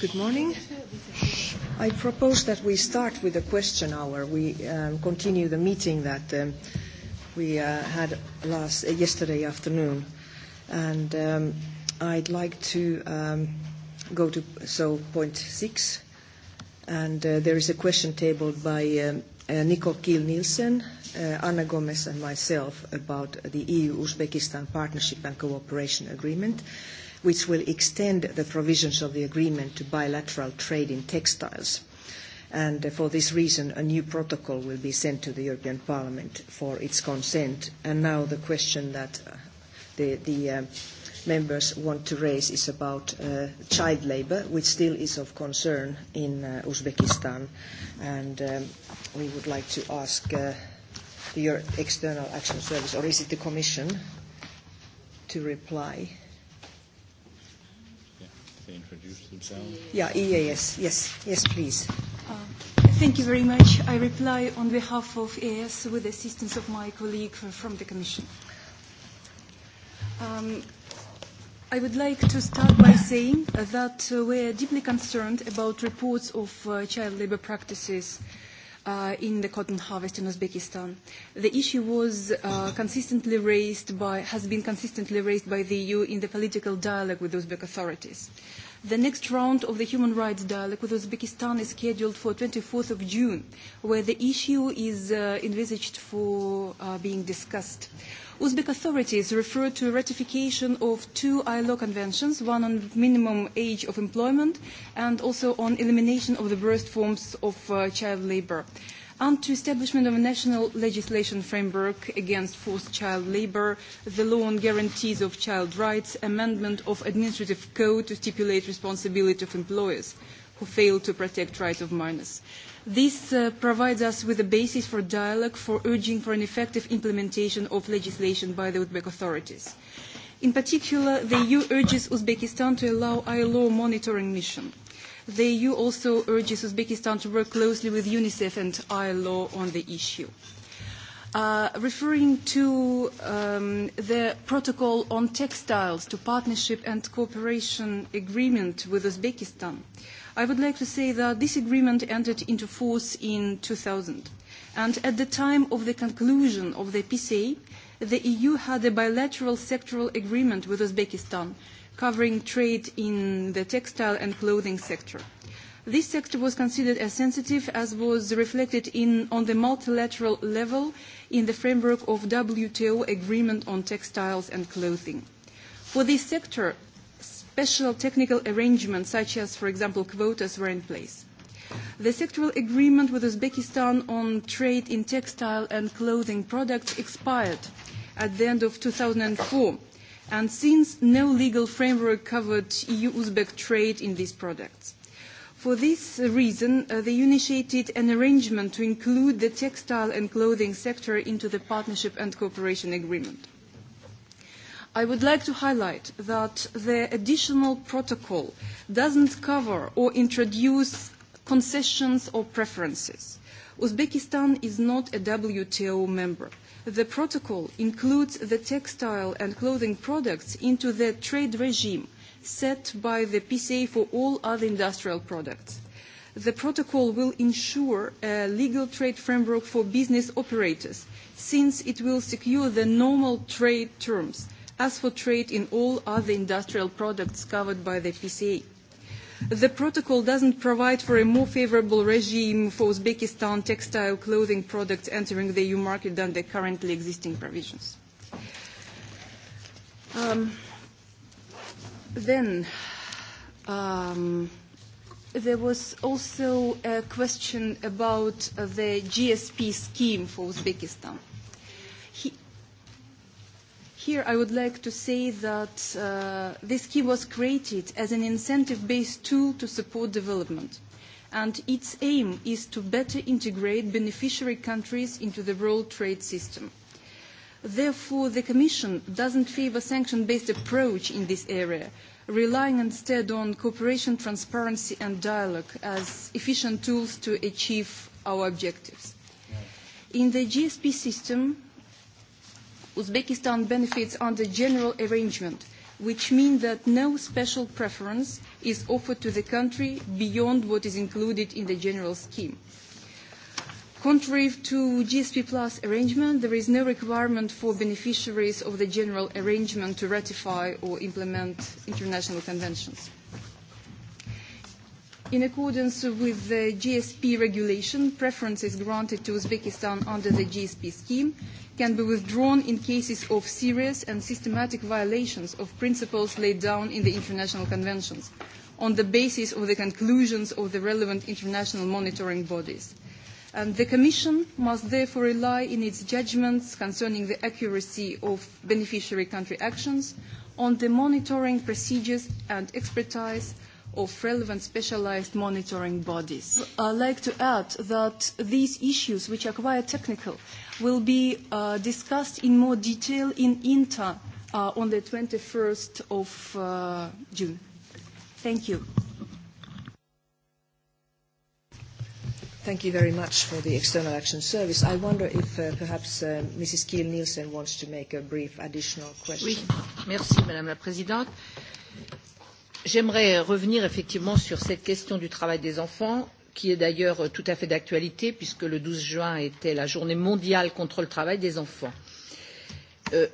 Good morning. I propose that we start with a question hour. We um, continue the meeting that um, we uh, had last uh, yesterday afternoon. And um, I'd like to um, go to so point six. And uh, there is a question tabled by um, uh, Nicole Kiel Nielsen, uh, Anna Gomez, and myself about the EU Uzbekistan Partnership and Cooperation Agreement. Uh, which will extend the provisions of the agreement to bilateral trade in textiles. And uh, for this reason, a new protocol will be sent to the European Parliament for its consent. And now the question that uh, the, the uh, members want to raise is about uh, child labor, which still is of concern in uh, Uzbekistan. And um, we would like to ask uh, your External Action Service, or is it the Commission, to reply? they introduce themselves? Yeah, EAS. Yes, yes, please. Uh, thank you very much. I reply on behalf of EAS with the assistance of my colleague from the Commission. Um, I would like to start by saying that uh, we are deeply concerned about reports of uh, child labor practices uh, uh, in the cotton harvest in Uzbekistan. The issue was uh, consistently raised by, has been consistently raised by the EU in the political dialogue with Uzbek authorities. The next round of the human rights dialogue with Uzbekistan is scheduled for 24th of June, where the issue is uh, envisaged for uh, being discussed. Uh, Uzbek authorities referred to ratification of two ILO conventions, one on minimum age of employment and also on elimination of the worst forms of uh, child labor, and to establishment of a national legislation framework against forced child labor, the law on guarantees of child rights, amendment of administrative code to stipulate responsibility of employers who fail to protect rights of minors. Uh, This uh, provides us with a basis for dialogue for urging for an effective implementation of legislation by the Uzbek authorities. In particular, the EU urges Uzbekistan to allow ILO monitoring mission. The EU also urges Uzbekistan to work closely with UNICEF and ILO on the issue. Uh, referring to um, the protocol on textiles to partnership and cooperation agreement with Uzbekistan, uh, I would like to say that this agreement entered into force in 2000. And at the time of the conclusion of the PCA, the EU had a bilateral sectoral agreement with Uzbekistan covering trade in the textile and clothing sector. This sector was considered as sensitive as was reflected in, on the multilateral level in the framework of WTO agreement on textiles and clothing. For this sector, special technical arrangements, such as, for example, quotas, were in place. The sectoral agreement with Uzbekistan on trade in textile and clothing products expired at the end of 2004, and since no legal framework covered EU-Uzbek trade in these products. For this reason, uh, they initiated an arrangement to include the textile and clothing sector into the partnership and cooperation agreement. I would like to highlight that the additional protocol doesn't cover or introduce concessions or preferences. Uzbekistan is not a WTO member. The protocol includes the textile and clothing products into the trade regime set by the PCA for all other industrial products. The protocol will ensure a legal trade framework for business operators, since it will secure the normal trade terms as for trade in all other industrial products covered by the PCA. The protocol doesn't provide for a more favorable regime for Uzbekistan textile clothing products entering the EU market than the currently existing provisions. Um, then, um, There was also a question about uh, the GSP scheme for Uzbekistan. Here I would like to say that uh, this key was created as an incentive-based tool to support development, and its aim is to better integrate beneficiary countries into the world trade system. Therefore, the Commission doesn't favor sanction-based approach in this area, relying instead on cooperation, transparency and dialogue as efficient tools to achieve our objectives. In the GSP system, Uzbekistan benefits under general arrangement, which means that no special preference is offered to the country beyond what is included in the general scheme. Contrary to GSP Plus arrangement, there is no requirement for beneficiaries of the general arrangement to ratify or implement international conventions. In accordance with the GSP regulation, preferences granted to Uzbekistan under the GSP scheme can be withdrawn in cases of serious and systematic violations of principles laid down in the international conventions on the basis of the conclusions of the relevant international monitoring bodies. And the Commission must therefore rely in its judgments concerning the accuracy of beneficiary country actions on the monitoring procedures and expertise of relevant specialized monitoring bodies. I'd like to add that these issues, which are quite technical, will be uh, discussed in more detail in INTA uh, on the 21st of uh, June. Thank you. Thank you very much for the External Action Service. I wonder if uh, perhaps uh, Mrs. Kiel-Nielsen wants to make a brief additional question. Oui, merci Madame la Présidente. Euh, J'aimerais revenir effectivement sur cette question du travail des enfants, qui est d'ailleurs tout à fait d'actualité, puisque le 12 juin était la journée mondiale contre le travail des enfants. Euh,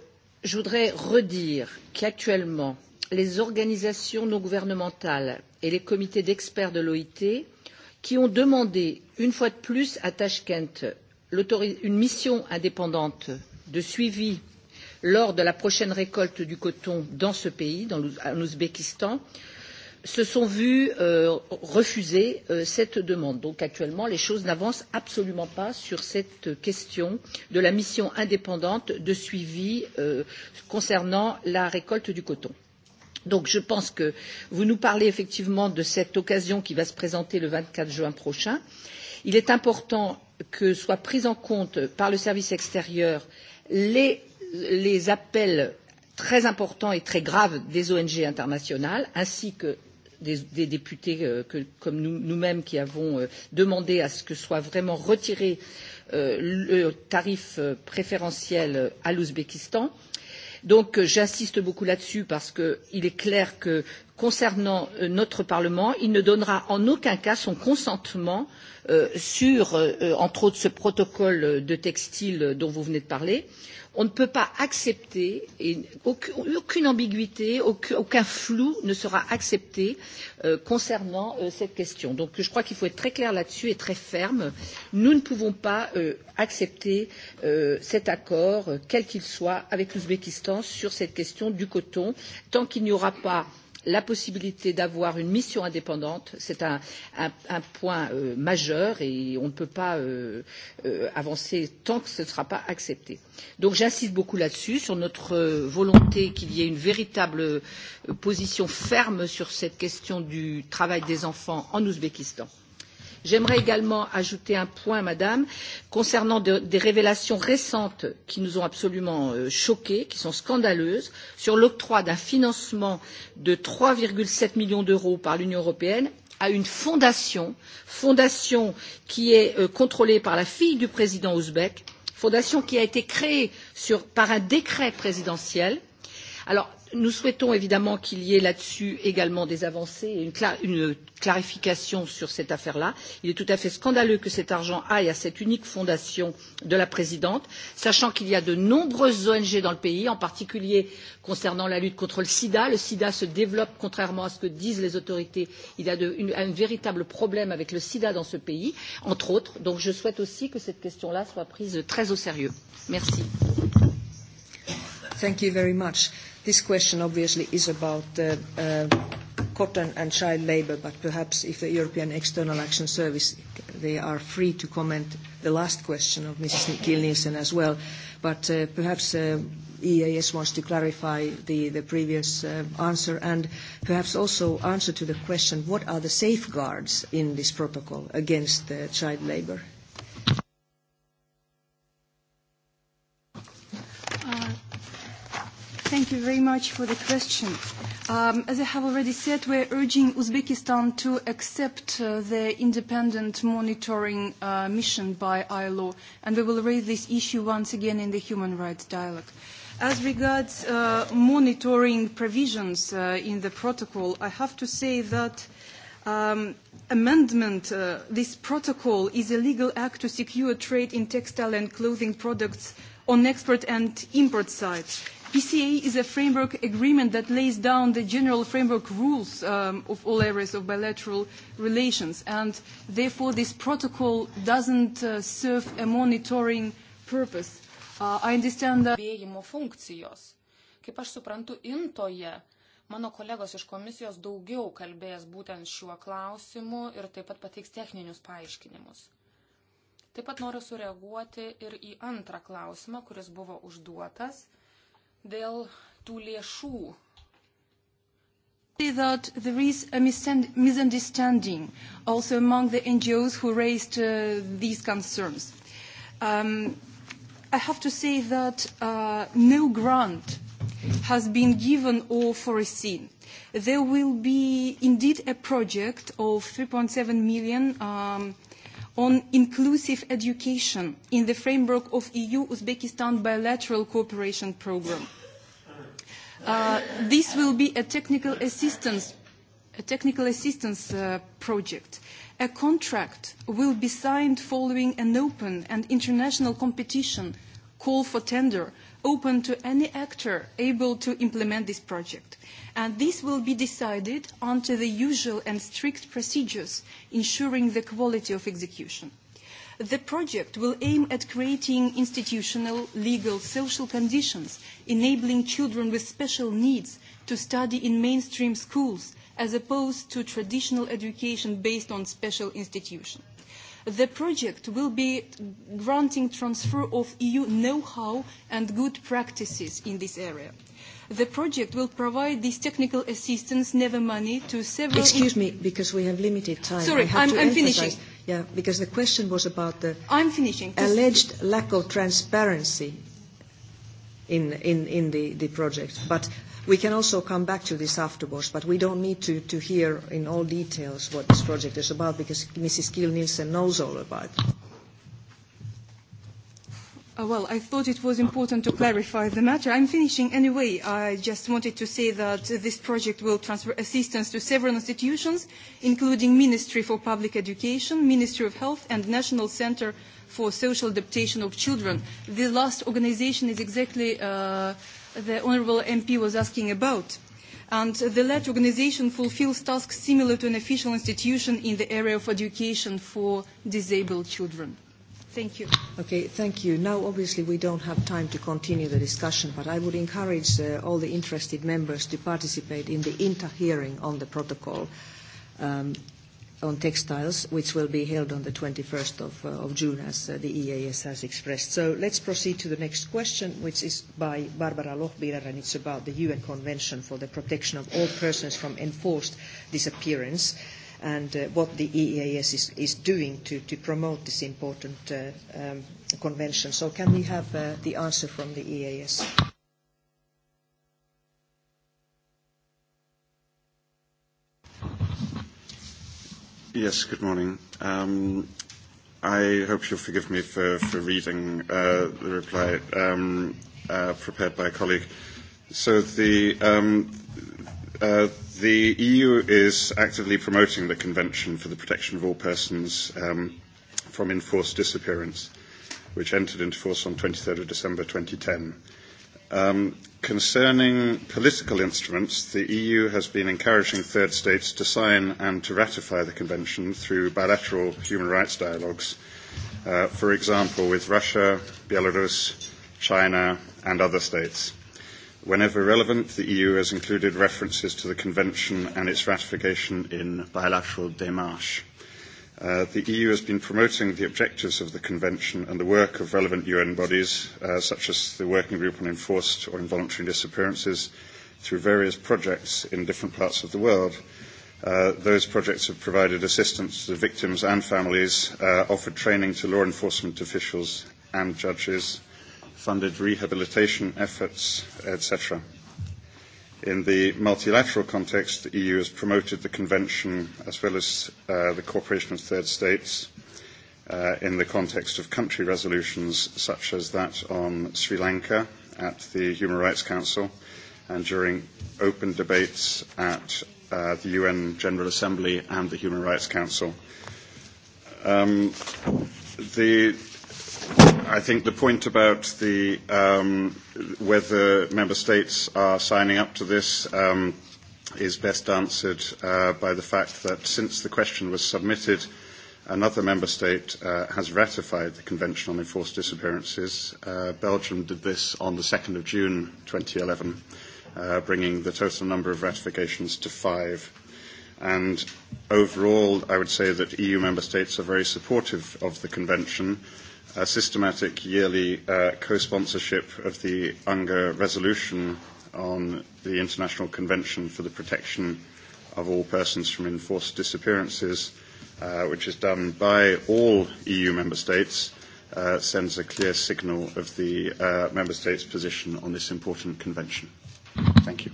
je voudrais redire qu'actuellement, les organisations non gouvernementales et les comités d'experts de l'OIT qui ont demandé, une fois de plus, à Tachkent une mission indépendante de suivi lors de la prochaine récolte du coton dans ce pays, dans l'Ouzbékistan, se sont vus euh, refuser euh, cette demande. Donc actuellement, les choses n'avancent absolument pas sur cette question de la mission indépendante de suivi euh, concernant la récolte du coton. Donc je pense que vous nous parlez effectivement de cette occasion qui va se présenter le 24 juin prochain. Il est important que soient prises en compte par le service extérieur les les appels très importants et très graves des ONG internationales, ainsi que des, des députés euh, que, comme nous, nous-mêmes qui avons euh, demandé à ce que soit vraiment retiré euh, le tarif euh, préférentiel euh, à l'Ouzbékistan. Donc euh, j'insiste beaucoup là-dessus parce qu'il est clair que concernant euh, notre Parlement, il ne donnera en aucun cas son consentement euh, sur, euh, euh entre autres, ce protocole euh, de textile dont vous venez de parler. Euh, on ne peut pas accepter et aucune ambiguïté, aucun flou ne sera accepté euh, concernant euh, cette question. Donc je crois qu'il faut être très clair là-dessus et très ferme. Nous ne pouvons pas euh, accepter euh, cet accord, euh, quel qu'il soit, avec l'Ouzbékistan sur cette question du coton tant qu'il n'y aura pas euh, la possibilité d'avoir une mission indépendante, c'est un, un, un point euh, majeur et on ne peut pas euh, euh, avancer tant que ce ne sera pas accepté. Donc j'insiste beaucoup là-dessus, sur notre euh, volonté qu'il y ait une véritable euh, position ferme sur cette question du travail des enfants en Ouzbékistan. J'aimerais également ajouter un point, Madame, concernant de, des révélations récentes qui nous ont absolument euh, choqués, qui sont scandaleuses, sur l'octroi d'un financement de 3,7 millions d'euros par l'Union européenne à une fondation, fondation qui est euh, contrôlée par la fille du président ouzbek, fondation qui a été créée sur, par un décret présidentiel. Alors, Nous souhaitons évidemment qu'il y ait là-dessus également des avancées et une, cla une clarification sur cette affaire-là. Il est tout à fait scandaleux que cet argent aille à cette unique fondation de la présidente, sachant qu'il y a de nombreuses ONG dans le pays, en particulier concernant la lutte contre le sida. Le sida se développe contrairement à ce que disent les autorités. Il y a de, une, un véritable problème avec le sida dans ce pays, entre autres. Donc je souhaite aussi que cette question-là soit prise très au sérieux. Merci. Thank you very much. This question obviously is about uh, uh, cotton and child labor, but perhaps if the European External Action Service, they are free to comment the last question of Mrs. Kiel Nielsen as well. But uh, perhaps uh, EAS wants to clarify the, the previous uh, answer and perhaps also answer to the question, what are the safeguards in this protocol against uh, child labor? Thank you very much for the question. Um, as I have already said, we're urging Uzbekistan to accept uh, the independent monitoring uh, mission by ILO, and we will raise this issue once again in the human rights dialogue. As regards uh, monitoring provisions uh, in the protocol, I have to say that um, amendment, uh, this protocol is a legal act to secure trade in textile and clothing products on export and import sides PCA is a framework agreement that lays down the general framework rules um, of all areas of bilateral relations, and therefore this protocol doesn't uh, serve a monitoring purpose. Uh, I understand that... funkcijos. Kaip aš suprantu, intoje mano kolegos iš komisijos daugiau kalbės būtent šiuo klausimu ir taip pat pateiks techninius paaiškinimus. Taip pat noriu sureaguoti ir į antrą klausimą, kuris buvo užduotas – dėl tų lėšų. That there is a misunderstanding also among the NGOs who raised uh, these concerns. Um, I have to say that uh, no grant has been given or foreseen. There will be indeed a project of 3.7 million um, on inclusive education in the framework of EU-Uzbekistan bilateral cooperation program. Uh, this will be a technical assistance, a technical assistance uh, project. A contract will be signed following an open and international competition call for tender uh, open to any actor able to implement this project. And this will be decided under the usual and strict procedures ensuring the quality of execution. The project will aim at creating institutional, legal, social conditions enabling children with special needs to study in mainstream schools as opposed to traditional education based on special institutions. The project will be granting transfer of EU know-how and good practices in this area. The project will provide this technical assistance, never money, to several... Excuse me, because we have limited time. Sorry, I have I'm, to I'm emphasize. finishing. Yeah, because the question was about the... I'm finishing. ...alleged lack of transparency in, in, in the, the project. But We can also come back to this afterwards, but we don't need to, to hear in all details what this project is about because Mrs. Kiel-Nielsen knows all about it. Uh, well, I thought it was important to clarify the matter. I'm finishing anyway. I just wanted to say that this project will transfer assistance to several institutions, including Ministry for Public Education, Ministry of Health, and National Center for Social Adaptation of Children. The last organization is exactly uh, the Honourable MP was asking about. And the LET organization fulfills tasks similar to an official institution in the area of education for disabled children. Thank you. Okay, thank you. Now, obviously, we don't have time to continue the discussion, but I would encourage uh, all the interested members to participate in the INTA hearing on the protocol. Um, on textiles, which will be held on the 21st of, uh, of June, as uh, the EAS has expressed. So let's proceed to the next question, which is by Barbara Lochbihler, and it's about the UN Convention for the Protection of All Persons from Enforced Disappearance and uh, what the EEAS is, is doing to, to promote this important uh, um, convention. So can we have uh, the answer from the EAS? Yes, good morning. Um, I hope you'll forgive me for, for reading uh, the reply um, uh, prepared by a colleague. So the, um, uh, the EU is actively promoting the Convention for the Protection of All Persons um, from Enforced Disappearance, which entered into force on 23rd of December 2010. Um, concerning political instruments, the EU has been encouraging third states to sign and to ratify the Convention through bilateral human rights dialogues, uh, for example, with Russia, Belarus, China, and other states. Whenever relevant, the EU has included references to the Convention and its ratification in bilateral démarches. Uh, the EU has been promoting the objectives of the Convention and the work of relevant UN bodies, uh, such as the Working Group on Enforced or Involuntary Disappearances, through various projects in different parts of the world. Uh, those projects have provided assistance to victims and families, uh, offered training to law enforcement officials and judges, funded rehabilitation efforts, etc. In the multilateral context, the EU has promoted the Convention as well as uh, the cooperation of third states uh, in the context of country resolutions such as that on Sri Lanka at the Human Rights Council and during open debates at uh, the UN General Assembly and the Human Rights Council. Um, the I think the point about the um, whether member states are signing up to this um, is best answered uh, by the fact that since the question was submitted, another member state uh, has ratified the Convention on Enforced Disappearances. Uh, Belgium did this on the 2nd of June 2011, uh, bringing the total number of ratifications to five. And overall, I would say that EU member states are very supportive of the Convention. Uh, a systematic yearly uh, co-sponsorship of the UNGA resolution on the International Convention for the Protection of All Persons from Enforced Disappearances, uh, which is done by all EU member states, uh, sends a clear signal of the uh, member states' position on this important convention. Thank you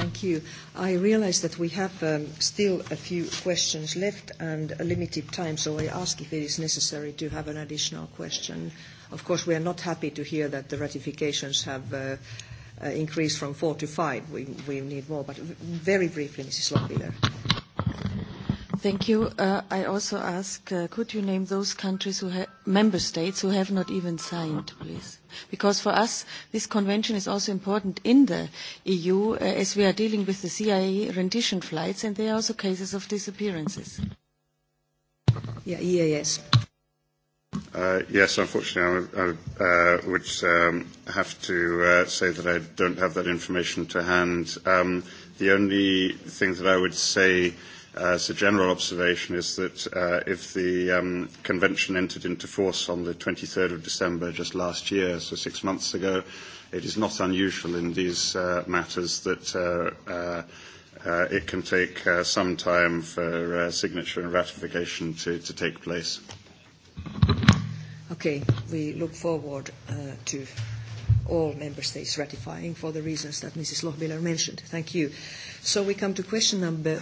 thank you. I realize that we have um, still a few questions left and a limited time, so I ask if it is necessary to have an additional question. Of course, we are not happy to hear that the ratifications have uh, uh, increased from four to five. We, we need more, but very briefly, Mrs. Lochbihler. Thank you. Uh, I also ask, uh, could you name those countries who have member states who have not even signed, please? Because for us, this convention is also important in the EU, uh, as we are dealing with the CIA rendition flights, and there are also cases of disappearances. Yeah, EAS. Uh, yes, unfortunately, I, I uh, would um, have to uh, say that I don't have that information to hand. Um, the only thing that I would say as a general observation, is that uh, if the um, convention entered into force on the 23rd of December just last year, so six months ago, it is not unusual in these uh, matters that uh, uh, uh, it can take uh, some time for uh, signature and ratification to, to take place. Okay, we look forward uh, to all member states ratifying for the reasons that Mrs. Lochbiller mentioned. Thank you. So we come to question number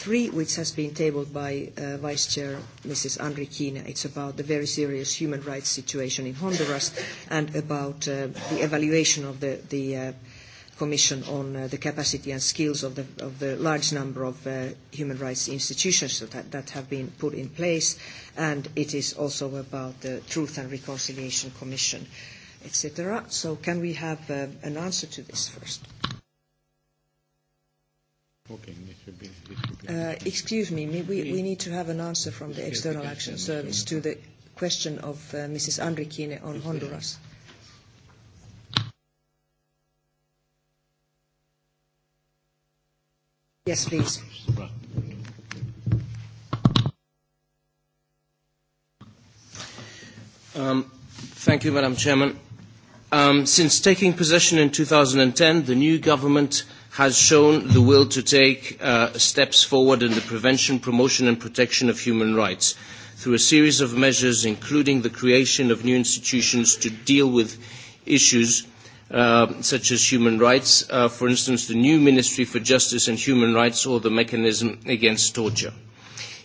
3, which has been tabled by uh, Vice Chair Mrs. Andrikina. It's about the very serious human rights situation in Honduras and about uh, the evaluation of the, the uh, Commission on uh, the capacity and skills of the, of the large number of uh, human rights institutions that, that have been put in place. And it is also about the Truth and Reconciliation Commission, etc. So can we have uh, an answer to this first? Uh, Okay, this should be, this should be. Uh, excuse me, we, we need to have an answer from the External Action Service to the question of uh, Mrs. Andrikine on Honduras. Yes, please. Um, thank you, Madam Chairman. Um, since taking possession in 2010, the new government uh, has shown the will to take uh, steps forward in the prevention, promotion and protection of human rights through a series of measures, including the creation of new institutions to deal with issues uh, such as human rights, uh, for instance, the new Ministry for Justice and Human Rights or the Mechanism Against Torture.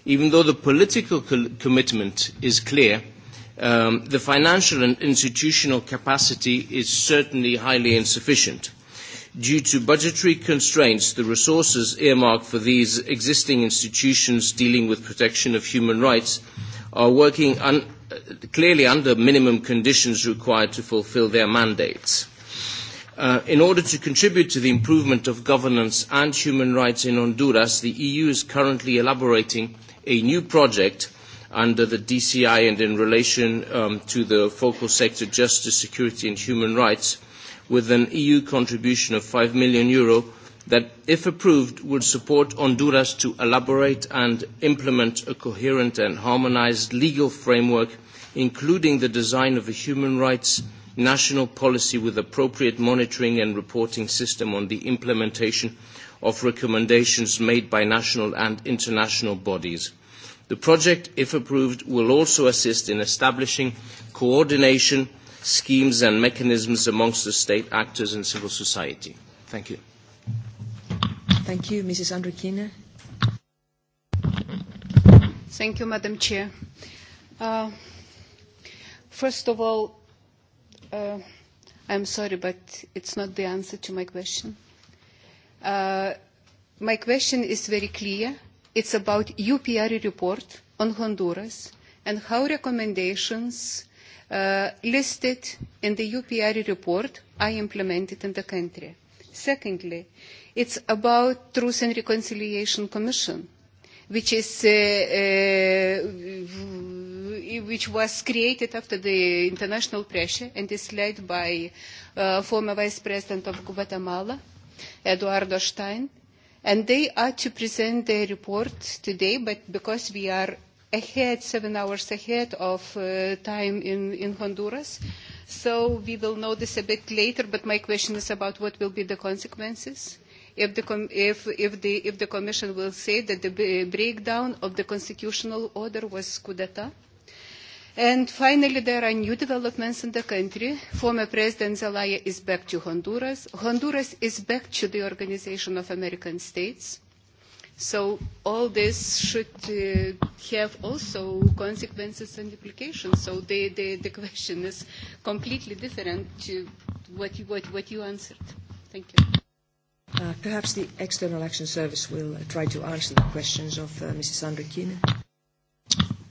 Even though the political co- commitment is clear, um, the financial and institutional capacity is certainly highly insufficient. Uh, Due to budgetary constraints, the resources earmarked for these existing institutions dealing with protection of human rights are working un- clearly under minimum conditions required to fulfill their mandates. Uh, in order to contribute to the improvement of governance and human rights in Honduras, the EU is currently elaborating a new project under the DCI and in relation um, to the focal sector justice, security and human rights with an EU contribution of 5 million euro that, if approved, would support Honduras to elaborate and implement a coherent and harmonized legal framework, including the design of a human rights national policy with appropriate monitoring and reporting system on the implementation of recommendations made by national and international bodies. The project, if approved, will also assist in establishing coordination schemes and mechanisms amongst the state actors and civil society. Thank you. Thank you, Mrs. Andrikina. Thank you, Madam Chair. Uh, first of all, uh, I'm sorry, but it's not the answer to my question. Uh, my question is very clear. It's about UPR report on Honduras and how recommendations uh, uh, listed in the UPR report are implemented in the country. Secondly, it's about Truth and Reconciliation Commission, which is uh, uh, which was created after the international pressure and is led by uh, former Vice President of Guatemala, Eduardo Stein, and they are to present their report today, but because we are ahead, seven hours ahead of uh, time in, in Honduras. So we will know this a bit later, but my question is about what will be the consequences. If the, com if, if the, if the Commission will say that the breakdown of the constitutional order was coup d'etat, And finally, there are new developments in the country. Former President Zelaya is back to Honduras. Honduras is back to the Organization of American States. So all this should uh, have also consequences and implications. So the, the, the question is completely different to what you, what, what you answered. Thank you. Uh, perhaps the External Action Service will uh, try to answer the questions of uh, Mrs. Andrikine.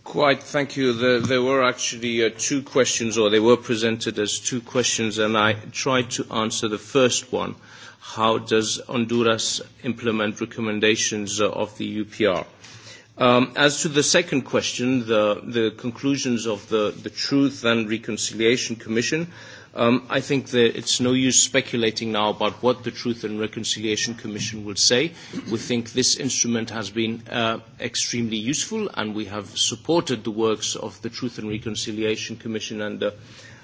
Quite, thank you. There, there were actually uh, two questions, or they were presented as two questions, and I tried to answer the first one. Uh, how does Honduras implement recommendations uh, of the UPR? Um, as to the second question, the, the conclusions of the, the Truth and Reconciliation Commission, um, I think that it's no use speculating now about what the Truth and Reconciliation Commission will say. We think this instrument has been uh, extremely useful, and we have supported the works of the Truth and Reconciliation Commission under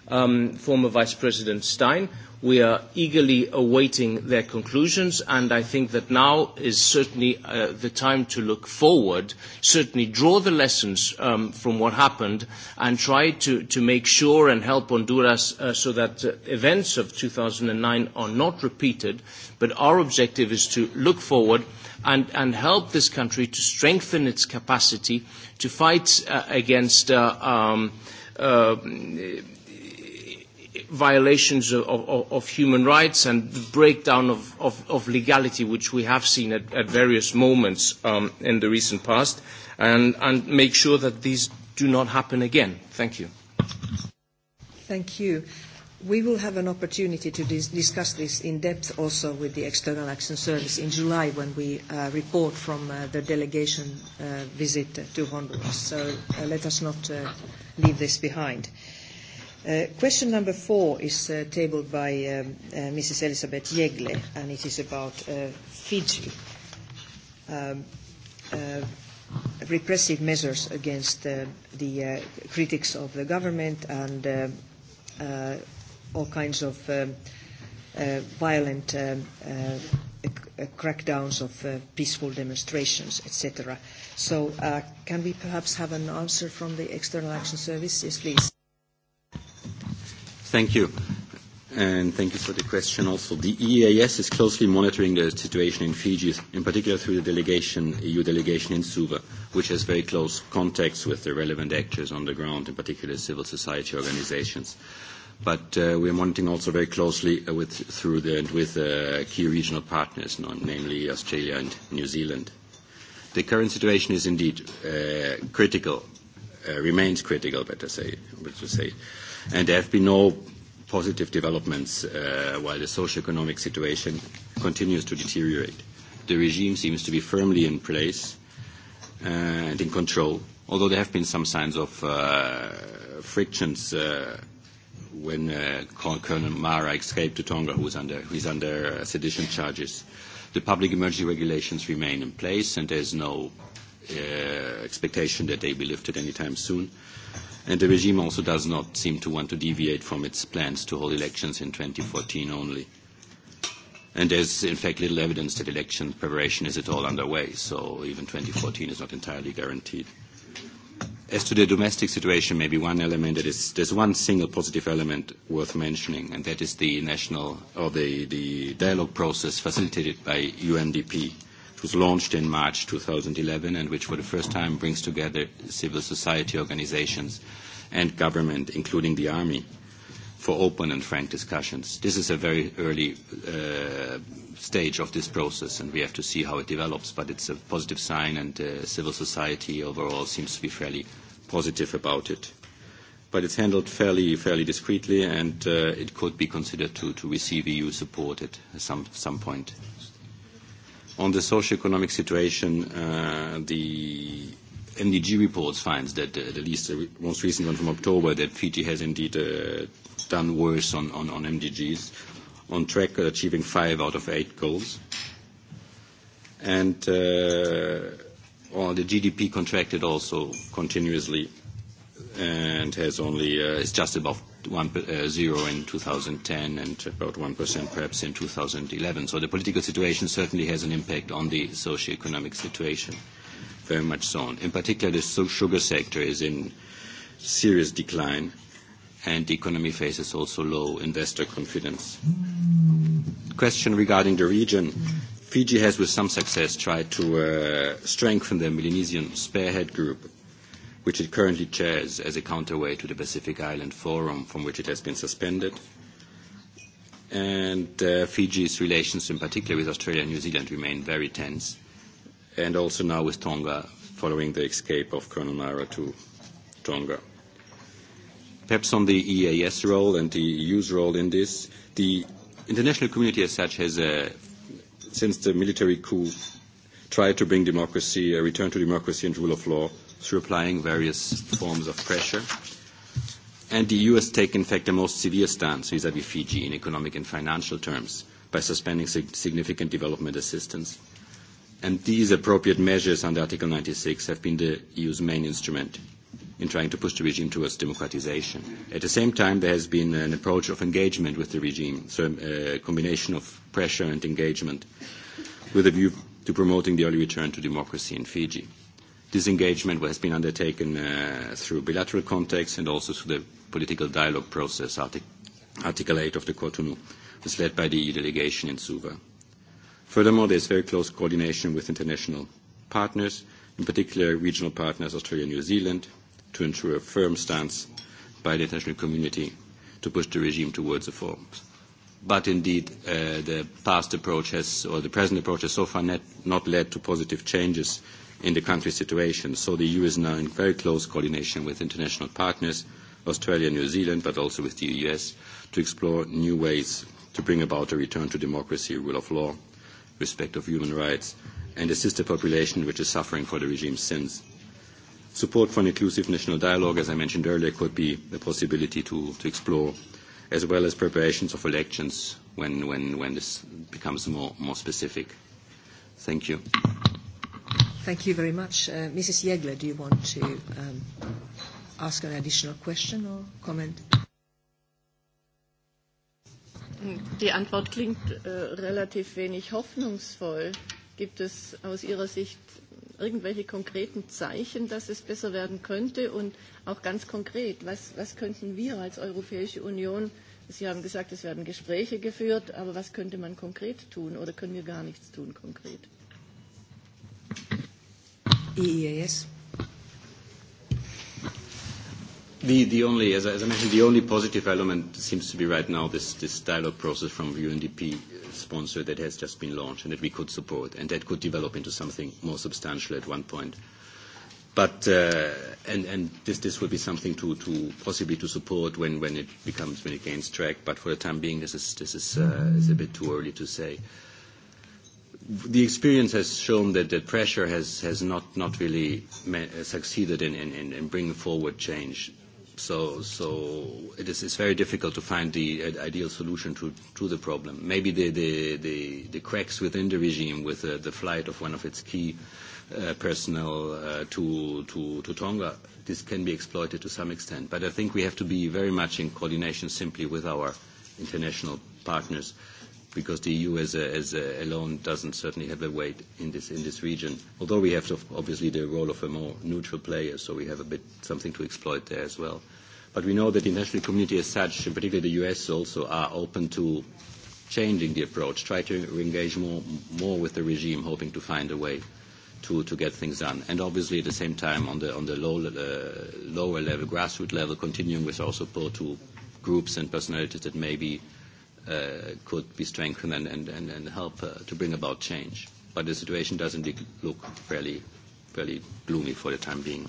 um, former Vice President Stein. We are eagerly awaiting their conclusions, and I think that now is certainly uh, the time to look forward, certainly draw the lessons um, from what happened, and try to, to make sure and help Honduras uh, so that uh, events of 2009 are not repeated. But our objective is to look forward and, and help this country to strengthen its capacity to fight uh, against uh, um, uh, violations of, of, of human rights and the breakdown of, of, of legality, which we have seen at, at various moments um, in the recent past, and, and make sure that these do not happen again. Thank you. Thank you. We will have an opportunity to dis- discuss this in depth also with the External Action Service in July when we uh, report from uh, the delegation uh, visit to Honduras. So uh, let us not uh, leave this behind. Uh, Uh, question number four is uh, tabled by um, uh, Mrs. Elisabeth Jegle, and it is about uh, Fiji. Um, uh, repressive measures against uh, the uh, critics of the government and uh, uh, all kinds of um, uh, violent um, uh, uh crackdowns of uh, peaceful demonstrations, etc. So uh, can we perhaps have an answer from the External Action Service? Yes, please. Thank you. And thank you for the question also. The EEAS is closely monitoring the situation in Fiji, in particular through the delegation, EU delegation in Suva, which has very close contacts with the relevant actors on the ground, in particular civil society organizations. But uh, we are monitoring also very closely uh, with, through the, with uh, key regional partners, namely Australia and New Zealand. The current situation is indeed uh, critical, uh, remains critical, better say, better to say. Uh, and there have been no positive developments uh, while the socioeconomic situation continues to deteriorate. The regime seems to be firmly in place uh, and in control, although there have been some signs of uh, frictions uh, when uh, Colonel Mara escaped to Tonga, who is under, who is under uh, sedition charges. The public emergency regulations remain in place, and there's no uh, expectation that they be lifted anytime soon. Uh, and the regime also does not seem to want to deviate from its plans to hold elections in 2014 only. And there's, in fact, little evidence that election preparation is at all underway, so even 2014 is not entirely guaranteed. As to the domestic situation, maybe one element that is, there's one single positive element worth mentioning, and that is the national or the, the dialogue process facilitated by UNDP It was launched in March 2011 and which for the first time brings together civil society organizations and government, including the army, for open and frank discussions. This is a very early uh, stage of this process and we have to see how it develops, but it's a positive sign and uh, civil society overall seems to be fairly positive about it but it's handled fairly, fairly discreetly, and uh, it could be considered to, to receive EU support at some, some point On the socioeconomic situation, uh, the MDG report finds that uh, the least, the most recent one from October, that Fiji has indeed uh, done worse on, on, on MDGs, on track at uh, achieving five out of eight goals. And uh, well, the GDP contracted also continuously and has only uh, is just above one, uh, zero in 2010 and about 1% perhaps in 2011. So the political situation certainly has an impact on the socioeconomic situation, very much so. In particular, the sugar sector is in serious decline, and the economy faces also low investor confidence. Question regarding the region. Fiji has, with some success, tried to uh, strengthen the Melanesian Spearhead Group which it currently chairs as a counterweight to the Pacific Island Forum, from which it has been suspended, and uh, Fiji's relations, in particular with Australia and New Zealand, remain very tense, and also now with Tonga, following the escape of Colonel Mara to Tonga. Perhaps on the EAS role and the EU's role in this, the international community as such has, uh, since the military coup, tried to bring democracy, a return to democracy and rule of law through applying various forms of pressure. And the EU has taken, in fact, the most severe stance vis-à-vis -vis Fiji in economic and financial terms by suspending sig significant development assistance. And these appropriate measures under Article 96 have been the EU's main instrument in trying to push the regime towards democratization. At the same time, there has been an approach of engagement with the regime, so a uh, combination of pressure and engagement with a view to promoting the early return to democracy in Fiji. This engagement has been undertaken uh, through bilateral contacts and also through the political dialogue process, artic Article 8 of the Cotonou, was led by the EU delegation in Suva. Furthermore, there is very close coordination with international partners, in particular regional partners Australia and New Zealand, to ensure a firm stance by the international community to push the regime towards reforms. But indeed, uh, the past approach has, or the present approach has so far net, not led to positive changes uh, in the country situation. So the EU is now in very close coordination with international partners, Australia, New Zealand, but also with the US, to explore new ways to bring about a return to democracy, rule of law, respect of human rights, and assist the population which is suffering for the regime's sins. Support for an inclusive national dialogue, as I mentioned earlier, could be a possibility to, to explore, as well as preparations of elections when, when, when this becomes more, more specific. Thank you. Thank you very much. Uh, Mrs. Yegler, do you want to um, ask an additional question or comment? Die Antwort klingt äh, relativ wenig hoffnungsvoll. Gibt es aus Ihrer Sicht irgendwelche konkreten Zeichen, dass es besser werden könnte? Und auch ganz konkret, was, was könnten wir als Europäische Union, Sie haben gesagt, es werden Gespräche geführt, aber was könnte man konkret tun oder können wir gar nichts tun konkret? EEAS? The, the only, as I, as I mentioned, the only positive element seems to be right now this, this dialogue process from UNDP sponsor that has just been launched and that we could support and that could develop into something more substantial at one point. But uh, and, and this, this would be something to, to possibly to support when, when it becomes, when it gains track. But for the time being, this is, this is, uh, is a bit too early to say. Uh, the experience has shown that, that pressure has, has not, not really ma- succeeded in, in, in bringing forward change. So, so it is it's very difficult to find the ideal solution to, to the problem. Maybe the, the, the, the cracks within the regime with the, uh, the flight of one of its key uh, personnel uh, to, to, to Tonga, this can be exploited to some extent. But I think we have to be very much in coordination simply with our international partners. Uh, because the EU as, a, as a alone doesn't certainly have a weight in this, in this region. Although we have to, obviously the role of a more neutral player, so we have a bit something to exploit there as well. But we know that the international community as such, and particularly the US also, are open to changing the approach, try to engage more, more with the regime, hoping to find a way to, to get things done. And obviously, at the same time, on the, on the low, uh, lower level, grassroots level, continuing with our support to groups and personalities that maybe uh, could be strengthened and, and, and, and help uh, to bring about change. But the situation does indeed look fairly, fairly gloomy for the time being.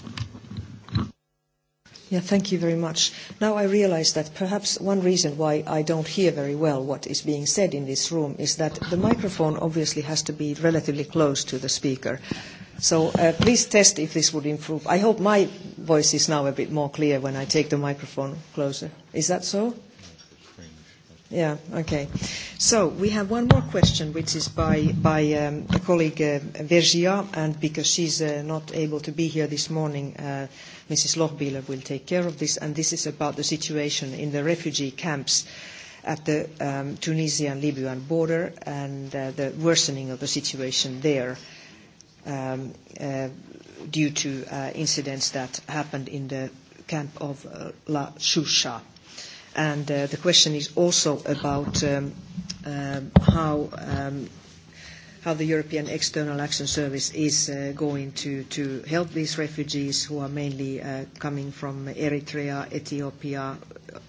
Yeah, thank you very much. Now I realize that perhaps one reason why I don't hear very well what is being said in this room is that the microphone obviously has to be relatively close to the speaker. So uh, please test if this would improve. I hope my voice is now a bit more clear when I take the microphone closer. Is that so? Yeah. Okay. So we have one more question, which is by, by um, a colleague, uh, Vergia, and because she's uh, not able to be here this morning, uh, Mrs. Lochbihler will take care of this, and this is about the situation in the refugee camps at the um, Tunisian-Libyan border and uh, the worsening of the situation there um, uh, due to uh, incidents that happened in the camp of La Choucha. And uh, the question is also about um, um, how, um, how the European External Action Service is uh, going to, to help these refugees who are mainly uh, coming from Eritrea, Ethiopia,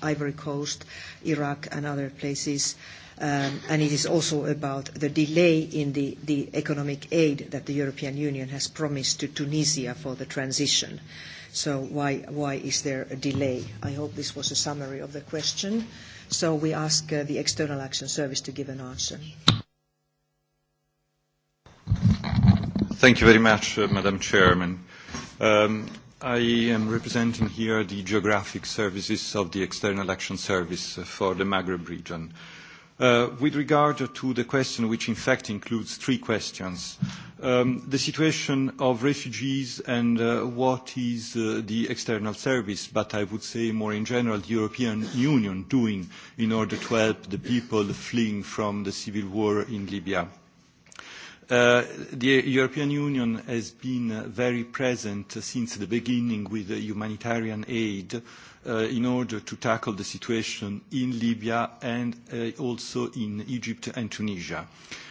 Ivory Coast, Iraq, and other places. Um, and it is also about the delay in the, the economic aid that the European Union has promised to Tunisia for the transition. Uh, So why, why is there a delay? I hope this was a summary of the question. So we ask uh, the External Action Service to give an answer. Thank you very much, uh, Madam Chairman. Um, I am representing here the geographic services of the External Action Service uh, for the Maghreb region. Uh, Uh, with regard to the question, which in fact includes three questions, um, the situation of refugees and uh, what is uh, the external service, but I would say more in general, the European Union doing in order to help the people fleeing from the civil war in Libya. Uh, the European Union has been uh, very present since the beginning with humanitarian aid, uh, in order to tackle the situation in Libya and uh, also in Egypt and Tunisia.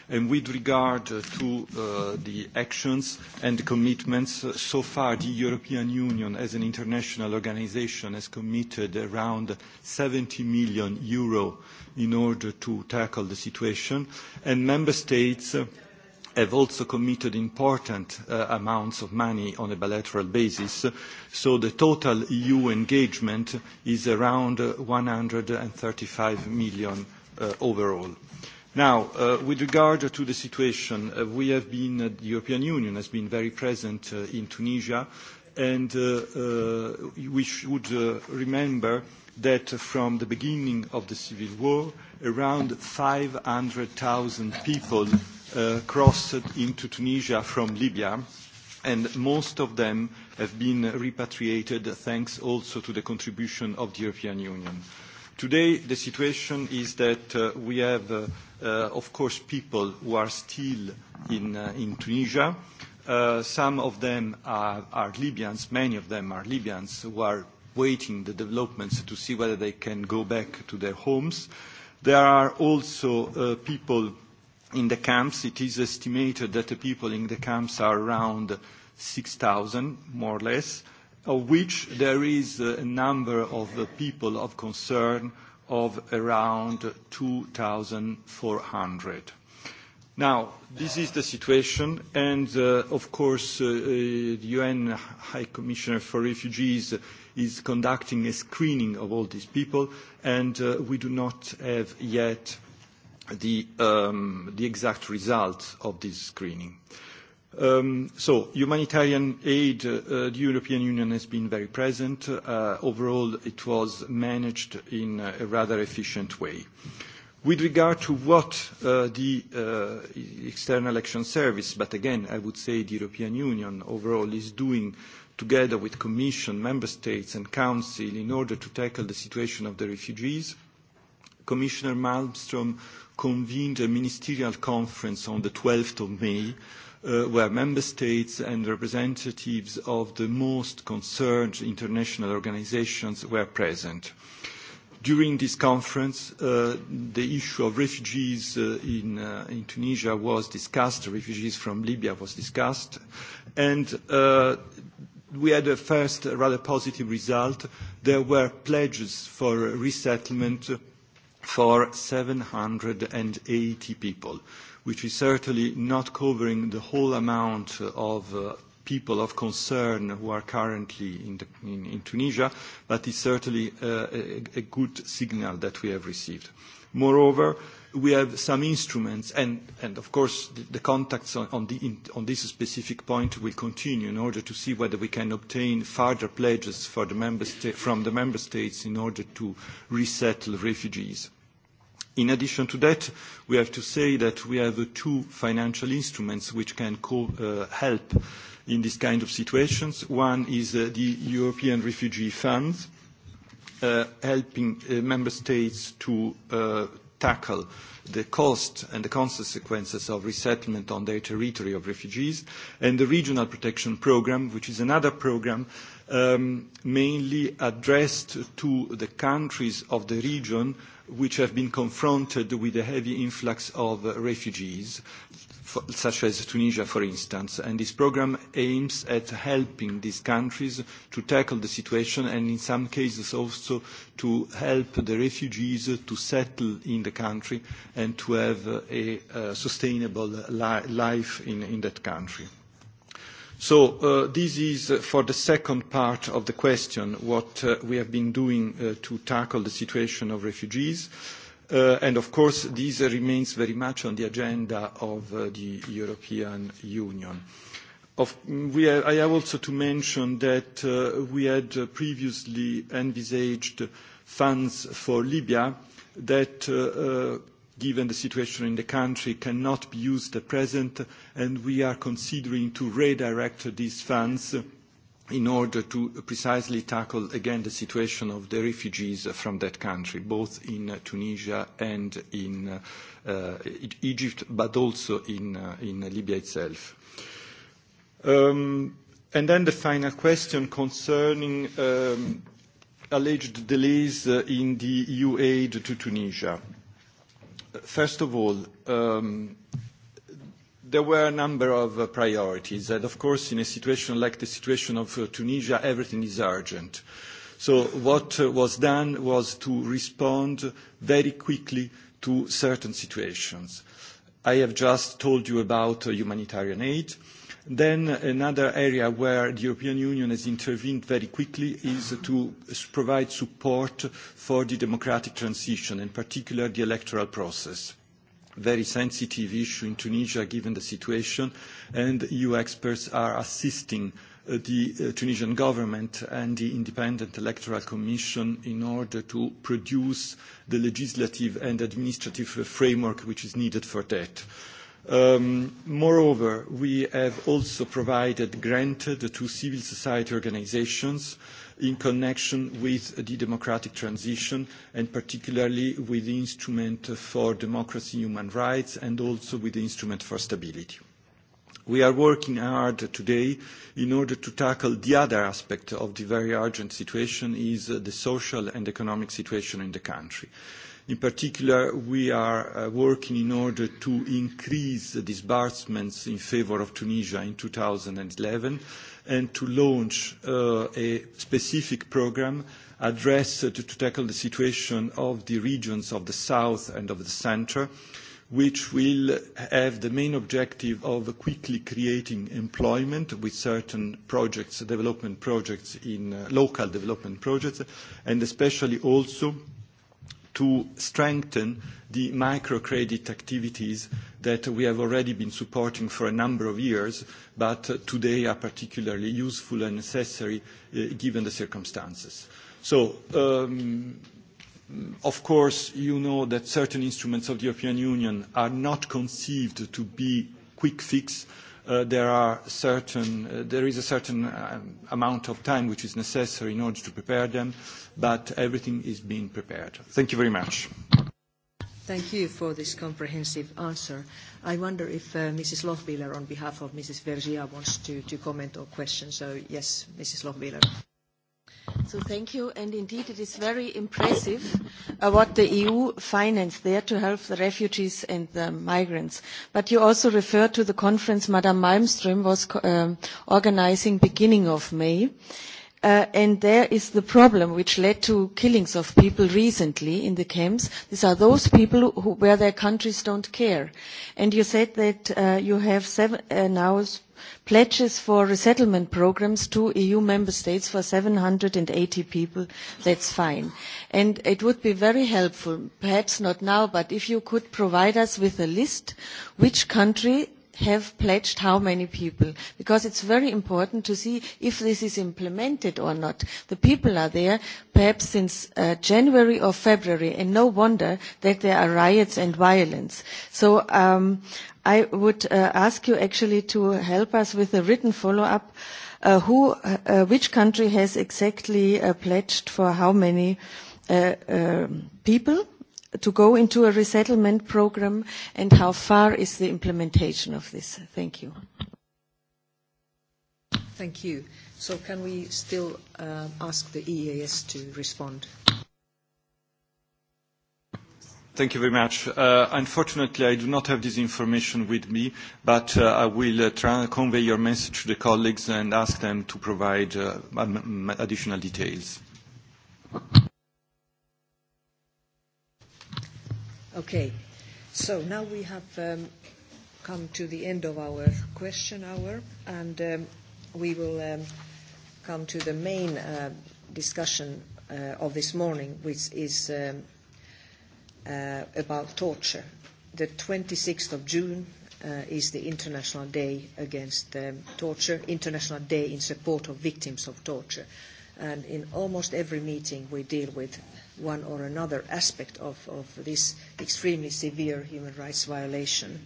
And with regard uh, to uh, the actions and the commitments, uh, so far the European Union as an international organization has committed around 70 million euro in order to tackle the situation, and member states uh, have also committed important uh, amounts of money on a bilateral basis. So the total EU engagement is around 135 uh, million uh, overall. Now, uh, with regard to the situation, uh, we have been, uh, the European Union has been very present in Tunisia, and we should remember that from the beginning of the civil war, around 500,000 people uh, crossed into Tunisia from Libya, and most of them have been repatriated thanks also to the contribution of the European Union. Today, the situation is that uh, we have, uh, uh, of course, people who are still in, uh, in Tunisia. Uh, some of them are, are Libyans, many of them are Libyans who are waiting the developments to see whether they can go back to their homes. Uh, There are also uh, people in the camps. It is estimated that the people in the camps are around 6,000, more or less, of which there is a number of uh, people of concern of around 2,400. Now, this is the situation, and uh, of course, uh, uh the UN High Commissioner for Refugees is conducting a screening of all these people, and uh, we do not have yet the, um, the exact results of this screening. Um, so humanitarian aid, uh, uh the European Union has been very present. Uh, overall, it was managed in a rather efficient way. With regard to what uh, the uh, External Action Service, but again, I would say the European Union overall is doing uh, together with Commission, Member States and Council in order to tackle the situation of the refugees, Commissioner Malmström convened a ministerial conference on the 12th of May uh, where member states and representatives of the most concerned international organizations were present. During this conference, uh, the issue of refugees uh, in, uh, in Tunisia was discussed, refugees from Libya was discussed, and uh, we had a first rather positive result. There were pledges for resettlement for 780 people, which is certainly not covering the whole amount of uh, people of concern who are currently in, the, in, in Tunisia, but it's certainly uh, a, a good signal that we have received. Moreover, uh, we have some instruments, and, and of course the, the contacts on, on, the, in, on this specific point will continue in order to see whether we can obtain further pledges for the member sta- from the member states in order to resettle refugees. In addition to that, we have to say that we have uh, two financial instruments which can co- uh, help in this kind of situations. One is uh, the European Refugee Fund, uh, helping uh, member states to, uh, tackle the cost and the consequences of resettlement on their territory of refugees, and the Regional Protection Programme, which is another programme um, mainly addressed to the countries of the region which have been confronted with a heavy influx of uh, refugees for, such as Tunisia, for instance. And this program aims at helping these countries to tackle the situation and in some cases also to help the refugees to settle in the country and to have a, a sustainable li life in, in that country. So uh, this is uh, for the second part of the question, what uh, we have been doing uh, to tackle the situation of refugees. Uh, and of course, this remains very much on the agenda of uh, the European Union. Of, have, mm, I have also to mention that uh, we had uh, previously envisaged funds for Libya that, uh, uh, given the situation in the country, cannot be used at present, and we are considering to redirect these funds in order to precisely tackle again the situation of the refugees from that country, both in uh, Tunisia and in uh, uh e-, Egypt, but also in, uh, in Libya itself. Um, and then the final question concerning um, alleged delays uh, in the EU aid to Tunisia. First of all, um, there were a number of uh, priorities. And of course, in a situation like the situation of uh, Tunisia, everything is urgent. So what uh, was done was to respond very quickly to certain situations. I have just told you about uh, humanitarian aid. Then another area where the European Union has intervened very quickly is to provide support for the democratic transition, in particular the electoral process very sensitive issue in Tunisia given the situation, and EU experts are assisting uh, the uh, Tunisian government and the Independent Electoral Commission in order to produce the legislative and administrative uh, framework which is needed for that. Um, moreover, we have also provided, granted to civil society organizations uh, in connection with the democratic transition and particularly with the instrument for democracy and human rights and also with the instrument for stability. We are working hard today in order to tackle the other aspect of the very urgent situation is the social and economic situation in the country. Uh, In particular, we are uh, working in order to increase the disbursements in favor of Tunisia in 2011 and to launch uh, a specific program addressed to, to tackle the situation of the regions of the south and of the center, which will have the main objective of quickly creating employment with certain projects, development projects in uh, local development projects, and especially also uh, to strengthen the microcredit activities that we have already been supporting for a number of years, but uh, today are particularly useful and necessary uh, given the circumstances. So, um, of course, you know that certain instruments of the European Union are not conceived to be quick fix. Uh, uh, there, are certain, uh, there is a certain um, amount of time which is necessary in order to prepare them, but everything is being prepared. Thank you very much. Thank you for this comprehensive answer. I wonder if uh, Mrs. Lochbihler, on behalf of Mrs. Vergia, wants to, to comment or question. So, yes, Mrs. Lochbihler. So thank you. And indeed, it is very impressive uh, what the EU financed there to help the refugees and the migrants. But you also referred to the conference Madame Malmström was um, organizing beginning of May. Uh, and there is the problem which led to killings of people recently in the camps. These are those people who, where their countries don't care. And you said that uh, you have seven, uh, now pledges for resettlement programs to EU member states for 780 people. That's fine. And it would be very helpful, perhaps not now, but if you could provide us with a list which country have pledged how many people because it's very important to see if this is implemented or not. The people are there perhaps since uh, January or February and no wonder that there are riots and violence. So um, I would uh, ask you actually to help us with a written follow-up uh, who, uh, uh which country has exactly uh, pledged for how many uh, uh, people to go into a resettlement program, and how far is the implementation of this? Thank you. Thank you. So can we still uh, ask the EEAS to respond? Thank you very much. Uh, unfortunately, I do not have this information with me, but uh, I will uh, try and convey your message to the colleagues and ask them to provide uh, additional details. Thank you. Okay. So now we have um, come to the end of our question hour, and um, we will um, come to the main uh, discussion uh, of this morning, which is um, uh, about torture. The 26th of June uh, is the International Day Against um, Torture, International Day in support of victims of torture. And in almost every meeting we deal with one or another aspect of, of this extremely severe human rights violation.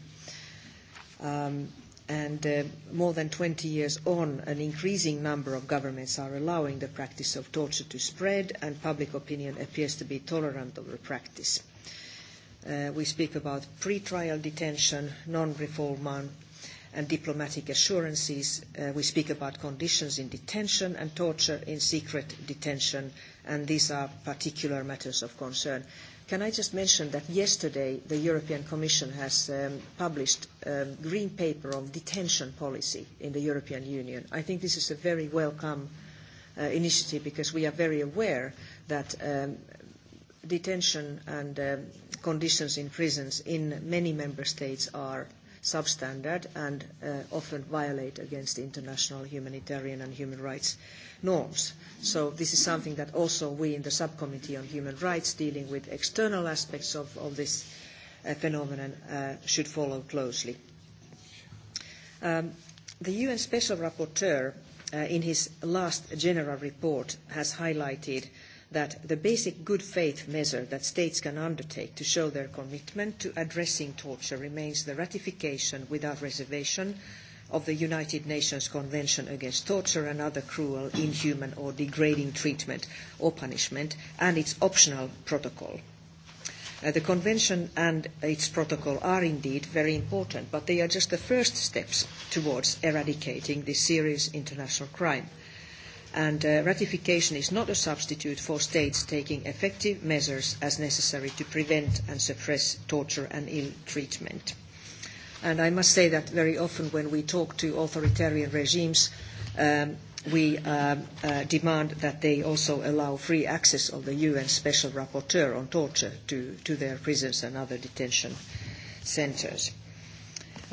Um, and uh, more than 20 years on, an increasing number of governments are allowing the practice of torture to spread, and public opinion appears to be tolerant of the practice. Uh, we speak about pretrial detention, non-refoulement and diplomatic assurances. Uh, we speak about conditions in detention and torture in secret detention, and these are particular matters of concern. Can I just mention that yesterday the European Commission has um, published a um, green paper on detention policy in the European Union. I think this is a very welcome uh, initiative because we are very aware that um, detention and um, conditions in prisons in many member states are substandard and uh, often violate against international humanitarian and human rights norms. So this is something that also we in the subcommittee on human rights dealing with external aspects of, of this uh, phenomenon uh, should follow closely. Um, the UN Special Rapporteur uh, in his last general report has highlighted uh, that the basic good faith measure that states can undertake to show their commitment to addressing torture remains the ratification without reservation of the United Nations Convention Against Torture and Other Cruel, Inhuman or Degrading Treatment or Punishment and its optional protocol. Uh, the Convention and its protocol are indeed very important, but they are just the first steps towards eradicating this serious international crime. Uh, and uh, ratification is not a substitute for states taking effective measures as necessary to prevent and suppress torture and ill treatment. And I must say that very often when we talk to authoritarian regimes, um, we uh, uh, demand that they also allow free access of the UN Special Rapporteur on Torture to, to their prisons and other detention centers. Uh,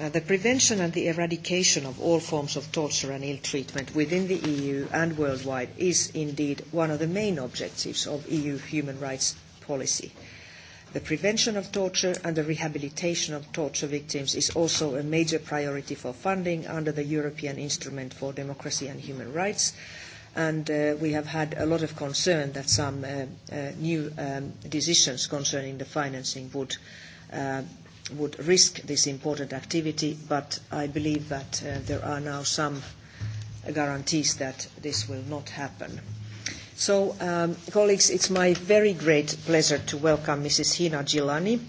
uh, the prevention and the eradication of all forms of torture and ill treatment within the EU and worldwide is indeed one of the main objectives of EU human rights policy. The prevention of torture and the rehabilitation of torture victims is also a major priority for funding under the European Instrument for Democracy and Human Rights. And uh, we have had a lot of concern that some uh, uh, new um, decisions concerning the financing would uh, would risk this important activity, but I believe that uh, there are now some guarantees that this will not happen. So, um, colleagues, it's my very great pleasure to welcome Mrs. Hina Gilani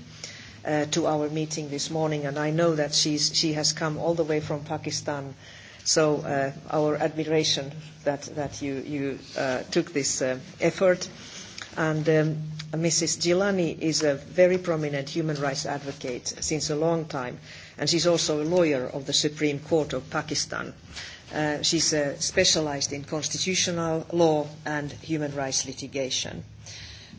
uh, to our meeting this morning, and I know that she's, she has come all the way from Pakistan, so uh, our admiration that, that you, you uh, took this uh, effort. Uh, And um, Mrs. Gilani is a very prominent human rights advocate since a long time, and she's also a lawyer of the Supreme Court of Pakistan. Uh, she's uh, specialized in constitutional law and human rights litigation.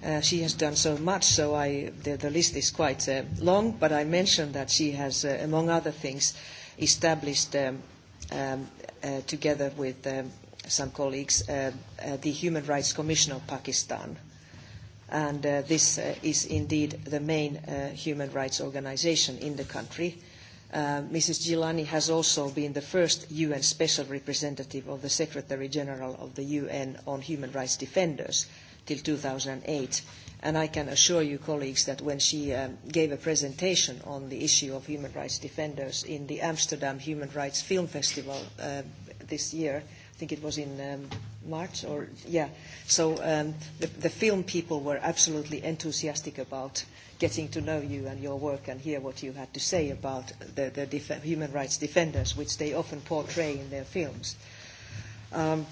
Uh, she has done so much, so I, the, the list is quite uh, long, but I mentioned that she has, uh, among other things, established, um, um, uh, together with um, some colleagues, uh, uh, the Human Rights Commission of Pakistan, uh, and uh, this uh, is indeed the main uh, human rights organization in the country. Uh, Mrs. Gilani has also been the first UN special representative of the Secretary General of the UN on human rights defenders till 2008. And I can assure you, colleagues, that when she um, gave a presentation on the issue of human rights defenders in the Amsterdam Human Rights Film Festival uh, this year, I think it was in um, March or yeah. So um, the, the film people were absolutely enthusiastic about getting to know you and your work and hear what you had to say about the, the def- human rights defenders, which they often portray in their films. Um,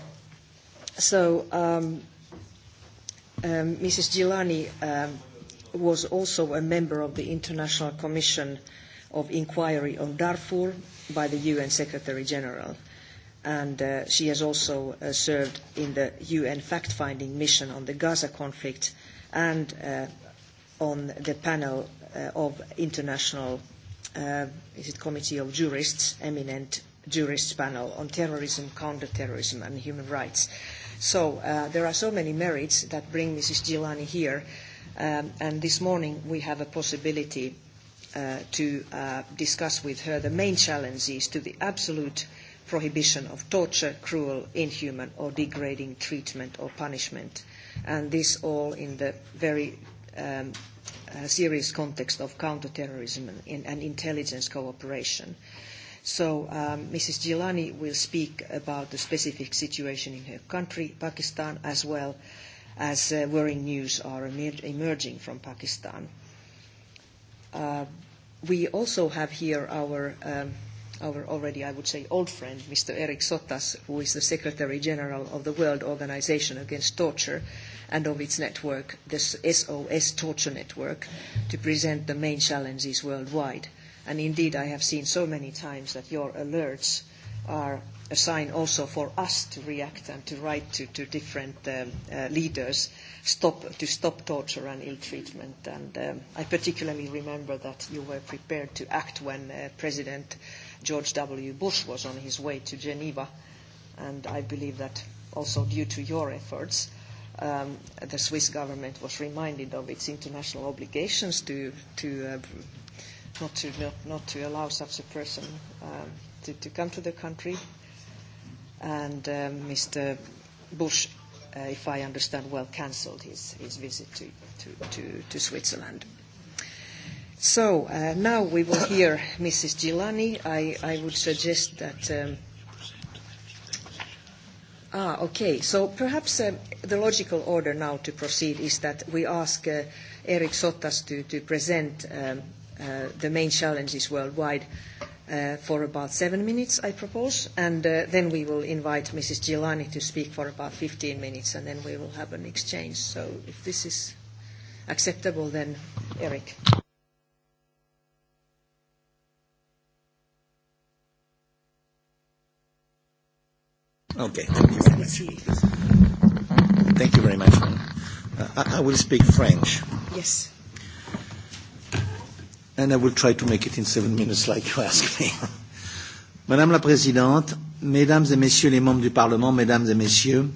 so um, um, Mrs. Gilani um, was also a member of the International Commission of Inquiry on Darfur by the UN Secretary General and uh, she has also uh, served in the UN fact-finding mission on the Gaza conflict and uh, on the panel uh, of international uh, is it committee of jurists, eminent jurists panel on terrorism, counterterrorism and human rights. So uh, there are so many merits that bring Mrs. Gilani here, um, and this morning we have a possibility uh, to uh, discuss with her the main challenges to the absolute uh, prohibition of torture, cruel, inhuman or degrading treatment or punishment. And this all in the very um, uh, serious context of counterterrorism and, in, and intelligence cooperation. So um, Mrs. Gilani will speak about the specific situation in her country, Pakistan, as well as uh, worrying news are emer- emerging from Pakistan. Uh, we also have here our um, our already, I would say, old friend, Mr. Eric Sotas, who is the Secretary General of the World Organization Against Torture and of its network, the SOS Torture Network, to present the main challenges worldwide. And indeed, I have seen so many times that your alerts are a sign also for us to react and to write to, to different um, uh, leaders stop, to stop torture and ill treatment. And um, I particularly remember that you were prepared to act when uh, President George W. Bush was on his way to Geneva, and I believe that also due to your efforts, um, the Swiss government was reminded of its international obligations to, to, uh, not, to not, not to allow such a person um, to, to come to the country. And uh, um, Mr. Bush, uh, if I understand well, cancelled his, his visit to, to, to, to Switzerland. So uh, now we will hear Mrs. Gilani. I, I would suggest that. Um, ah, okay. So perhaps uh, the logical order now to proceed is that we ask uh, Eric Sottas to, to present um, uh, the main challenges worldwide uh, for about seven minutes, I propose, and uh, then we will invite Mrs. Gilani to speak for about 15 minutes, and then we will have an exchange. So if this is acceptable, then Eric. Okay. Thank you very much. Thank you very much. Uh, I, I will speak French. Yes. And I will try to make it in seven minutes like you asked me. Madame la Présidente, Mesdames et Messieurs les membres du Parlement, Mesdames et Messieurs,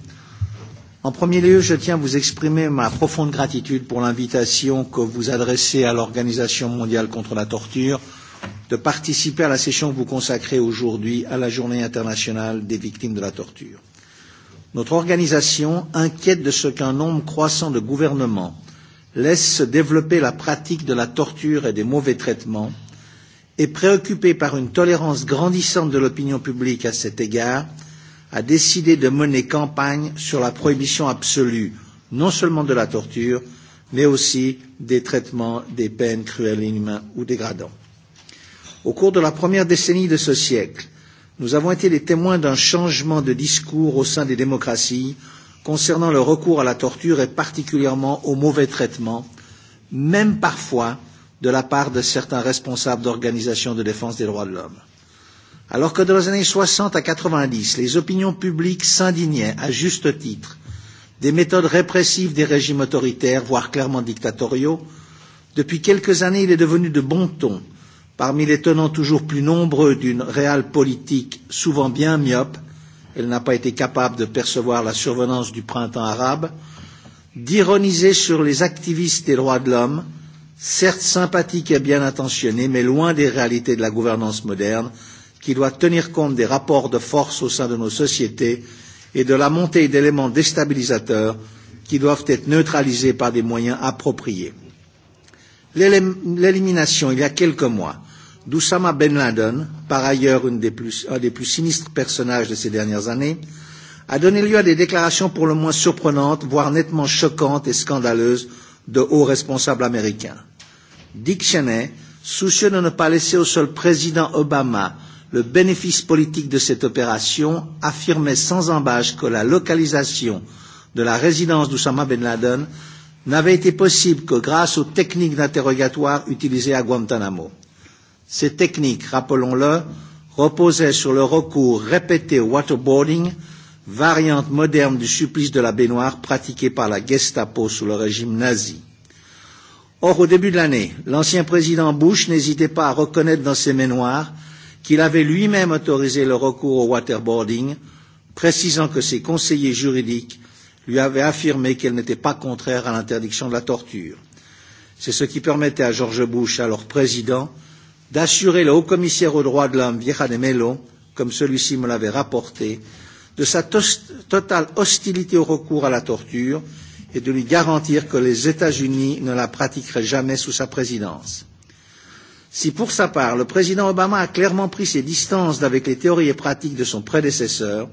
en premier lieu, je tiens à vous exprimer ma profonde gratitude pour l'invitation que vous adressez à l'Organisation mondiale contre la torture, euh, de participer à la session que vous consacrez aujourd'hui à la Journée internationale des victimes de la torture. Notre organisation inquiète de ce qu'un nombre croissant de gouvernements laisse se développer la pratique de la torture et des mauvais traitements, et préoccupée par une tolérance grandissante de l'opinion publique à cet égard, a décidé de mener campagne sur la prohibition absolue non seulement de la torture, mais aussi des traitements, des peines cruelles, inhumains ou dégradants. Au cours de la première décennie de ce siècle, nous avons été les témoins d'un changement de discours au sein des démocraties concernant le recours à la torture et particulièrement au mauvais traitement, même parfois de la part de certains responsables d'organisations de défense des droits de l'homme. Alors que dans les années 60 à 90, les opinions publiques s'indignaient, à juste titre, des méthodes répressives des régimes autoritaires, voire clairement dictatoriaux, depuis quelques années, il est devenu de bon ton Parmi les tenants toujours plus nombreux d'une réelle politique souvent bien myope, elle n'a pas été capable de percevoir la survenance du printemps arabe, d'ironiser sur les activistes des droits de l'homme, certes sympathiques et bien intentionnés, mais loin des réalités de la gouvernance moderne, qui doit tenir compte des rapports de force au sein de nos sociétés et de la montée d'éléments déstabilisateurs qui doivent être neutralisés par des moyens appropriés. L'élimination, il y a quelques mois, d'Oussama Ben Laden, par ailleurs une des plus, un des plus sinistres personnages de ces dernières années, a donné lieu à des déclarations pour le moins surprenantes, voire nettement choquantes et scandaleuses de hauts responsables américains. Dick Cheney, soucieux de ne pas laisser au seul président Obama le bénéfice politique de cette opération, affirmait sans embâche que la localisation de la résidence d'Oussama Ben Laden n'avait été possible que grâce aux techniques d'interrogatoire utilisées à Guantanamo. Ces techniques, rappelons-le, reposaient sur le recours répété au waterboarding, variante moderne du supplice de la baignoire pratiqué par la Gestapo sous le régime nazi. Or, au début de l'année, l'ancien président Bush n'hésitait pas à reconnaître dans ses mémoires qu'il avait lui-même autorisé le recours au waterboarding, précisant que ses conseillers juridiques lui avaient affirmé qu'elle n'était pas contraire à l'interdiction de la torture. C'est ce qui permettait à George Bush, alors président, d'assurer le haut commissaire aux droits de l'homme, Vieja de Melo, comme celui-ci me l'avait rapporté, de sa to totale hostilité au recours à la torture et de lui garantir que les États-Unis ne la pratiqueraient jamais sous sa présidence. Si pour sa part, le président Obama a clairement pris ses distances avec les théories et pratiques de son prédécesseur,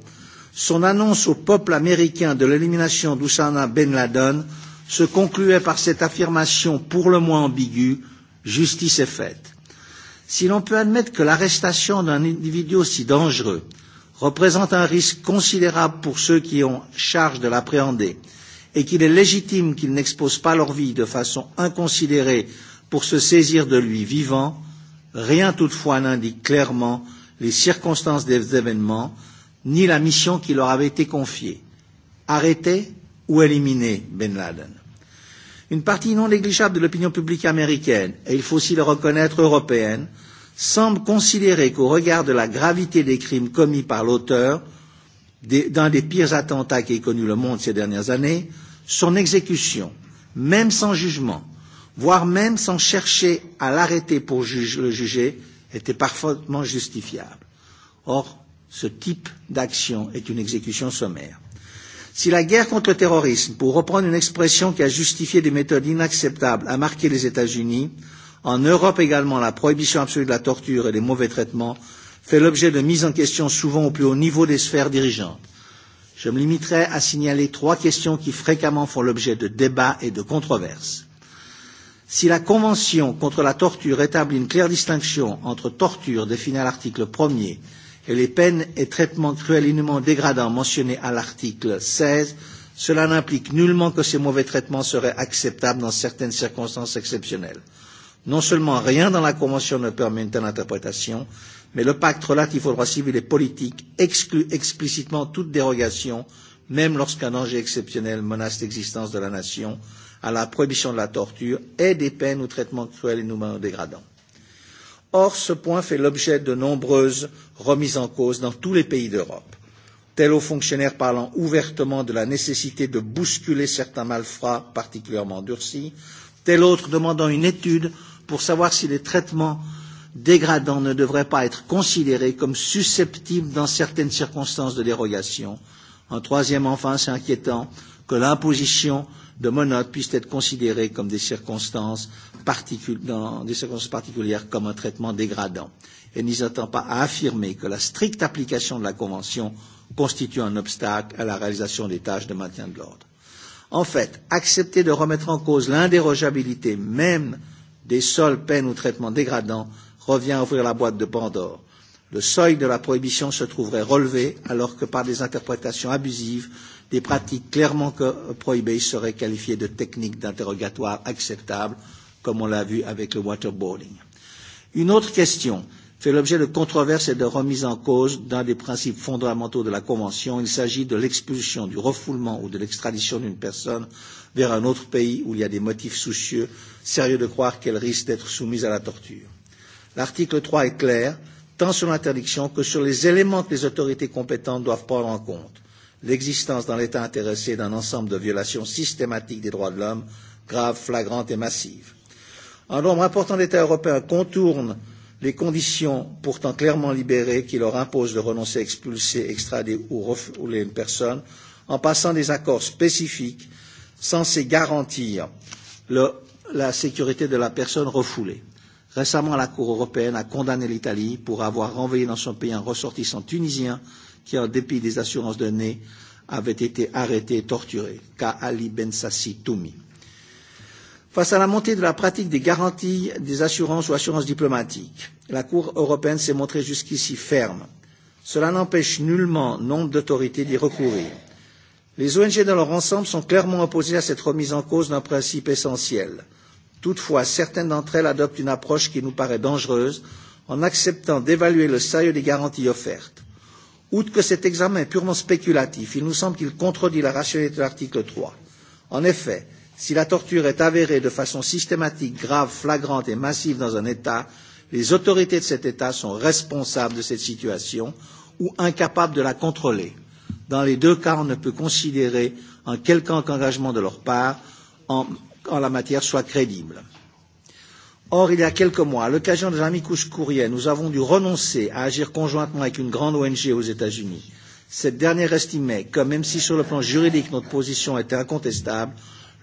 son annonce au peuple américain de l'élimination d'Oussama Ben Laden se concluait par cette affirmation pour le moins ambiguë, justice est faite. Si l'on peut admettre que l'arrestation d'un individu aussi dangereux représente un risque considérable pour ceux qui ont charge de l'appréhender et qu'il est légitime qu'ils n'exposent pas leur vie de façon inconsidérée pour se saisir de lui vivant, rien toutefois n'indique clairement les circonstances des événements ni la mission qui leur avait été confiée arrêter ou éliminer Ben Laden une partie non négligeable de l'opinion publique américaine, et il faut aussi le reconnaître européenne, semble considérer qu'au regard de la gravité des crimes commis par l'auteur d'un des pires attentats qu'ait connu le monde ces dernières années, son exécution, même sans jugement, voire même sans chercher à l'arrêter pour juge, le juger, était parfaitement justifiable. Or, ce type d'action est une exécution sommaire. Si la guerre contre le terrorisme, pour reprendre une expression qui a justifié des méthodes inacceptables, a marqué les États-Unis, en Europe également, la prohibition absolue de la torture et des mauvais traitements fait l'objet de mises en question souvent au plus haut niveau des sphères dirigeantes. Je me limiterai à signaler trois questions qui fréquemment font l'objet de débats et de controverses. Si la Convention contre la torture établit une claire distinction entre torture définie à l'article 1er et les peines et traitements cruels, inhumains, dégradants mentionnés à l'article 16, cela n'implique nullement que ces mauvais traitements seraient acceptables dans certaines circonstances exceptionnelles. Non seulement rien dans la Convention ne permet une telle interprétation, mais le pacte relatif aux droits civils et politiques exclut explicitement toute dérogation, même lorsqu'un danger exceptionnel menace l'existence de la nation, à la prohibition de la torture et des peines ou traitements cruels, inhumains ou dégradants. Or, ce point fait l'objet de nombreuses remises en cause dans tous les pays d'Europe. Tel aux fonctionnaires parlant ouvertement de la nécessité de bousculer certains malfrats particulièrement durcis, tel autre demandant une étude pour savoir si les traitements dégradants ne devraient pas être considérés comme susceptibles dans certaines circonstances de dérogation. En troisième, enfin, c'est inquiétant que l'imposition de monotes puisse être considérée comme des circonstances particul... dans des circonstances particulières comme un traitement dégradant et n'y s'attend pas à affirmer que la stricte application de la Convention constitue un obstacle à la réalisation des tâches de maintien de l'ordre. En fait, accepter de remettre en cause l'indérogeabilité même des seules peines ou traitements dégradants revient à ouvrir la boîte de Pandore. Le seuil de la prohibition se trouverait relevé alors que par des interprétations abusives, des pratiques clairement euh, prohibées seraient qualifiées de techniques d'interrogatoire acceptables comme on l'a vu avec le waterboarding. Une autre question fait l'objet de controverses et de remises en cause d'un des principes fondamentaux de la Convention. Il s'agit de l'expulsion, du refoulement ou de l'extradition d'une personne vers un autre pays où il y a des motifs soucieux, sérieux de croire qu'elle risque d'être soumise à la torture. L'article 3 est clair, tant sur l'interdiction que sur les éléments que les autorités compétentes doivent prendre en compte. L'existence dans l'État intéressé d'un ensemble de violations systématiques des droits de l'homme, graves, flagrantes et massives un nombre important d'États européens contournent les conditions pourtant clairement libérées qui leur imposent de renoncer à expulser, extrader ou refouler une personne en passant des accords spécifiques censés garantir le, la sécurité de la personne refoulée. Récemment, la Cour européenne a condamné l'Italie pour avoir renvoyé dans son pays un ressortissant tunisien qui, en dépit des assurances données, avait été arrêté et torturé, Kaali Ben Sassi Toumi. Face à la montée de la pratique des garanties des assurances ou assurances diplomatiques, la Cour européenne s'est montrée jusqu'ici ferme. Cela n'empêche nullement nombre d'autorités d'y recourir. Les ONG dans leur ensemble sont clairement opposées à cette remise en cause d'un principe essentiel. Toutefois, certaines d'entre elles adoptent une approche qui nous paraît dangereuse en acceptant d'évaluer le sérieux des garanties offertes. Outre que cet examen est purement spéculatif, il nous semble qu'il contredit la rationalité de l'article 3. En effet, Si la torture est avérée de façon systématique, grave, flagrante et massive dans un État, les autorités de cet État sont responsables de cette situation ou incapables de la contrôler. Dans les deux cas, on ne peut considérer un quelconque engagement de leur part en, en la matière soit crédible. Or, il y a quelques mois, à l'occasion de l'amicus courrier, nous avons dû renoncer à agir conjointement avec une grande ONG aux États-Unis. Cette dernière estimait que, même si sur le plan juridique notre position était incontestable,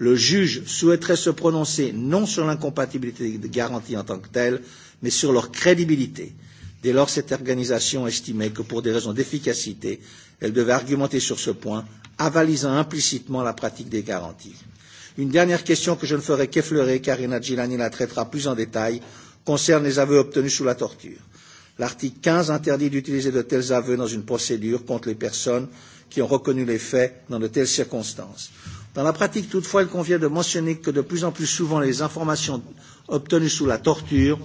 le juge souhaiterait se prononcer non sur l'incompatibilité des garanties en tant que telles, mais sur leur crédibilité. Dès lors, cette organisation estimait que pour des raisons d'efficacité, elle devait argumenter sur ce point, avalisant implicitement la pratique des garanties. Une dernière question que je ne ferai qu'effleurer, Karina Gilani la traitera plus en détail, concerne les aveux obtenus sous la torture. L'article 15 interdit d'utiliser de tels aveux dans une procédure contre les personnes qui ont reconnu les faits dans de telles circonstances. Dans la pratique, toutefois, il convient de mentionner que de plus en plus souvent, les informations obtenues sous la torture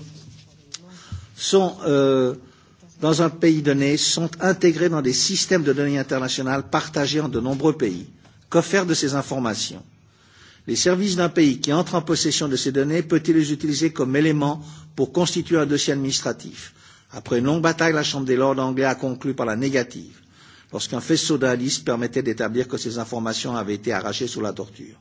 sont, euh, dans un pays donné, sont intégrées dans des systèmes de données internationales partagés en de nombreux pays. Que faire de ces informations Les services d'un pays qui entre en possession de ces données peut-il les utiliser comme éléments pour constituer un dossier administratif Après une longue bataille, la Chambre des Lords anglaise a conclu par la négative lorsqu'un faisceau d'indices permettait d'établir que ces informations avaient été arrachées sous la torture.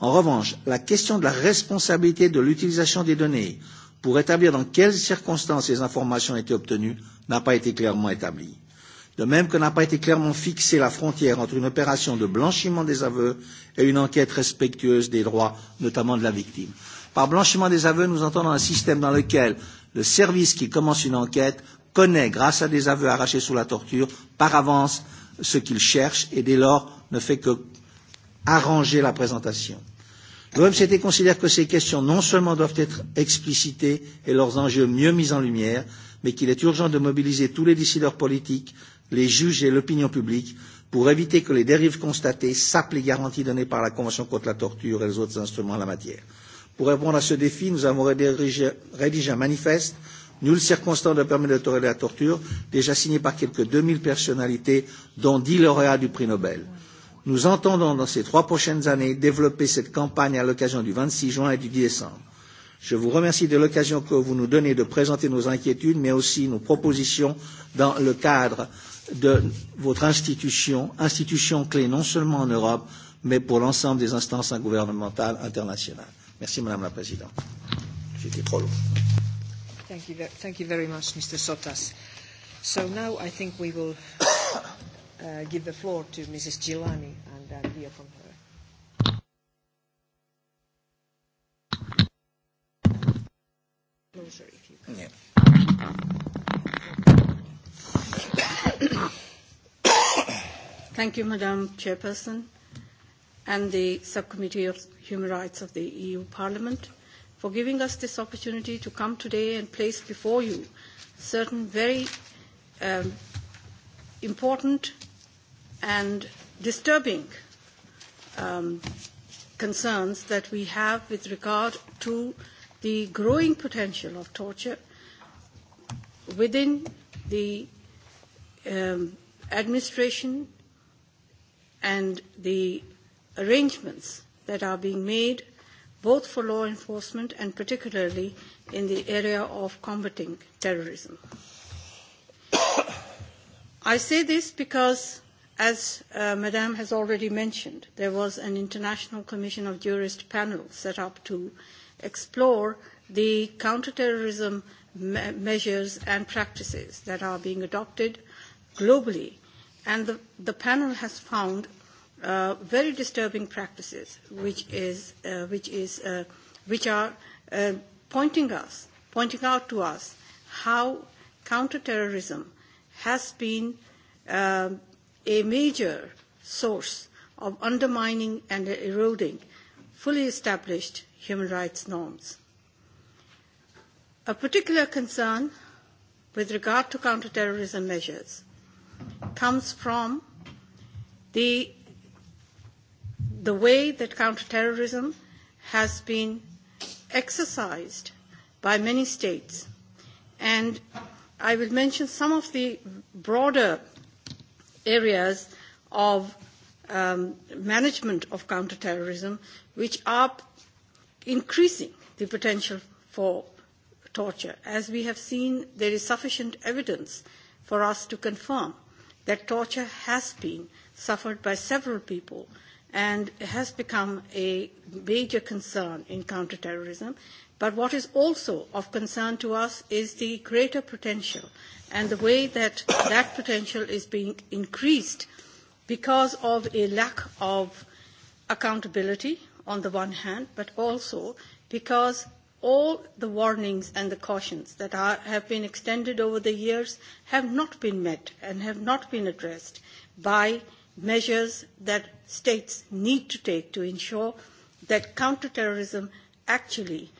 En revanche, la question de la responsabilité de l'utilisation des données pour établir dans quelles circonstances ces informations étaient obtenues n'a pas été clairement établie. De même que n'a pas été clairement fixée la frontière entre une opération de blanchiment des aveux et une enquête respectueuse des droits, notamment de la victime. Par blanchiment des aveux, nous entendons un système dans lequel le service qui commence une enquête connaît, grâce à des aveux arrachés sous la torture, par avance ce qu'il cherche et dès lors ne fait que arranger la présentation. L'OMCT considère que ces questions non seulement doivent être explicitées et leurs enjeux mieux mis en lumière, mais qu'il est urgent de mobiliser tous les décideurs politiques, les juges et l'opinion publique pour éviter que les dérives constatées sapent les garanties données par la Convention contre la torture et les autres instruments en la matière. Pour répondre à ce défi, nous avons rédigé, rédigé un manifeste euh, Nulle circonstance ne permet d'autoriser la torture, déjà signée par quelques 2000 personnalités, dont 10 lauréats du prix Nobel. Nous entendons, dans ces trois prochaines années, développer cette campagne à l'occasion du 26 juin et du 10 décembre. Je vous remercie de l'occasion que vous nous donnez de présenter nos inquiétudes, mais aussi nos propositions dans le cadre de votre institution, institution clé non seulement en Europe, mais pour l'ensemble des instances gouvernementales internationales. Merci Madame la Présidente. J'étais trop long. Thank you, thank you very much, Mr. Sotas. So now I think we will uh, give the floor to Mrs. Gilani and uh, hear from her. Closer, if you can. Yeah. Thank you, Madam Chairperson, and the Subcommittee of Human Rights of the EU Parliament for giving us this opportunity to come today and place before you certain very um, important and disturbing um, concerns that we have with regard to the growing potential of torture within the um, administration and the arrangements that are being made uh, both for law enforcement and particularly in the area of combating terrorism. I say this because, as uh, Madame has already mentioned, there was an International Commission of Jurist panel set up to explore the counterterrorism me- measures and practices that are being adopted globally. And the, the panel has found uh, very disturbing practices, which is uh, which is uh, which are uh, pointing us, pointing out to us how counterterrorism has been uh, a major source of undermining and eroding fully established human rights norms. A particular concern with regard to counterterrorism measures comes from the the way that counterterrorism has been exercised by many states. And I will mention some of the broader areas of um, management of counterterrorism, which are increasing the potential for torture. As we have seen, there is sufficient evidence for us to confirm that torture has been suffered by several people and has become a major concern in counterterrorism. But what is also of concern to us is the greater potential and the way that that potential is being increased because of a lack of accountability on the one hand, but also because all the warnings and the cautions that are, have been extended over the years have not been met and have not been addressed by uh, measures that states need to take to ensure that counterterrorism actually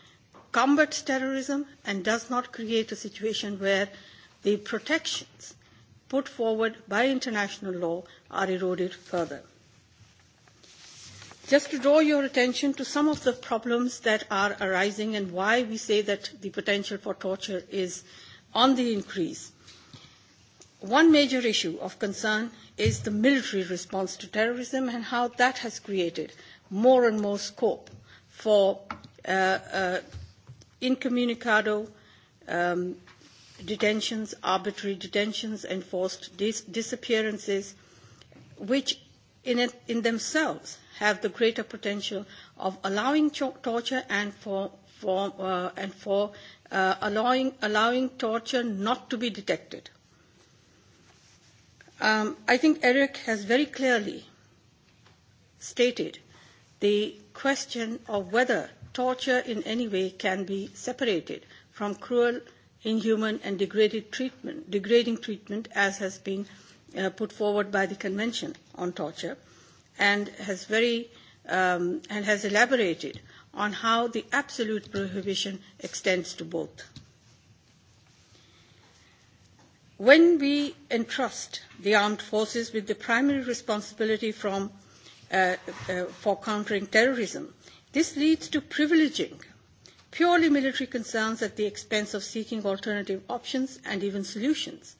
combats terrorism and does not create a situation where the protections put forward by international law are eroded further. Just to draw your attention to some of the problems that are arising and why we say that the potential for torture is on the increase. One major issue of concern is the military response to terrorism and how that has created more and more scope for uh, uh, incommunicado um, detentions, arbitrary detentions, and forced dis- disappearances, which in, it, in themselves have the greater potential of allowing cho- torture and for, for, uh, and for uh, allowing, allowing torture not to be detected. Um, I think Eric has very clearly stated the question of whether torture in any way can be separated from cruel, inhuman, and degraded treatment, degrading treatment as has been uh, put forward by the Convention on Torture, and has very um, and has elaborated on how the absolute prohibition extends to both. When we entrust the armed forces with the primary responsibility from, uh, uh, for countering terrorism, this leads to privileging purely military concerns at the expense of seeking alternative options and even solutions,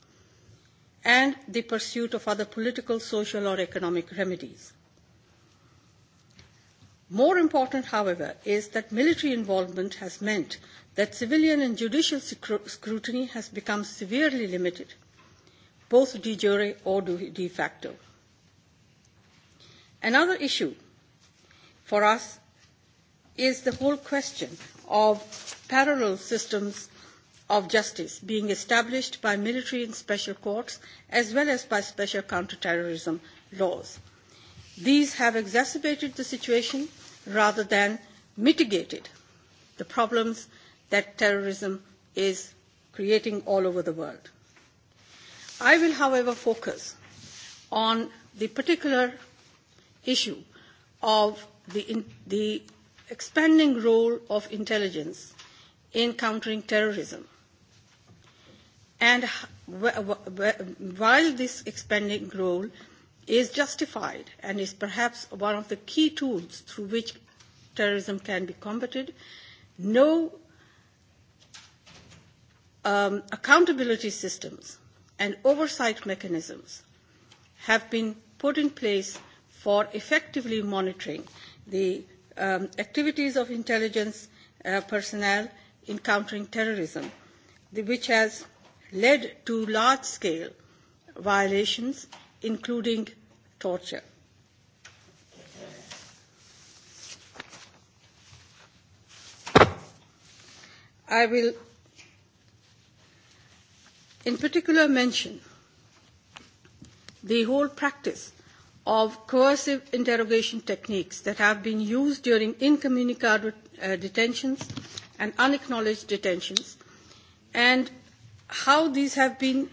and the pursuit of other political, social, or economic remedies. More important, however, is that military involvement has meant that civilian and judicial scrutiny has become severely limited, both de jure or de facto. Another issue for us is the whole question of parallel systems of justice being established by military and special courts as well as by special counterterrorism laws. These have exacerbated the situation rather than mitigated the problems that terrorism is creating all over the world. I will, however, focus on the particular issue of the, in, the expanding role of intelligence in countering terrorism. And while this expanding role is justified and is perhaps one of the key tools through which terrorism can be combated, no um, accountability systems and oversight mechanisms have been put in place for effectively monitoring the um, activities of intelligence uh, personnel in countering terrorism, which has led to large-scale violations, including torture. I will in particular mention the whole practice of coercive interrogation techniques that have been used during incommunicado uh, detentions and unacknowledged detentions, and how these have been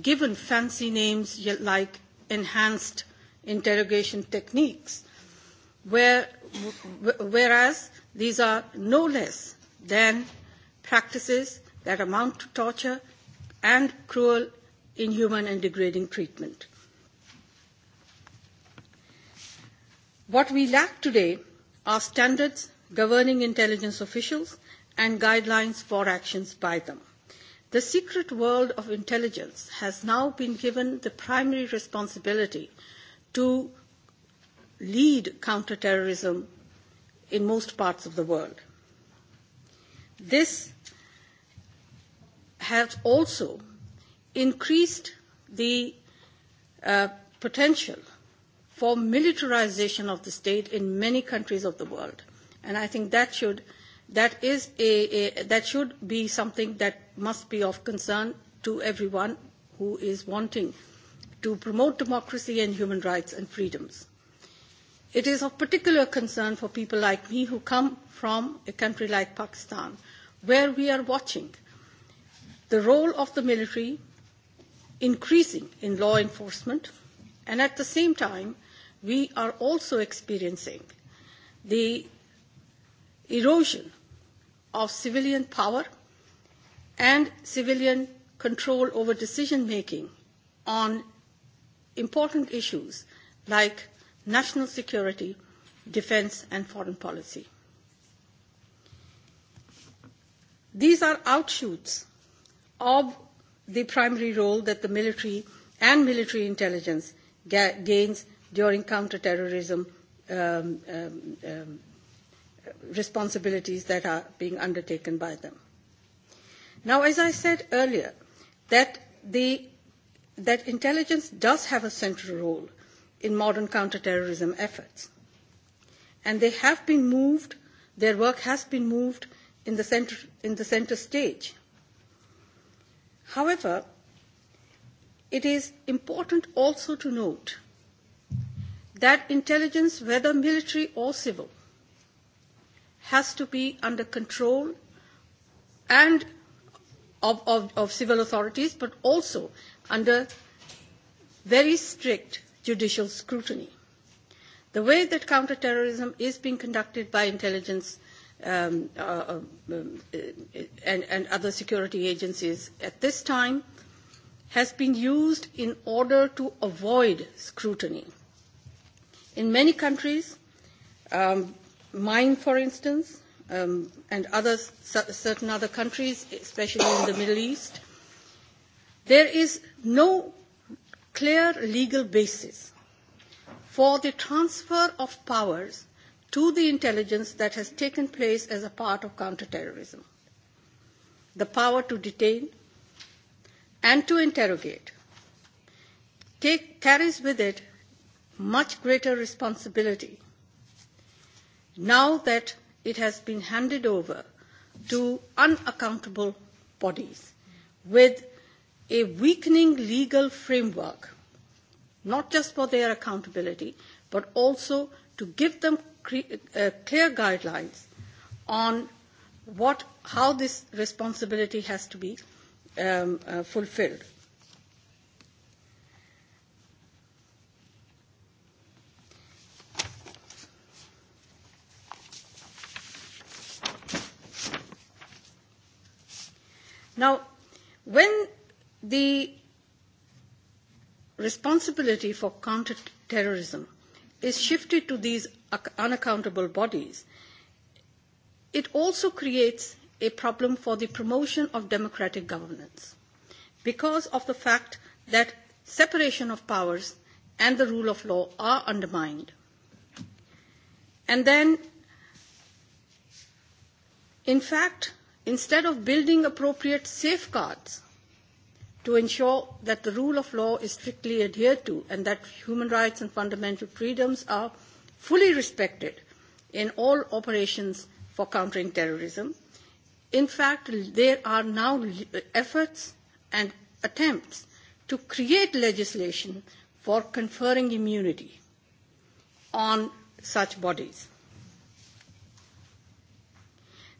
given fancy names like enhanced interrogation techniques, where, whereas these are no less than practices that amount to torture and cruel, inhuman, and degrading treatment. What we lack today are standards governing intelligence officials and guidelines for actions by them. The secret world of intelligence has now been given the primary responsibility to lead counterterrorism in most parts of the world. This have also increased the uh, potential for militarization of the state in many countries of the world. And I think that should, that is a, a, that should be something that must be of concern to everyone who is wanting to promote democracy and human rights and freedoms. It is of particular concern for people like me who come from a country like Pakistan, where we are watching the role of the military increasing in law enforcement, and at the same time, we are also experiencing the erosion of civilian power and civilian control over decision making on important issues like national security, defense, and foreign policy. These are outshoots of the primary role that the military and military intelligence ga- gains during counterterrorism um, um, um, responsibilities that are being undertaken by them. Now, as I said earlier, that, the, that intelligence does have a central role in modern counterterrorism efforts. And they have been moved, their work has been moved in the center, in the center stage However, it is important also to note that intelligence, whether military or civil, has to be under control and of, of, of civil authorities, but also under very strict judicial scrutiny. The way that counterterrorism is being conducted by intelligence Um uh, uh, um, uh, and, and other security agencies at this time has been used in order to avoid scrutiny. In many countries, um, mine, for instance, um, and others, certain other countries, especially in the Middle East, there is no clear legal basis for the transfer of powers to the intelligence that has taken place as a part of counterterrorism. The power to detain and to interrogate take, carries with it much greater responsibility now that it has been handed over to unaccountable bodies with a weakening legal framework, not just for their accountability, but also to give them cre- uh, clear guidelines on what, how this responsibility has to be um, uh, fulfilled. Now, when the responsibility for counterterrorism is shifted to these unaccountable bodies, it also creates a problem for the promotion of democratic governance because of the fact that separation of powers and the rule of law are undermined. And then, in fact, instead of building appropriate safeguards to ensure that the rule of law is strictly adhered to and that human rights and fundamental freedoms are fully respected in all operations for countering terrorism. In fact, there are now efforts and attempts to create legislation for conferring immunity on such bodies.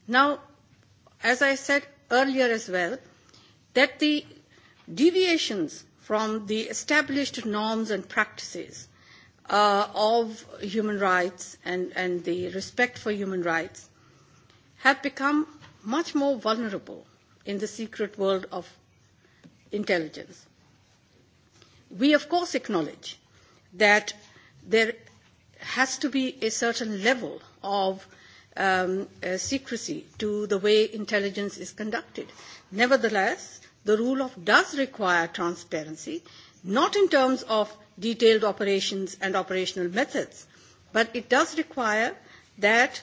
Now, as I said earlier as well, that the deviations from the established norms and practices uh, of human rights and, and the respect for human rights have become much more vulnerable in the secret world of intelligence. We, of course, acknowledge that there has to be a certain level of um, uh, secrecy to the way intelligence is conducted. Nevertheless, the rule of does require transparency, not in terms of detailed operations and operational methods, but it does require that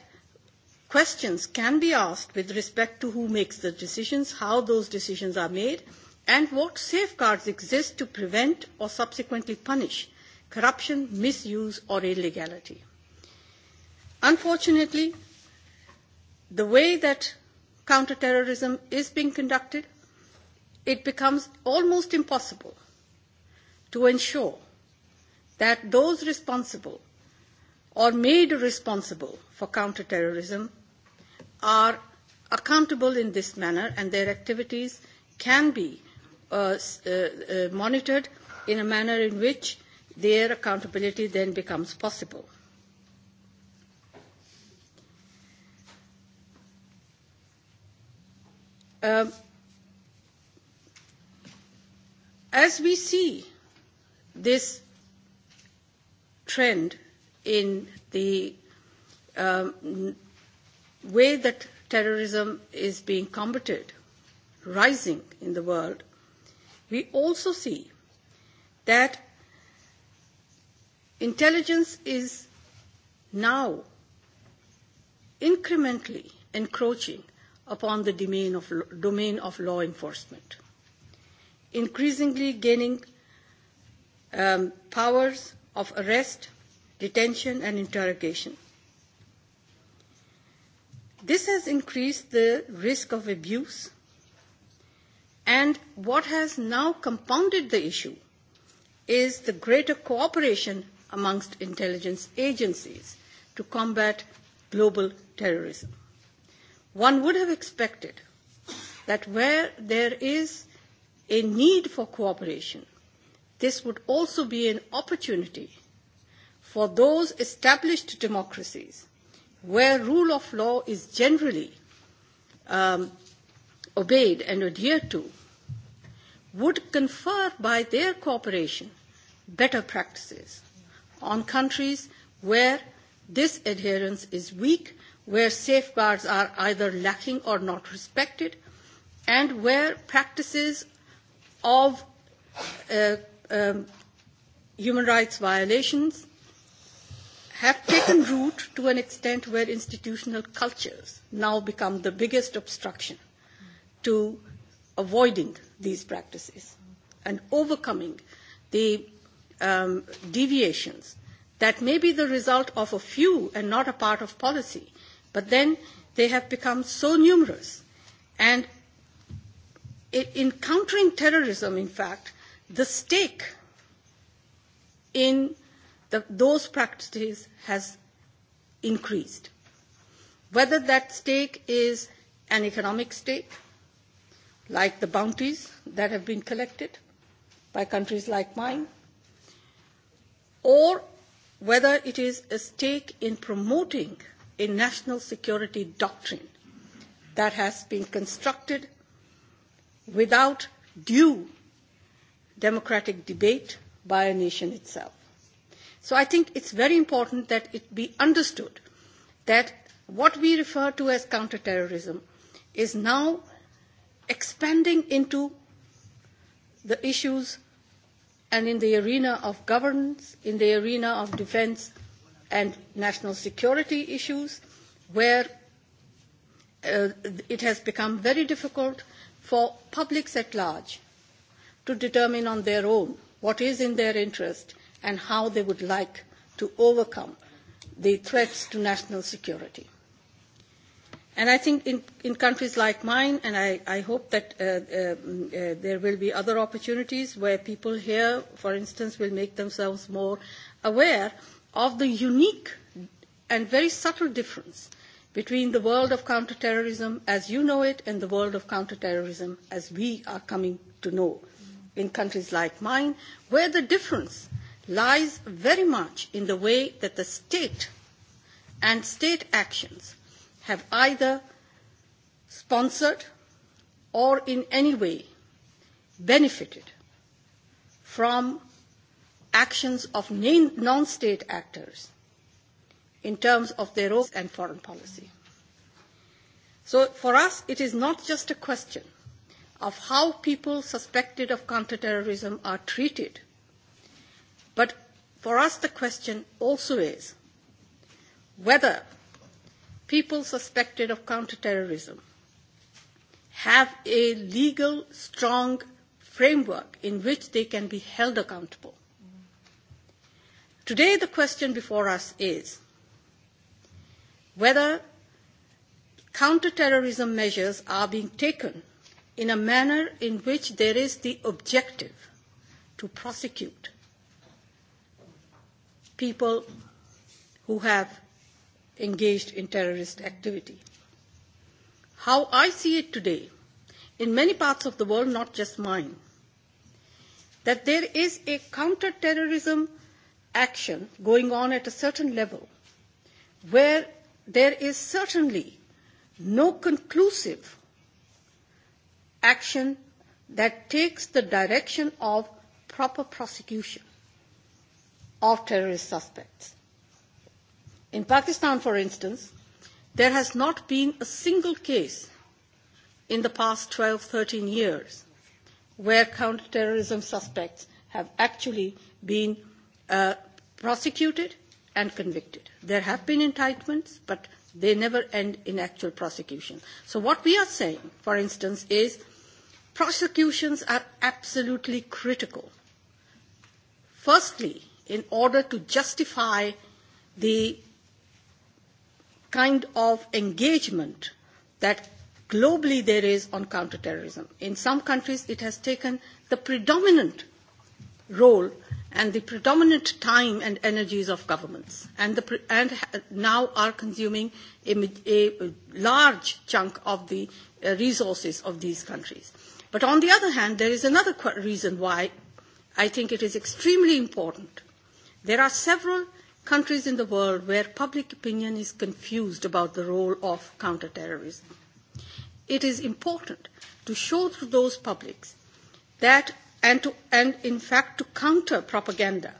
questions can be asked with respect to who makes the decisions, how those decisions are made, and what safeguards exist to prevent or subsequently punish corruption, misuse, or illegality. Unfortunately, the way that counterterrorism is being conducted it becomes almost impossible to ensure that those responsible or made responsible for counterterrorism are accountable in this manner and their activities can be uh, uh, uh, monitored in a manner in which their accountability then becomes possible. Um, uh, as we see this trend in the um, way that terrorism is being combated, rising in the world, we also see that intelligence is now incrementally encroaching upon the domain of, domain of law enforcement increasingly gaining um, powers of arrest, detention, and interrogation. This has increased the risk of abuse, and what has now compounded the issue is the greater cooperation amongst intelligence agencies to combat global terrorism. One would have expected that where there is a need for cooperation, this would also be an opportunity for those established democracies where rule of law is generally um, obeyed and adhered to would confer by their cooperation better practices on countries where this adherence is weak, where safeguards are either lacking or not respected, and where practices of uh, um, human rights violations have taken root to an extent where institutional cultures now become the biggest obstruction to avoiding these practices and overcoming the um, deviations that may be the result of a few and not a part of policy, but then they have become so numerous and in countering terrorism, in fact, the stake in the, those practices has increased. Whether that stake is an economic stake, like the bounties that have been collected by countries like mine, or whether it is a stake in promoting a national security doctrine that has been constructed without due democratic debate by a nation itself. So I think it's very important that it be understood that what we refer to as counterterrorism is now expanding into the issues and in the arena of governance, in the arena of defense and national security issues, where uh, it has become very difficult for publics at large to determine on their own what is in their interest and how they would like to overcome the threats to national security. And I think in, in countries like mine, and I, I hope that uh, uh, uh, there will be other opportunities where people here, for instance, will make themselves more aware of the unique and very subtle difference between the world of counterterrorism as you know it and the world of counterterrorism as we are coming to know in countries like mine, where the difference lies very much in the way that the state and state actions have either sponsored or in any way benefited from actions of non-state actors in terms of their roles and foreign policy. So for us, it is not just a question of how people suspected of counterterrorism are treated, but for us the question also is whether people suspected of counterterrorism have a legal, strong framework in which they can be held accountable. Today the question before us is whether counterterrorism measures are being taken in a manner in which there is the objective to prosecute people who have engaged in terrorist activity. How I see it today, in many parts of the world, not just mine, that there is a counterterrorism action going on at a certain level where there is certainly no conclusive action that takes the direction of proper prosecution of terrorist suspects. In Pakistan, for instance, there has not been a single case in the past 12, 13 years where counterterrorism suspects have actually been uh, prosecuted and convicted. There have been indictments, but they never end in actual prosecution. So what we are saying, for instance, is prosecutions are absolutely critical. Firstly, in order to justify the kind of engagement that globally there is on counterterrorism. In some countries, it has taken the predominant role and the predominant time and energies of governments and, the, and now are consuming a, a large chunk of the uh, resources of these countries. But on the other hand, there is another reason why I think it is extremely important. There are several countries in the world where public opinion is confused about the role of counterterrorism. It is important to show to those publics that and, to, and in fact to counter propaganda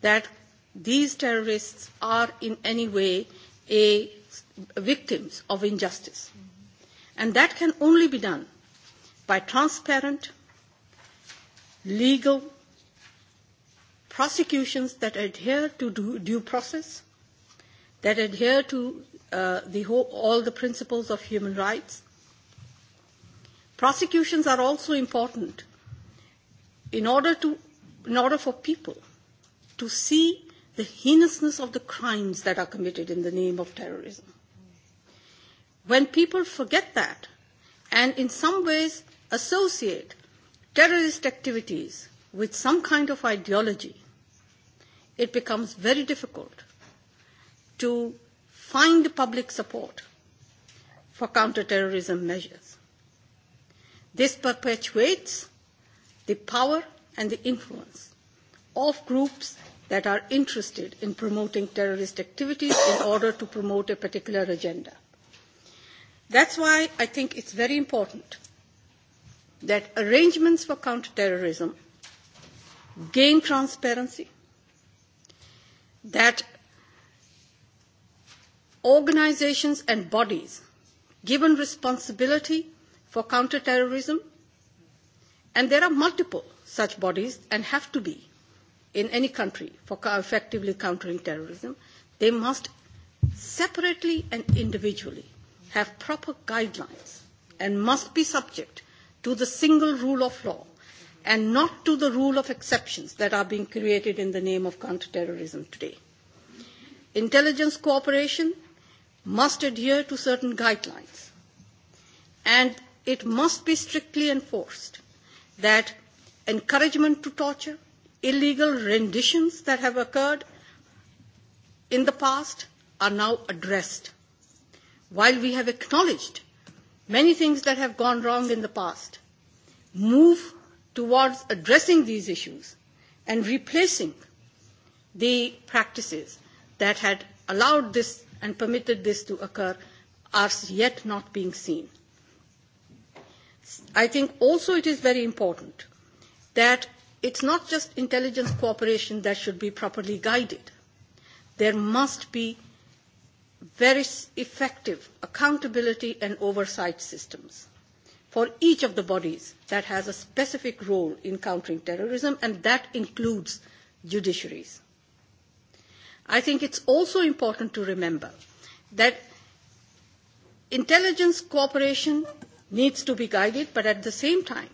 that these terrorists are in any way a, victims of injustice. Mm-hmm. And that can only be done by transparent, legal prosecutions that adhere to due, due process, that adhere to uh, the whole, all the principles of human rights. Prosecutions are also important in order, to, in order for people to see the heinousness of the crimes that are committed in the name of terrorism. When people forget that and in some ways associate terrorist activities with some kind of ideology, it becomes very difficult to find public support for counterterrorism measures. This perpetuates the power and the influence of groups that are interested in promoting terrorist activities in order to promote a particular agenda. That's why I think it's very important that arrangements for counterterrorism gain transparency, that organizations and bodies given responsibility for counterterrorism And there are multiple such bodies and have to be in any country for effectively countering terrorism. They must separately and individually have proper guidelines and must be subject to the single rule of law and not to the rule of exceptions that are being created in the name of counterterrorism today. Intelligence cooperation must adhere to certain guidelines and it must be strictly enforced that encouragement to torture, illegal renditions that have occurred in the past are now addressed. While we have acknowledged many things that have gone wrong in the past, move towards addressing these issues and replacing the practices that had allowed this and permitted this to occur are yet not being seen. I think also it is very important that it's not just intelligence cooperation that should be properly guided. There must be very effective accountability and oversight systems for each of the bodies that has a specific role in countering terrorism, and that includes judiciaries. I think it's also important to remember that intelligence cooperation needs to be guided, but at the same time,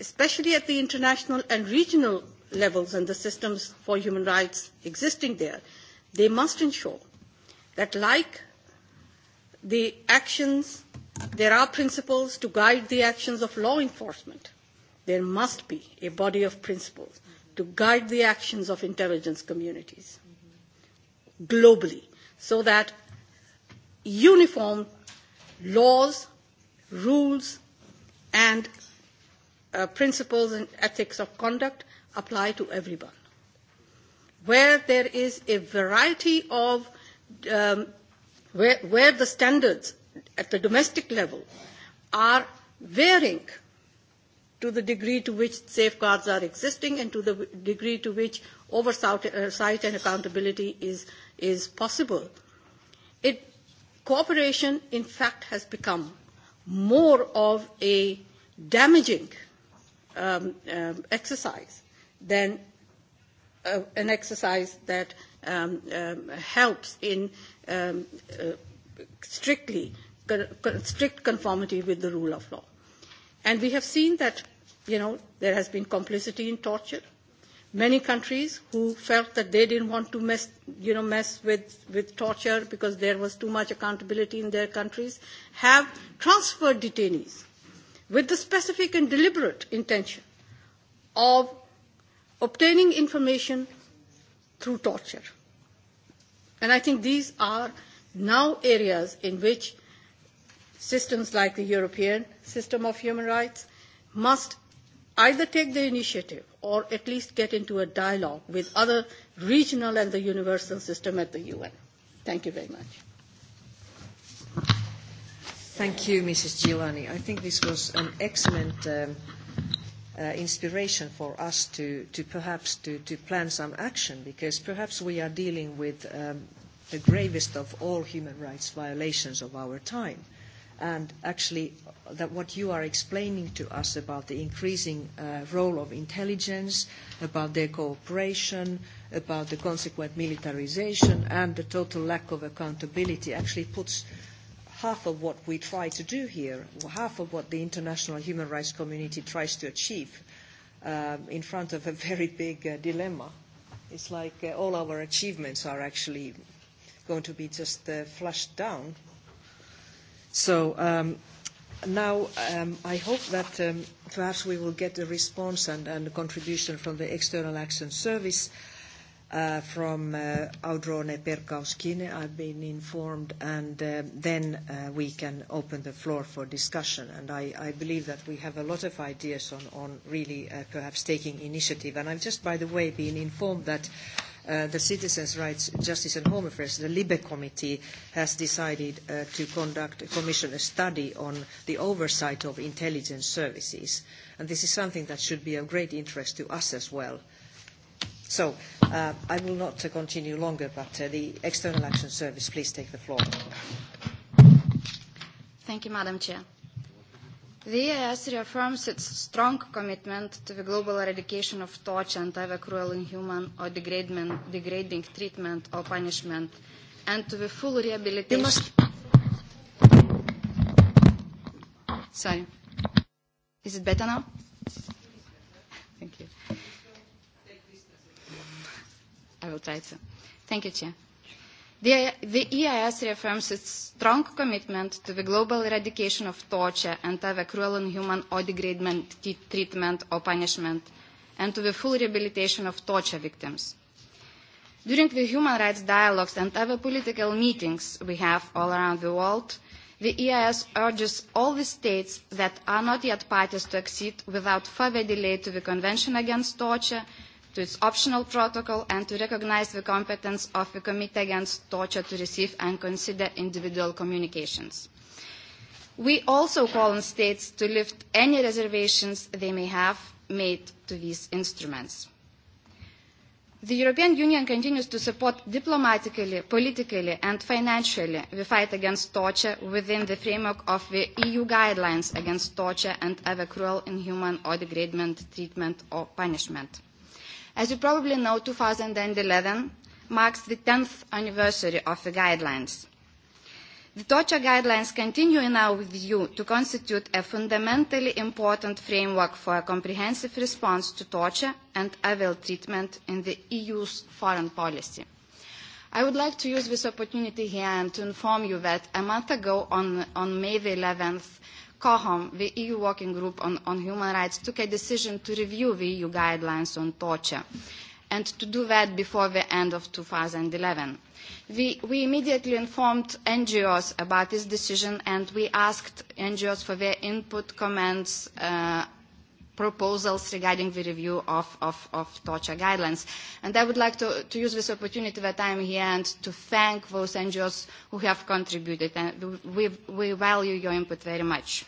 especially at the international and regional levels and the systems for human rights existing there, they must ensure that like the actions, there are principles to guide the actions of law enforcement. There must be a body of principles to guide the actions of intelligence communities globally so that uniform laws rules and uh, principles and ethics of conduct apply to everyone. Where there is a variety of, um, where, where the standards at the domestic level are varying to the degree to which safeguards are existing and to the degree to which oversight uh, and accountability is, is possible. It, cooperation, in fact, has become more of a damaging um, um, exercise than uh, an exercise that um, um, helps in um, uh, strictly strict conformity with the rule of law. And we have seen that, you know, there has been complicity in torture many countries who felt that they didn't want to mess, you know, mess with, with torture because there was too much accountability in their countries, have transferred detainees with the specific and deliberate intention of obtaining information through torture. And I think these are now areas in which systems like the European system of human rights must either take the initiative or at least get into a dialogue with other regional and the universal system at the UN. Thank you very much. Thank you, Mrs. Gilani. I think this was an excellent um, uh, inspiration for us to, to perhaps to, to plan some action because perhaps we are dealing with um, the gravest of all human rights violations of our time. And actually, that what you are explaining to us about the increasing uh, role of intelligence, about their cooperation, about the consequent militarization, and the total lack of accountability actually puts half of what we try to do here, half of what the international human rights community tries to achieve, uh, in front of a very big uh, dilemma. It's like uh, all our achievements are actually going to be just uh, flushed down. So um, Now, um, I hope that um, perhaps we will get a response and, and a contribution from the External Action Service, uh, from uh, Audrone Perkauskine, I've been informed, and uh, then uh, we can open the floor for discussion. And I, I believe that we have a lot of ideas on, on really uh, perhaps taking initiative. And I've just, by the way, been informed that uh, uh, the Citizens' Rights, Justice and Home Affairs, the LIBE Committee, has decided uh, to conduct, a commission a study on the oversight of intelligence services. And this is something that should be of great interest to us as well. So uh, I will not uh, continue longer, but uh, the External Action Service, please take the floor. Thank you, Madam Chair. The EIS reaffirms its strong commitment to the global eradication of torture and other cruel, inhuman or degrading treatment or punishment and to the full rehabilitation. Must... Sorry. Is it better now? Thank you. I will try to. Thank you, Chair. The, the EIS reaffirms its strong commitment to the global eradication of torture and other cruel, inhuman or degradement treatment or punishment, and to the full rehabilitation of torture victims. During the human rights dialogues and other political meetings we have all around the world, the EIS urges all the states that are not yet parties to accede without further delay to the Convention Against Torture to its optional protocol and to recognize the competence of the Committee Against Torture to receive and consider individual communications. We also call on states to lift any reservations they may have made to these instruments. The European Union continues to support diplomatically, politically and financially the fight against torture within the framework of the EU guidelines against torture and other cruel, inhuman or degradement treatment or punishment. As you probably know, 2011 marks the 10th anniversary of the guidelines. The torture guidelines continue in our view to constitute a fundamentally important framework for a comprehensive response to torture and evil treatment in the EU's foreign policy. I would like to use this opportunity here and to inform you that a month ago, on, on May the 11th, COHOM, the EU Working Group on, on Human Rights, took a decision to review the EU guidelines on torture and to do that before the end of 2011. We, we immediately informed NGOs about this decision and we asked NGOs for their input, comments, uh, proposals regarding the review of, of, of torture guidelines. And I would like to, to use this opportunity that I am here and to thank those NGOs who have contributed. And we, we value your input very much.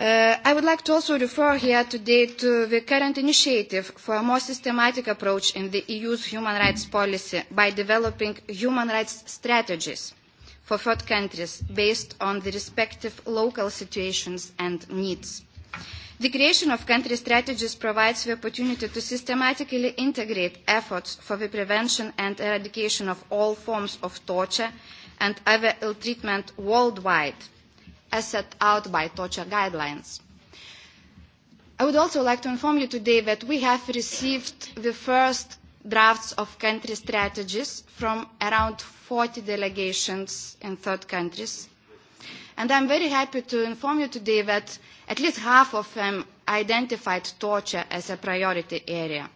Uh, I would like to also refer here today to the current initiative for a more systematic approach in the EU's human rights policy by developing human rights strategies for third countries based on the respective local situations and needs. The creation of country strategies provides the opportunity to systematically integrate efforts for the prevention and eradication of all forms of torture and other ill treatment worldwide – as set out by TOCHA guidelines. I would also like to inform you today that we have received the first drafts of country strategies from around 40 delegations in third countries. And I'm very happy to inform you today that at least half of them identified torture as a priority area.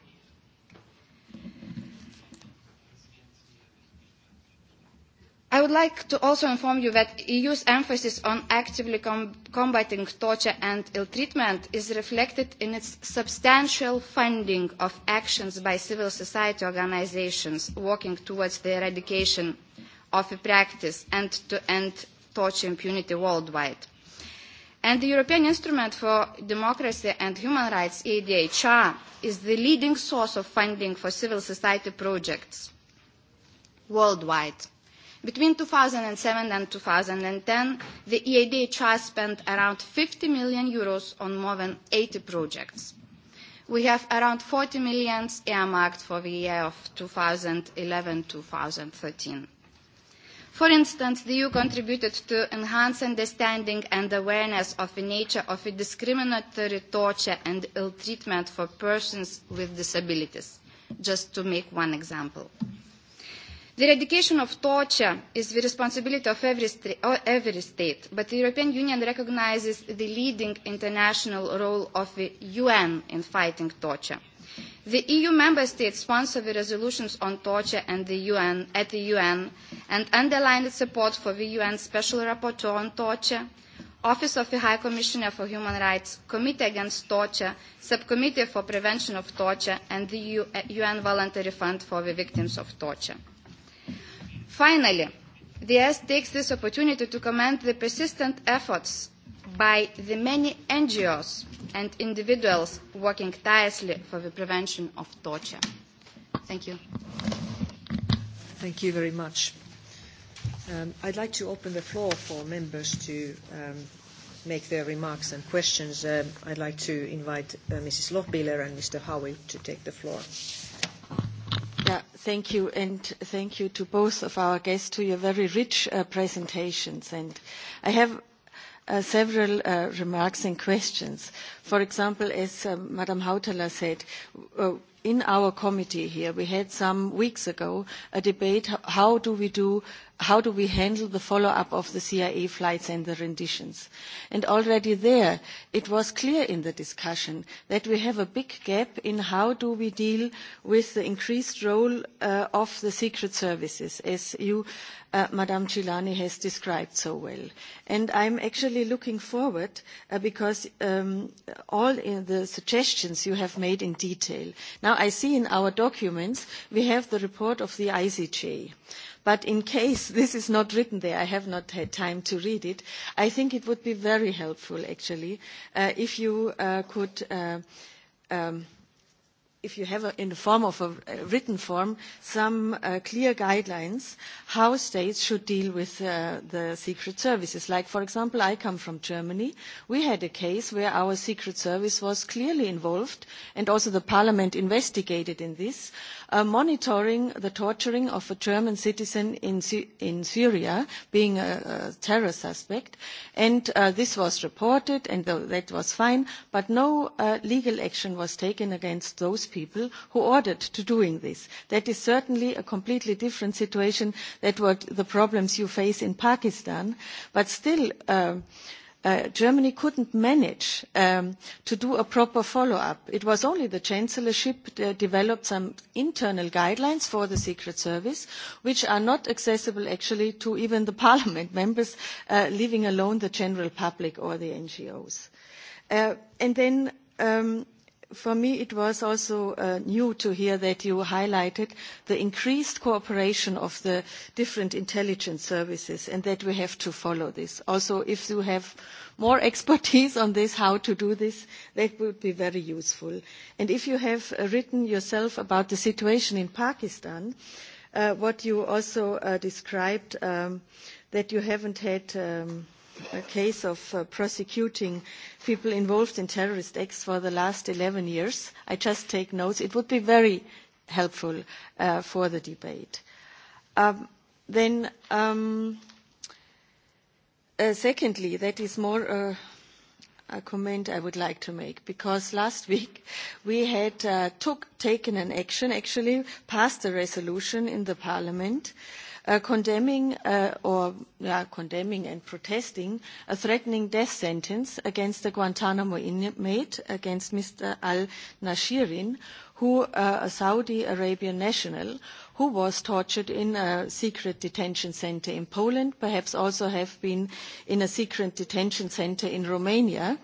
I would like to also inform you that EU's emphasis on actively com combating torture and ill treatment is reflected in its substantial funding of actions by civil society organizations working towards the eradication of the practice and to end torture impunity worldwide. And the European Instrument for Democracy and Human Rights, EDHR, is the leading source of funding for civil society projects worldwide. Between 2007 and 2010, the EIDHR spent around 50 million euros on more than 80 projects. We have around 40 million earmarked for the year of 2011-2013. For instance, the EU contributed to enhance understanding and awareness of the nature of discriminatory torture and ill treatment for persons with disabilities, just to make one example. The eradication of torture is the responsibility of every, st- every state, but the European Union recognizes the leading international role of the UN in fighting torture. The EU member states sponsor the resolutions on torture and the UN, at the UN and underline its support for the UN Special Rapporteur on Torture, Office of the High Commissioner for Human Rights, Committee Against Torture, Subcommittee for Prevention of Torture, and the UN uh, Voluntary Fund for the Victims of Torture. Finally, the S takes this opportunity to commend the persistent efforts by the many NGOs and individuals working tirelessly for the prevention of torture. Thank you. Thank you very much. Um, I'd like to open the floor for members to um, make their remarks and questions. Um, I'd like to invite uh, Mrs. Lochbiller and Mr. Howie to take the floor. Thank you. Yeah, thank you, and thank you to both of our guests to your very rich uh, presentations. And I have uh, several uh, remarks and questions. For example, as uh, um, Madame Hautala said, uh, in our committee here, we had some weeks ago a debate, how do we do how do we handle the follow-up of the CIA flights and the renditions? And already there, it was clear in the discussion that we have a big gap in how do we deal with the increased role uh, of the secret services, as you, uh, Madame Chilani, has described so well. And I'm actually looking forward uh, because um, all in the suggestions you have made in detail. Now, I see in our documents we have the report of the ICJ. But in case this is not written there, I have not had time to read it, I think it would be very helpful, actually, uh, if you uh, could uh, um, if you have a, in the form of a, a written form some uh, clear guidelines how states should deal with uh, the secret services like for example i come from germany we had a case where our secret service was clearly involved and also the parliament investigated in this uh, monitoring the torturing of a german citizen in Sy- in syria being a, a terror suspect and uh, this was reported and th- that was fine but no uh, legal action was taken against those people who ordered to doing this. That is certainly a completely different situation than what the problems you face in Pakistan. But still, uh, Uh, Germany couldn't manage um, to do a proper follow-up. It was only the Chancellorship that uh, developed some internal guidelines for the Secret Service, which are not accessible actually to even the Parliament members, uh, leaving alone the general public or the NGOs. Uh, and then um, for me, it was also uh, new to hear that you highlighted the increased cooperation of the different intelligence services and that we have to follow this. Also, if you have more expertise on this, how to do this, that would be very useful. And if you have uh, written yourself about the situation in Pakistan, uh, what you also uh, described, um, that you haven't had um, – a case of uh, prosecuting people involved in terrorist acts for the last 11 years. I just take notes. It would be very helpful uh, for the debate. Um, then, um, uh, secondly, that is more uh, a comment I would like to make because last week we had uh, took, taken an action, actually passed a resolution in the Parliament uh, uh, condemning uh, or yeah, condemning and protesting a threatening death sentence against a Guantanamo inmate, against Mr. al-Nashirin, who uh, a Saudi Arabian national who was tortured in a secret detention center in Poland, perhaps also have been in a secret detention center in Romania.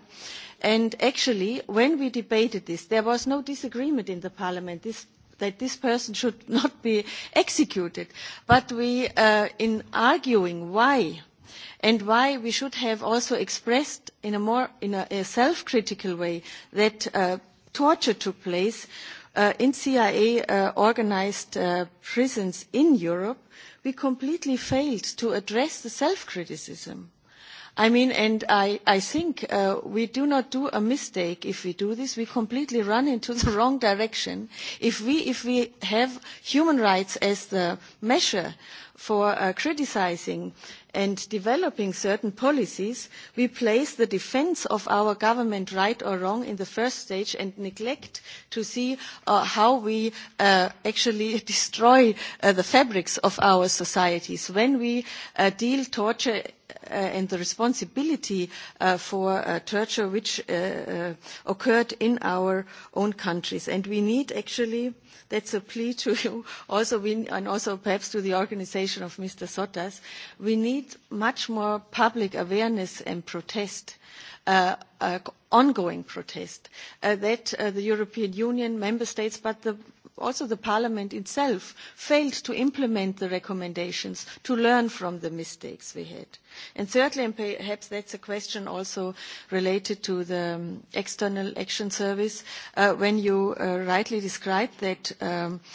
And actually, when we debated this, there was no disagreement in the parliament. This that this person should not be executed. But we, uh, in arguing why, and why we should have also expressed in a more in a, a self-critical way that uh, torture took place uh, in CIA uh, organized uh, prisons in Europe, we completely failed to address the self-criticism I mean, and I, I think uh, we do not do a mistake if we do this. We completely run into the wrong direction. If we, if we have human rights as the measure for uh, criticizing and developing certain policies, we place the defense of our government right or wrong in the first stage and neglect to see uh, how we uh, actually destroy uh, the fabrics of our societies. When we uh, deal torture uh, and the responsibility uh, for uh, torture which uh, uh, occurred in our own countries. And we need actually, that's a plea to you also, we, and also perhaps to the organization presentation of Mr. Sotas, we need much more public awareness and protest uh, uh, ongoing protest uh, that uh, the European Union, member states, but the, also the Parliament itself failed to implement the recommendations to learn from the mistakes we had. And thirdly, and perhaps that's a question also related to the um, External Action Service, uh, when you uh, rightly described that um, uh,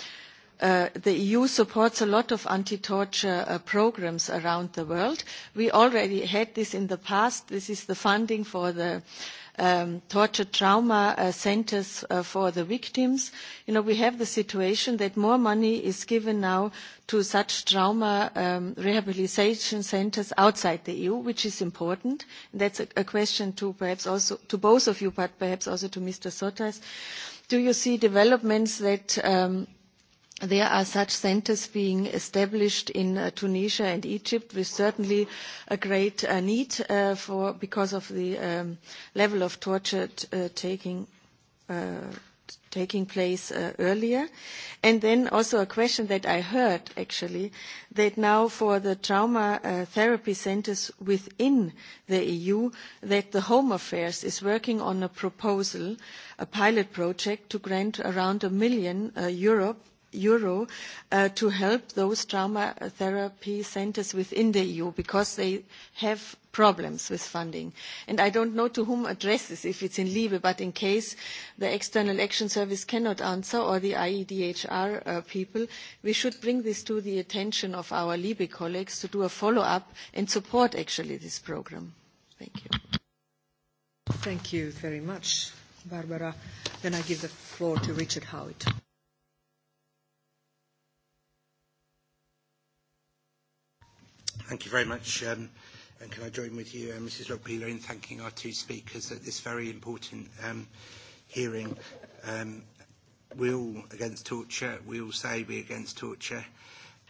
Uh, the EU supports a lot of anti-torture uh, programs around the world. We already had this in the past. This is the funding for the um, torture trauma uh, centers uh, for the victims. You know, we have the situation that more money is given now to such trauma um, rehabilitation centers outside the EU, which is important. And that's a, a question to perhaps also to both of you, but perhaps also to Mr. Sotas. Do you see developments that um, there are such centres being established in uh, Tunisia and Egypt with certainly a great uh, need uh, for because of the um, level of torture t- uh, taking uh, taking place uh, earlier. And then also a question that I heard actually that now for the trauma uh, therapy centers within the EU that the Home Affairs is working on a proposal, a pilot project to grant around a million uh, Europe euro uh, to help those trauma therapy centers within the EU because they have problems with funding. And I don't know to whom address this, if it's in Liebe, but in case the External Action Service cannot answer or the IEDHR uh, people, we should bring this to the attention of our Liebe colleagues to do a follow-up and support actually this program. Thank you. Thank you very much, Barbara. Then I give the floor to Richard Howitt. Thank you very much. Um, and can I join with you, uh, Mrs. Lockbeeler, in thanking our two speakers at this very important um, hearing. Um, we're all against torture. We all say we're against torture.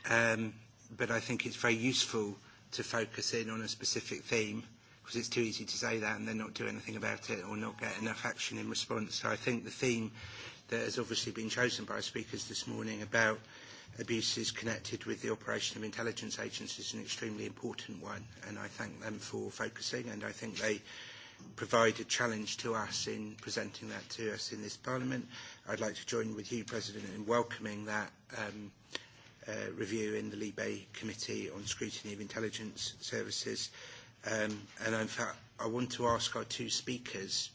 Um, but I think it's very useful to focus in on a specific theme because it's too easy to say that and then not do anything about it or not get enough action in response. So I think the theme that has obviously been chosen by speakers this morning about uh, abuses connected with the operation of intelligence agencies is an extremely important one, and I thank them for focusing, and I think they provide a challenge to us in presenting that to us in this Parliament. I'd like to join with you, President, in welcoming that um, uh, review in the Libe Committee on Scrutiny of Intelligence Services. Um, and in fact, I want to ask our two speakers,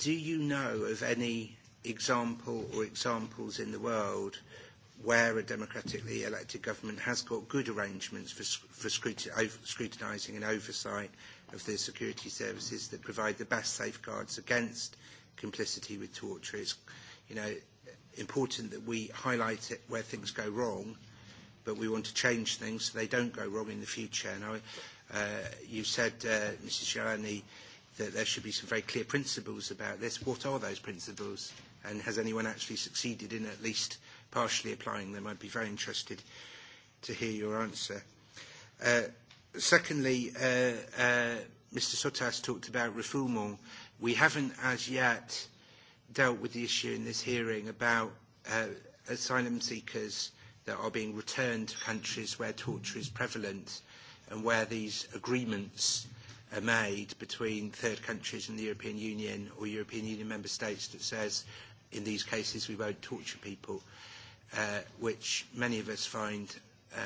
do you know of any example or examples in the world – where a democratically elected government has got good arrangements for, for scrutinising and oversight of the security services that provide the best safeguards against complicity with torture. It's you know, important that we highlight it where things go wrong, but we want to change things so they don't go wrong in the future. And I, uh, you said, uh, Mrs. Gianni, that there should be some very clear principles about this. What are those principles? And has anyone actually succeeded in at least partially applying them. I'd be very interested to hear your answer. Uh, secondly, uh, uh, Mr. Sotas talked about refoulement. We haven't as yet dealt with the issue in this hearing about uh, asylum seekers that are being returned to countries where torture is prevalent and where these agreements are made between third countries and the European Union or European Union member states that says in these cases we won't torture people. Uh, uh, which many of us find uh,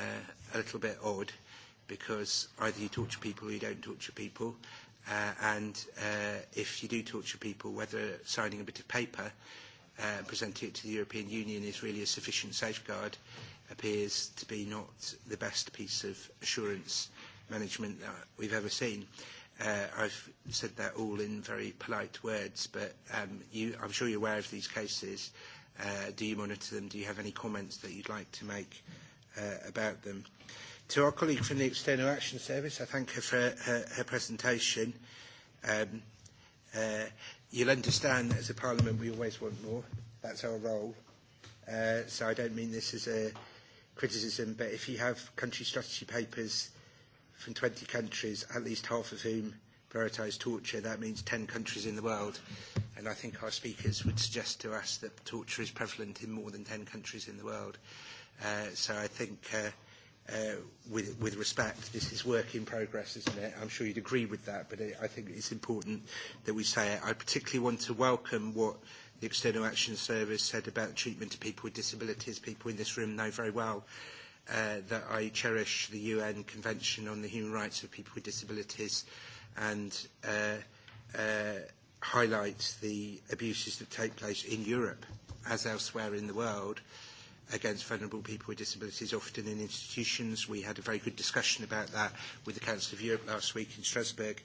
a little bit odd because either you torture people or you don't torture people. Uh, and uh, if you do torture people, whether signing a bit of paper uh, and presenting it to the European Union is really a sufficient safeguard appears to be not the best piece of assurance management that we've ever seen. Uh, I've said that all in very polite words, but um, you, I'm sure you're aware of these cases. Uh, Uh, do you monitor them? Do you have any comments that you'd like to make uh, about them? To our colleague from the External Action Service, I thank her for her, her presentation. Um, uh, you'll understand that as a Parliament we always want more. That's our role. Uh, so I don't mean this as a criticism, but if you have country strategy papers from 20 countries, at least half of whom prioritise torture, that means 10 countries in the world and I think our speakers would suggest to us that torture is prevalent in more than 10 countries in the world. Uh, so I think, uh, uh, with, with respect, this is work in progress, isn't it? I'm sure you'd agree with that, but I think it's important that we say it. I particularly want to welcome what the External Action Service said about treatment of people with disabilities. People in this room know very well uh, that I cherish the UN Convention on the Human Rights of People with Disabilities and uh, uh, highlights the abuses that take place in Europe, as elsewhere in the world, against vulnerable people with disabilities, often in institutions. We had a very good discussion about that with the Council of Europe last week in Strasbourg,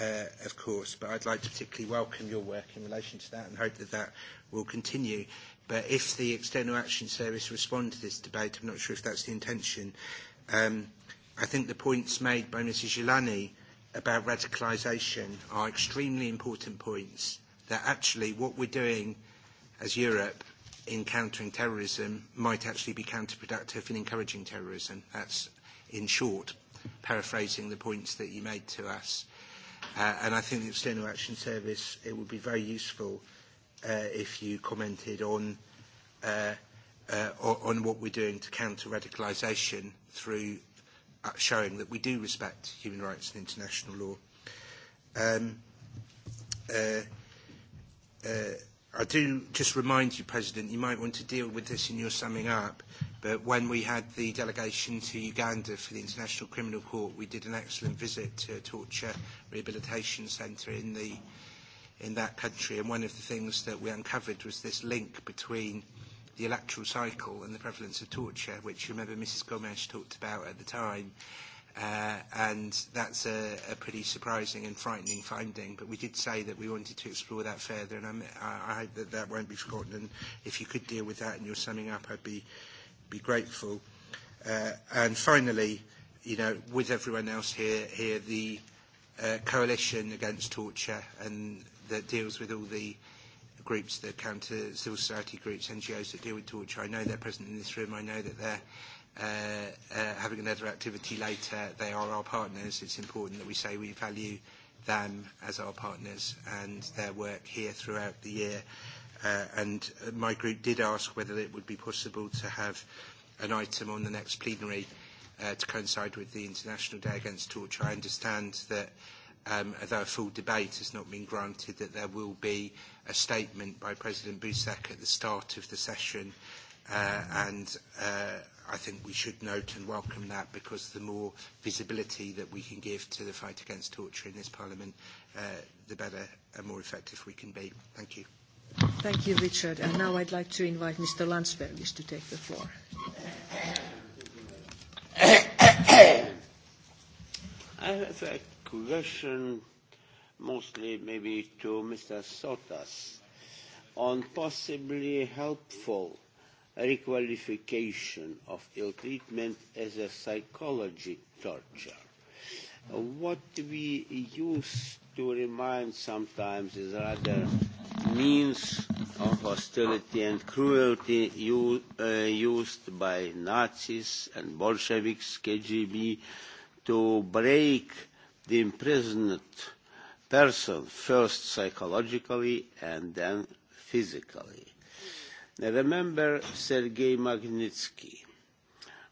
uh, of course. But I'd like to particularly welcome your work in relation to that and hope that that will continue. But if the External Action Service respond to this debate, I'm not sure if that's the intention. Um, I think the points made by Mrs. Gilani about radicalisation are extremely important points that actually what we're doing as Europe in countering terrorism might actually be counterproductive in encouraging terrorism. That's, in short, paraphrasing the points that you made to us. Uh, and I think the External Action Service, it would be very useful uh, if you commented on, uh, uh, on what we're doing to counter radicalisation through showing that we do respect human rights and international law. Um, uh, uh, I do just remind you, President, you might want to deal with this in your summing up, but when we had the delegation to Uganda for the International Criminal Court, we did an excellent visit to a torture rehabilitation centre in, the, in that country, and one of the things that we uncovered was this link between the electoral cycle and the prevalence of torture, which you remember Mrs Gomes talked about at the time. Uh, and that's a, a pretty surprising and frightening finding, but we did say that we wanted to explore that further, and I'm, I, I hope that that won't be forgotten. And if you could deal with that in your summing up, I'd be, be grateful. Uh, and finally, you know, with everyone else here, here the uh, coalition against torture and that deals with all the groups, the counter civil society groups, NGOs that deal with torture. I know they're present in this room. I know that they're uh, uh, having another activity later. They are our partners. It's important that we say we value them as our partners and their work here throughout the year. Uh, and uh, my group did ask whether it would be possible to have an item on the next plenary uh, to coincide with the International Day Against Torture. I understand that uh, um, although a full debate has not been granted, that there will be a statement by President Busek at the start of the session, uh, and uh, I think we should note and welcome that because the more visibility that we can give to the fight against torture in this Parliament, uh, the better and more effective we can be. Thank you. Thank you, Richard. And now I'd like to invite Mr. Landsbergis to take the floor. I have question, mostly maybe to Mr. Sotas, on possibly helpful requalification of ill treatment as a psychology torture. What we use to remind sometimes is rather means of hostility and cruelty u, uh, used by Nazis and Bolsheviks, KGB, to break the imprisoned person first psychologically and then physically. Now remember Sergei Magnitsky.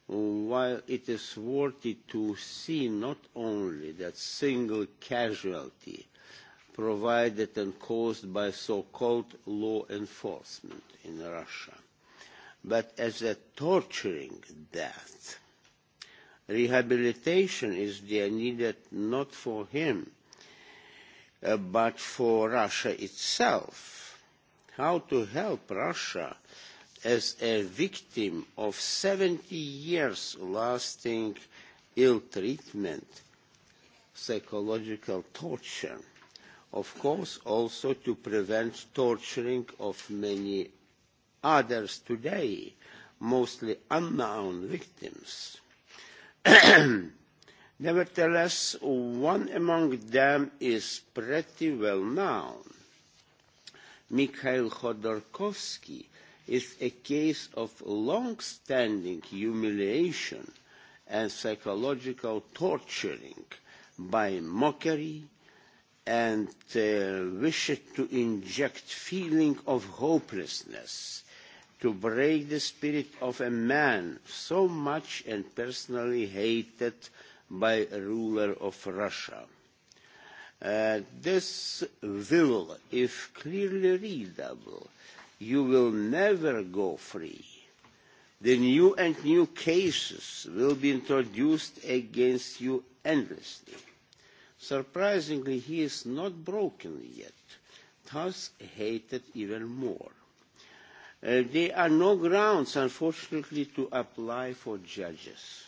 While it is worthy to see not only that single casualty provided and caused by so-called law enforcement in Russia, but as a torturing death Rehabilitation is there needed not for him, uh, but for Russia itself. How to help Russia as a victim of 70 years lasting ill treatment, psychological torture, of course also to prevent torturing of many others today, mostly unknown victims. Nevertheless, one among them is pretty well known. Mikhail Khodorkovsky is a case of long-standing humiliation and psychological torturing by mockery and uh, wish to inject feeling of hopelessness to break the spirit of a man so much and personally hated by ruler of Russia. Uh, this will, if clearly readable, you will never go free. The new and new cases will be introduced against you endlessly. Surprisingly, he is not broken yet, thus hated even more Uh, there are no grounds, unfortunately, to apply for judges,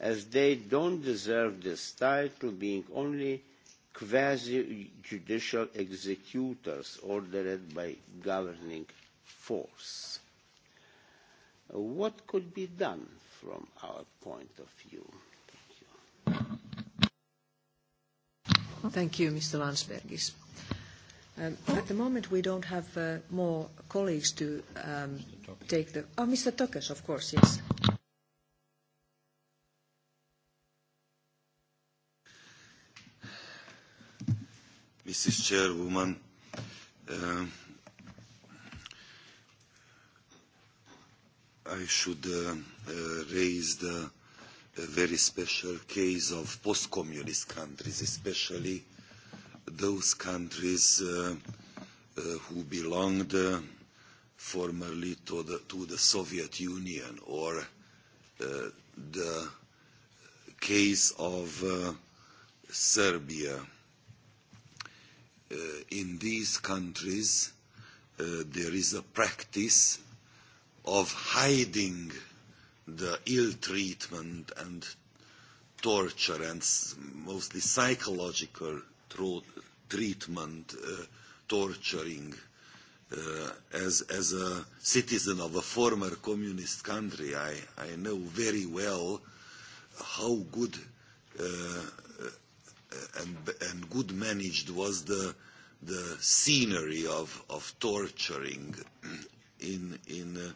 as they don't deserve this title, being only quasi-judicial executors ordered by governing force. Uh, what could be done from our point of view? Thank you, Thank you Mr. Landsbergis. Um, at the moment, we don't have uh, more colleagues to um, take the... Oh, Mr. Tokes, of course, yes. Mrs. Chairwoman, uh, I should uh, uh, raise the a very special case of post-communist countries, especially uh, those countries uh, uh, who belonged uh, formerly to the, to the Soviet Union or uh, the case of uh, Serbia. Uh, in these countries, uh, there is a practice of hiding the ill treatment and torture and mostly psychological uh, through treatment, uh, torturing, uh, as, as a citizen of a former communist country, I, I know very well how good uh, uh, and, and good managed was the, the scenery of, of torturing in, in uh,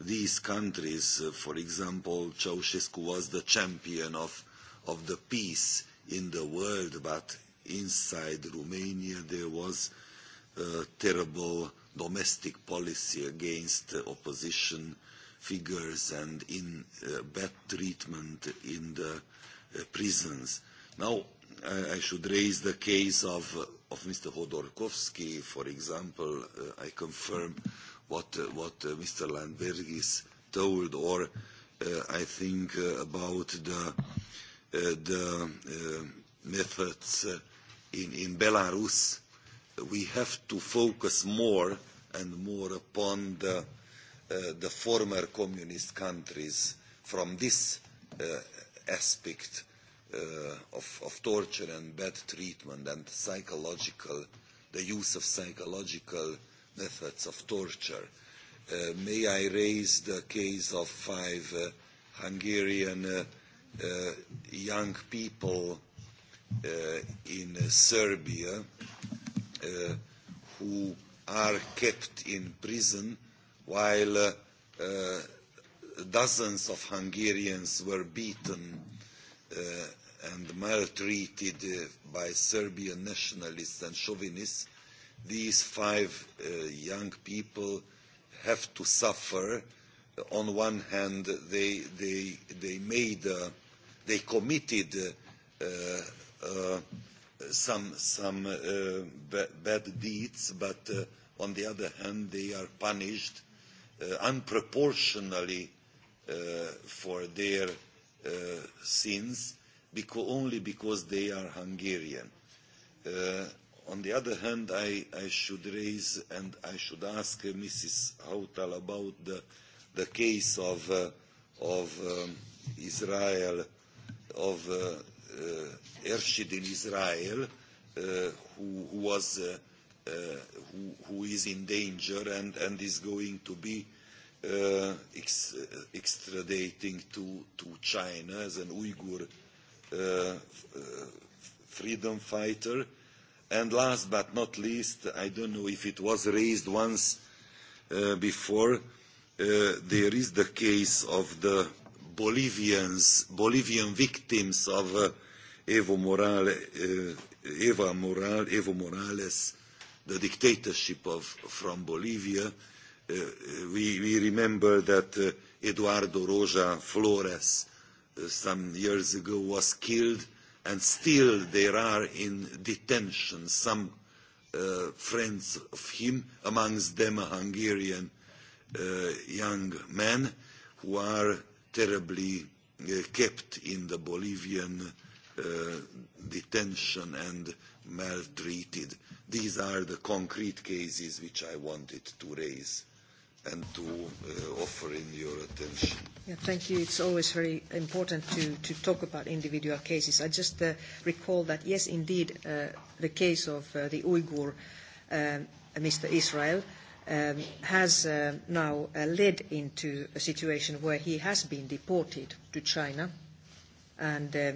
these countries. Uh, for example, Ceausescu was the champion of, of the peace in the world, but inside Romania there was a terrible domestic policy against opposition figures and in uh, bad treatment in the uh, prisons. Now, I, I should raise the case of, uh, of Mr. Hodorkovsky, for example. Uh, I confirm what, uh, what uh, Mr. Landbergis told, or uh, I think uh, about the, uh, the uh, methods uh, in, in Belarus, we have to focus more and more upon the, uh, the former communist countries from this uh, aspect uh, of, of torture and bad treatment and psychological, the use of psychological methods of torture. Uh, may I raise the case of five uh, Hungarian uh, uh, young people uh, in Serbia uh, who are kept in prison while uh, uh, dozens of Hungarians were beaten uh, and maltreated uh, by Serbian nationalists and chauvinists, these five uh, young people have to suffer. On one hand, they, they, they made, uh, they committed uh, uh, uh, some, some uh, b bad deeds, but uh, on the other hand, they are punished uh, unproportionally uh, for their uh, sins because, only because they are Hungarian. Uh, on the other hand, I, I should raise and I should ask uh, Mrs. Hautal about the, the case of, uh, of um, Israel, of uh, uh, Ershid in Israel, uh, who, who, was, uh, uh, who, who is in danger and, and is going to be uh, ex uh, extraditing to, to China as an Uyghur uh, uh, freedom fighter. And last but not least, I don't know if it was raised once uh, before, uh, there is the case of the Bolivians, Bolivian victims of uh, Evo, Morale, uh, Eva Moral, Evo Morales, the dictatorship of, from Bolivia. Uh, we, we remember that uh, Eduardo Roja Flores uh, some years ago was killed and still there are in detention some uh, friends of him, amongst them a Hungarian uh, young man who are terribly uh, kept in the Bolivian uh, uh, detention and maltreated. These are the concrete cases which I wanted to raise and to uh, offer in your attention. Yeah, thank you. It's always very important to, to talk about individual cases. I just uh, recall that, yes, indeed, uh, the case of uh, the Uyghur, um, uh, Mr. Israel, um, has uh, now uh, led into a situation where he has been deported to China. And uh,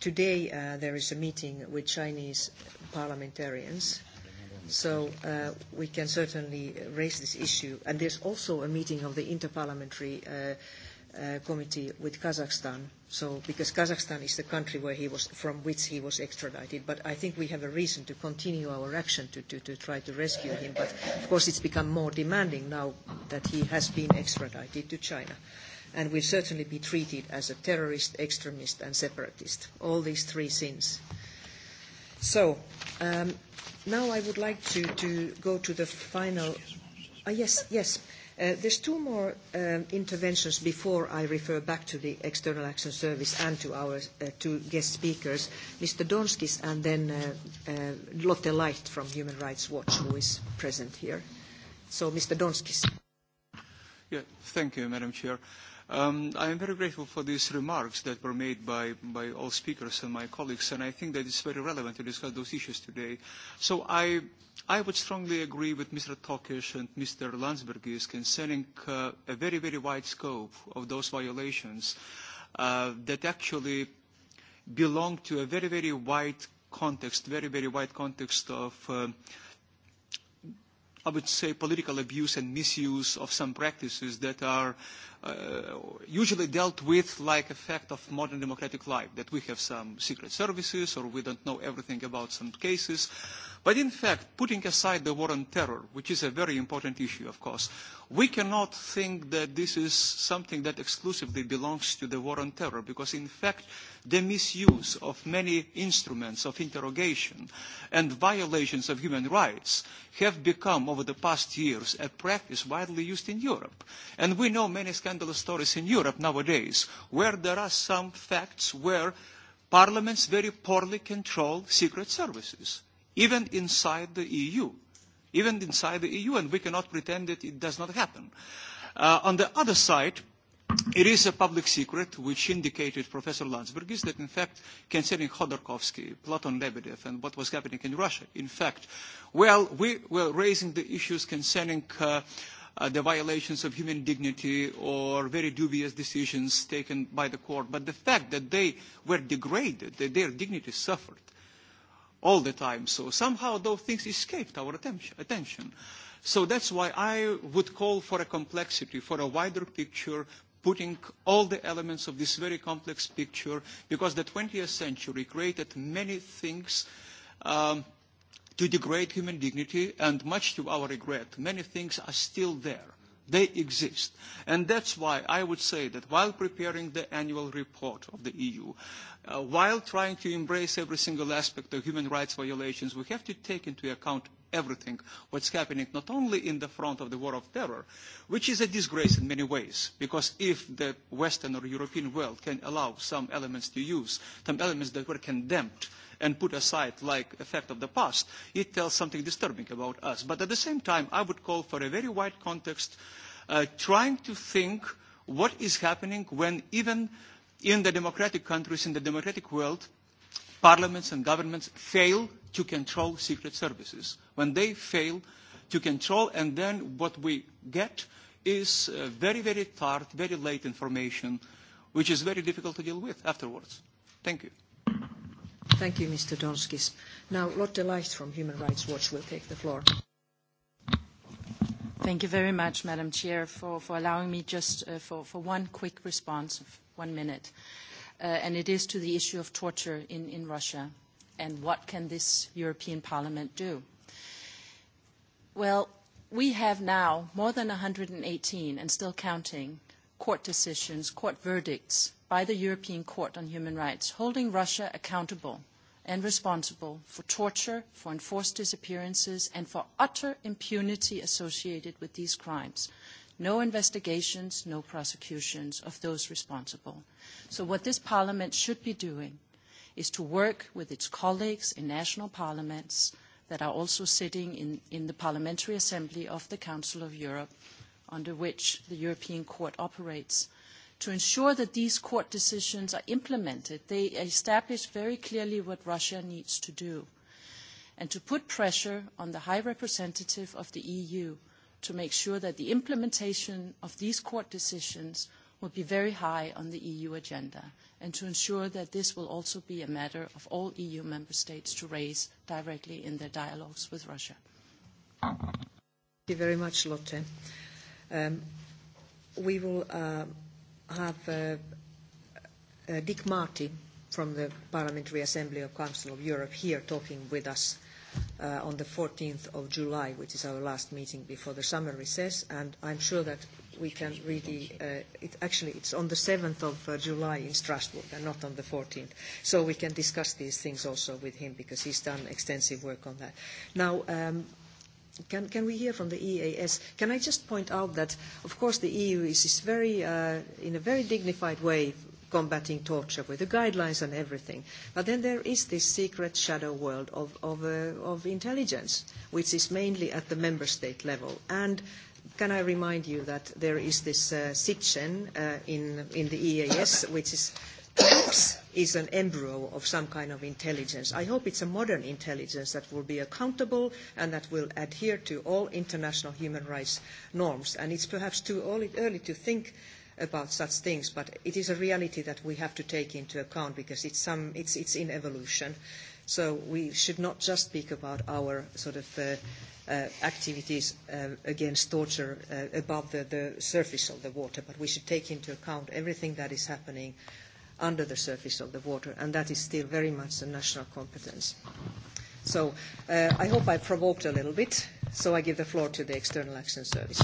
Today uh, there is a meeting with Chinese parliamentarians, so uh, we can certainly raise this issue. And there's also a meeting of the Interparliamentary uh, uh, Committee with Kazakhstan, so because Kazakhstan is the country where he was, from which he was extradited. But I think we have a reason to continue our action to, to, to try to rescue him. But of course it's become more demanding now that he has been extradited to China. Uh, and will certainly be treated as a terrorist, extremist, and separatist. All these three sins. So, um, now I would like to, to go to the final. Ah, yes, yes. Uh, there's two more um, interventions before I refer back to the External Action Service and to our uh, two guest speakers, Mr. Donskis and then uh, uh, Lotte Leicht from Human Rights Watch, who is present here. So, Mr. Donskis. Yeah, thank you, Madam Chair. Uh, Um, I am very grateful for these remarks that were made by, by all speakers and my colleagues, and I think that it's very relevant to discuss those issues today. So I, I would strongly agree with Mr. Tokish and Mr. Landsbergis concerning uh, a very, very wide scope of those violations uh, that actually belong to a very, very wide context, very, very wide context of uh, I would say, political abuse and misuse of some practices that are uh, usually dealt with like a fact of modern democratic life, that we have some secret services or we don't know everything about some cases. But in fact, putting aside the war on terror, which is a very important issue, of course, we cannot think that this is something that exclusively belongs to the war on terror, because in fact, the misuse of many instruments of interrogation and violations of human rights have become, over the past years, a practice widely used in Europe. And we know many scandalous stories in Europe nowadays, where there are some facts where parliaments very poorly control secret services, even inside the EU. Even inside the EU, and we cannot pretend that it does not happen. Uh, on the other side, It is a public secret, which indicated Professor Landsbergis, that in fact, concerning Khodorkovsky, Platon Lebedev, and what was happening in Russia, in fact, well, we were raising the issues concerning uh, uh, the violations of human dignity or very dubious decisions taken by the court, but the fact that they were degraded, that their dignity suffered all the time. So somehow those things escaped our attention. So that's why I would call for a complexity, for a wider picture, putting all the elements of this very complex picture, because the 20th century created many things um, to degrade human dignity, and much to our regret, many things are still there. They exist. And that's why I would say that while preparing the annual report of the EU, uh, while trying to embrace every single aspect of human rights violations, we have to take into account everything what's happening not only in the front of the war of terror, which is a disgrace in many ways, because if the Western or European world can allow some elements to use, some elements that were condemned and put aside like effect of the past, it tells something disturbing about us. But at the same time, I would call for a very wide context, uh, trying to think what is happening when even in the democratic countries, in the democratic world, parliaments and governments fail to control secret services when they fail to control, and then what we get is uh, very, very tart, very late information, which is very difficult to deal with afterwards. Thank you. Thank you, Mr. Donskis. Now, Lotte Leicht from Human Rights Watch will take the floor. Thank you very much, Madam Chair, for, for allowing me just uh, for, for one quick response of one minute. Uh, and it is to the issue of torture in, in Russia and what can this European Parliament do? Uh, Well, we have now more than 118 and still counting court decisions, court verdicts by the European Court on Human Rights holding Russia accountable and responsible for torture, for enforced disappearances, and for utter impunity associated with these crimes. No investigations, no prosecutions of those responsible. So what this parliament should be doing is to work with its colleagues in national parliaments – that are also sitting in, in the Parliamentary Assembly of the Council of Europe, under which the European Court operates. To ensure that these court decisions are implemented, they establish very clearly what Russia needs to do and to put pressure on the High Representative of the EU to make sure that the implementation of these court decisions will be very high on the EU agenda and to ensure that this will also be a matter of all EU member states to raise directly in their dialogues with Russia. Thank you very much, Lotte. Um, we will uh, have uh, uh, Dick Marty from the Parliamentary Assembly of Council of Europe here talking with us uh, on the 14th of July, which is our last meeting before the summer recess, and I'm sure that we can really, uh, it, actually it's on the 7th of uh, July in Strasbourg and not on the 14th. So we can discuss these things also with him because he's done extensive work on that. Now, um, can, can we hear from the EAS? Can I just point out that, of course, the EU is, is very, uh, in a very dignified way combating torture with the guidelines and everything. But then there is this secret shadow world of, of, uh, of intelligence, which is mainly at the member state level. And can I remind you that there is this uh, SITGEN uh, in, in the EAS, which is perhaps is an embryo of some kind of intelligence. I hope it's a modern intelligence that will be accountable and that will adhere to all international human rights norms. And it's perhaps too early, early to think about such things, but it is a reality that we have to take into account because it's, some, it's, it's in evolution. So we should not just speak about our sort of uh, uh, activities uh, against torture uh, above the, the surface of the water, but we should take into account everything that is happening under the surface of the water, and that is still very much a national competence. So uh, I hope I provoked a little bit, so I give the floor to the External Action Service.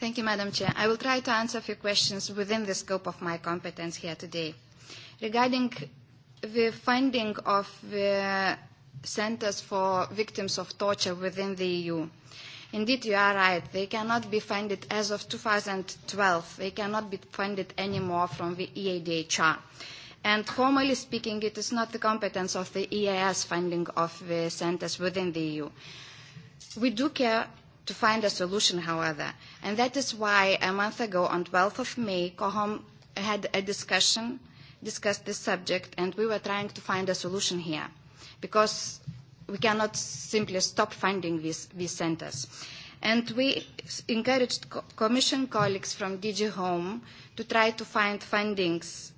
Thank you, Madam Chair. I will try to answer a few questions within the scope of my competence here today. Regarding the funding of the centers for victims of torture within the EU. Indeed, you are right. They cannot be funded as of 2012. They cannot be funded anymore from the EADHR. And formally speaking, it is not the competence of the EAS funding of the centers within the EU. We do care to find a solution, however, and that is why a month ago, on 12th of May, COHOM had a discussion, discussed this subject, and we were trying to find a solution here because we cannot simply stop funding these, these centers. And we encouraged co Commission colleagues from DG Home to try to find fundings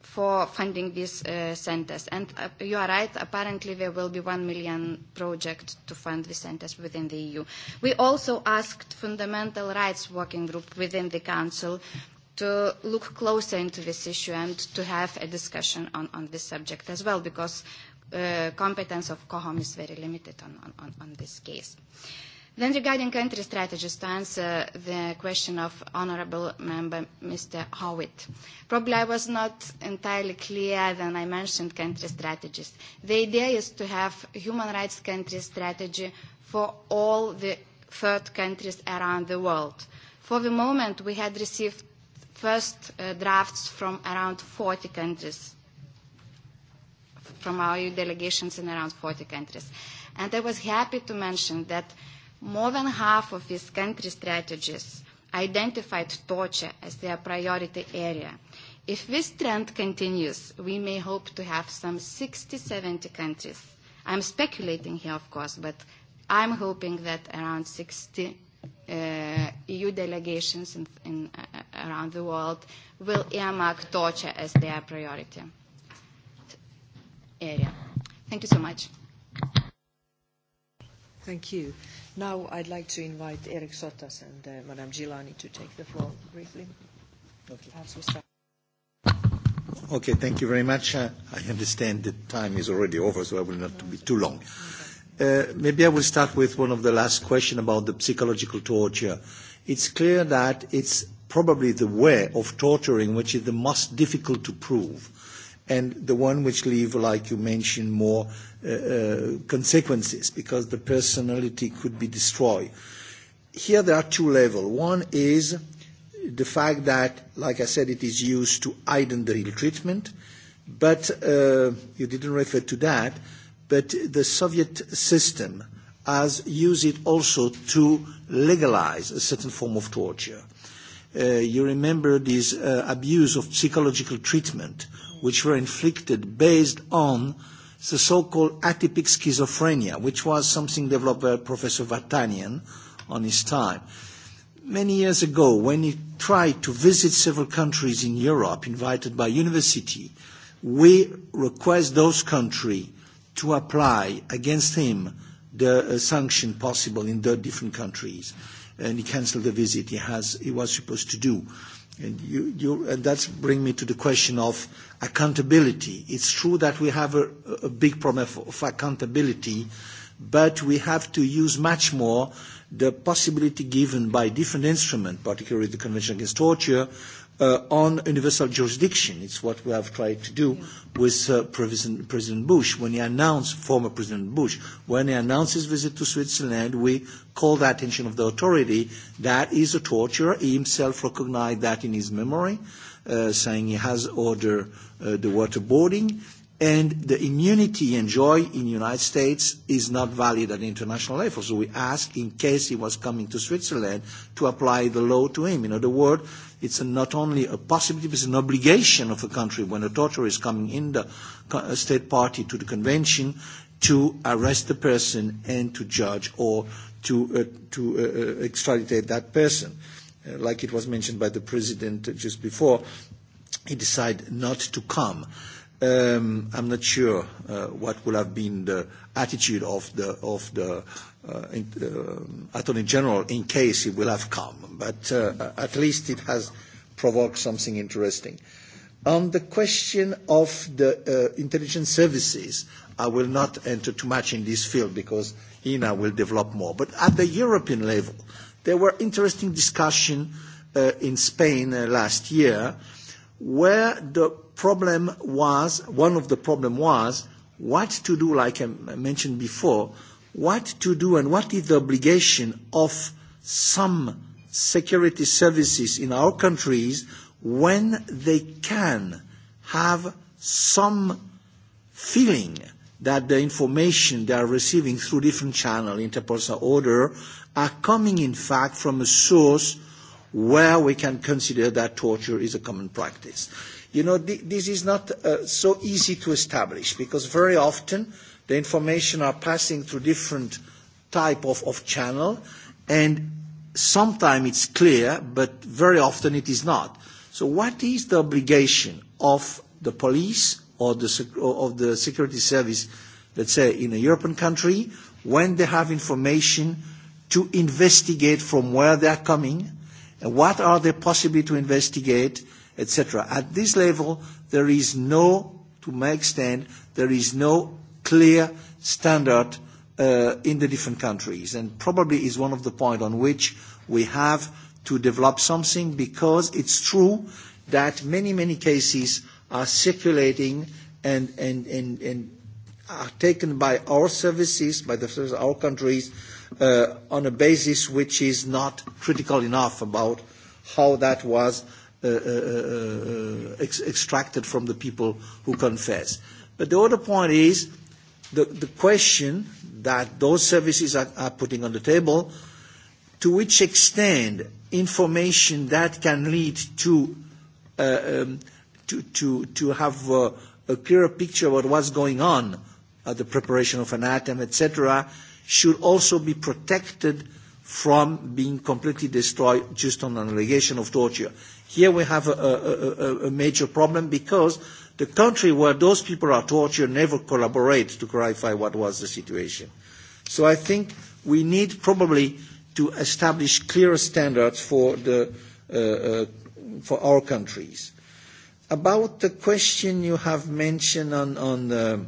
for funding these uh, centers. And uh, you are right, apparently there will be one million project to fund the centers within the EU. We also asked Fundamental Rights Working Group within the Council to look closer into this issue and to have a discussion on, on this subject as well, because uh, competence of COHOM is very limited on, on, on this case. Then regarding country strategies, to answer uh, the question of Honorable Member Mr. Howitt, probably I was not entirely clear when I mentioned country strategies. The idea is to have human rights country strategy for all the third countries around the world. For the moment, we had received first uh, drafts from around 40 countries from our EU delegations in around 40 countries. And I was happy to mention that more than half of these country strategies identified torture as their priority area. If this trend continues, we may hope to have some 60, 70 countries. I'm speculating here, of course, but I'm hoping that around 60 uh, EU delegations in, in, uh, around the world will earmark torture as their priority area. Thank you so much. Thank you. Now I'd like to invite Eric Sotas and uh, Madame Gilani to take the floor briefly. Okay. Perhaps we start. Okay, thank you very much. Uh, I understand the time is already over, so I will not be too long. Uh, maybe I will start with one of the last question about the psychological torture. It's clear that it's probably the way of torturing which is the most difficult to prove and the one which leave, like you mentioned, more uh, uh, consequences because the personality could be destroyed. Here there are two levels. One is the fact that, like I said, it is used to heighten the ill treatment, but uh, you didn't refer to that, but the Soviet system has used it also to legalize a certain form of torture. Uh, you remember this uh, abuse of psychological treatment which were inflicted based on the so-called atypic schizophrenia, which was something developed by Professor Vatanian on his time. Many years ago, when he tried to visit several countries in Europe invited by university, we request those countries to apply against him the uh, sanction possible in the different countries. And he cancelled the visit he, has, he was supposed to do. Uh, And, you, you, and that's bring me to the question of accountability. It's true that we have a, a big problem of, of accountability, but we have to use much more the possibility given by different instruments, particularly the Convention Against Torture, uh, on universal jurisdiction. It's what we have tried to do with uh, President, President Bush. When he announced, former President Bush, when he announced his visit to Switzerland, we called the attention of the authority that he's a torturer. He himself recognized that in his memory, uh, saying he has ordered uh, the waterboarding. And the immunity enjoyed in the United States is not valid at international level. So we asked, in case he was coming to Switzerland, to apply the law to him. In other words, it's not only a possibility, but it's an obligation of a country when a torturer is coming in the state party to the convention to arrest the person and to judge or to, uh, to uh, uh, extradite that person. Uh, like it was mentioned by the president just before, he decided not to come um, I'm not sure uh, what would have been the attitude of the, of the uh, in, uh, Attorney General in case it will have come, but uh, at least it has provoked something interesting. On the question of the uh, intelligence services, I will not enter too much in this field because INA will develop more. But at the European level, there were interesting discussions uh, in Spain uh, last year where the problem was, one of the problem was what to do, like I mentioned before, what to do and what is the obligation of some security services in our countries when they can have some feeling that the information they are receiving through different channels, Interpol's order, are coming in fact from a source where we can consider that torture is a common practice you know, th- this is not uh, so easy to establish because very often the information are passing through different type of, of channel and sometimes it's clear, but very often it is not. So what is the obligation of the police or the, or of the security service, let's say in a European country, when they have information to investigate from where they are coming and what are they possibly to investigate etc. At this level, there is no, to my extent, there is no clear standard uh, in the different countries, and probably is one of the points on which we have to develop something because it's true that many, many cases are circulating and, and, and, and are taken by our services, by the services of our countries, uh, on a basis which is not critical enough about how that was Uh, uh, uh, uh, ex- extracted from the people who confess. But the other point is the, the question that those services are, are putting on the table to which extent information that can lead to, uh, um, to, to, to have uh, a clearer picture about what's going on at uh, the preparation of an atom, etc., should also be protected from being completely destroyed just on an allegation of torture. Here we have a, a, a, a major problem because the country where those people are tortured never collaborates to clarify what was the situation. So I think we need probably to establish clearer standards for, the, uh, uh, for our countries. About the question you have mentioned on, on uh,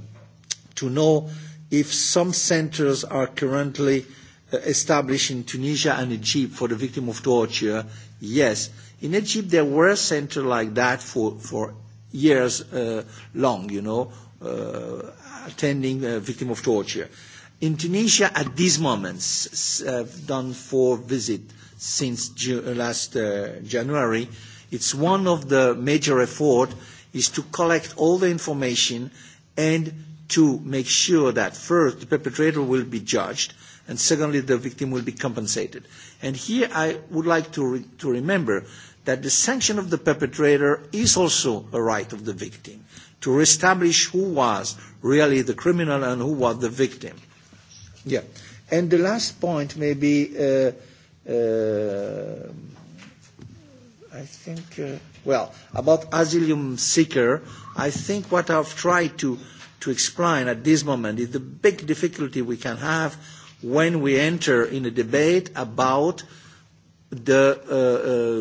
to know if some centers are currently uh, established in Tunisia and Egypt for the victim of torture, yes. Uh, In Egypt, there were centers like that for, for years uh, long, you know, uh, attending uh, victim of torture. In Tunisia, at these moments, I've done four visits since Ju- uh, last uh, January. It's one of the major efforts is to collect all the information and to make sure that first the perpetrator will be judged and secondly, the victim will be compensated. And here I would like to, re- to remember that the sanction of the perpetrator is also a right of the victim to reestablish who was really the criminal and who was the victim. Yeah. And the last point may be, uh, uh, I think, uh, well, about asylum seeker, I think what I've tried to, to explain at this moment is the big difficulty we can have uh, when we enter in a debate about the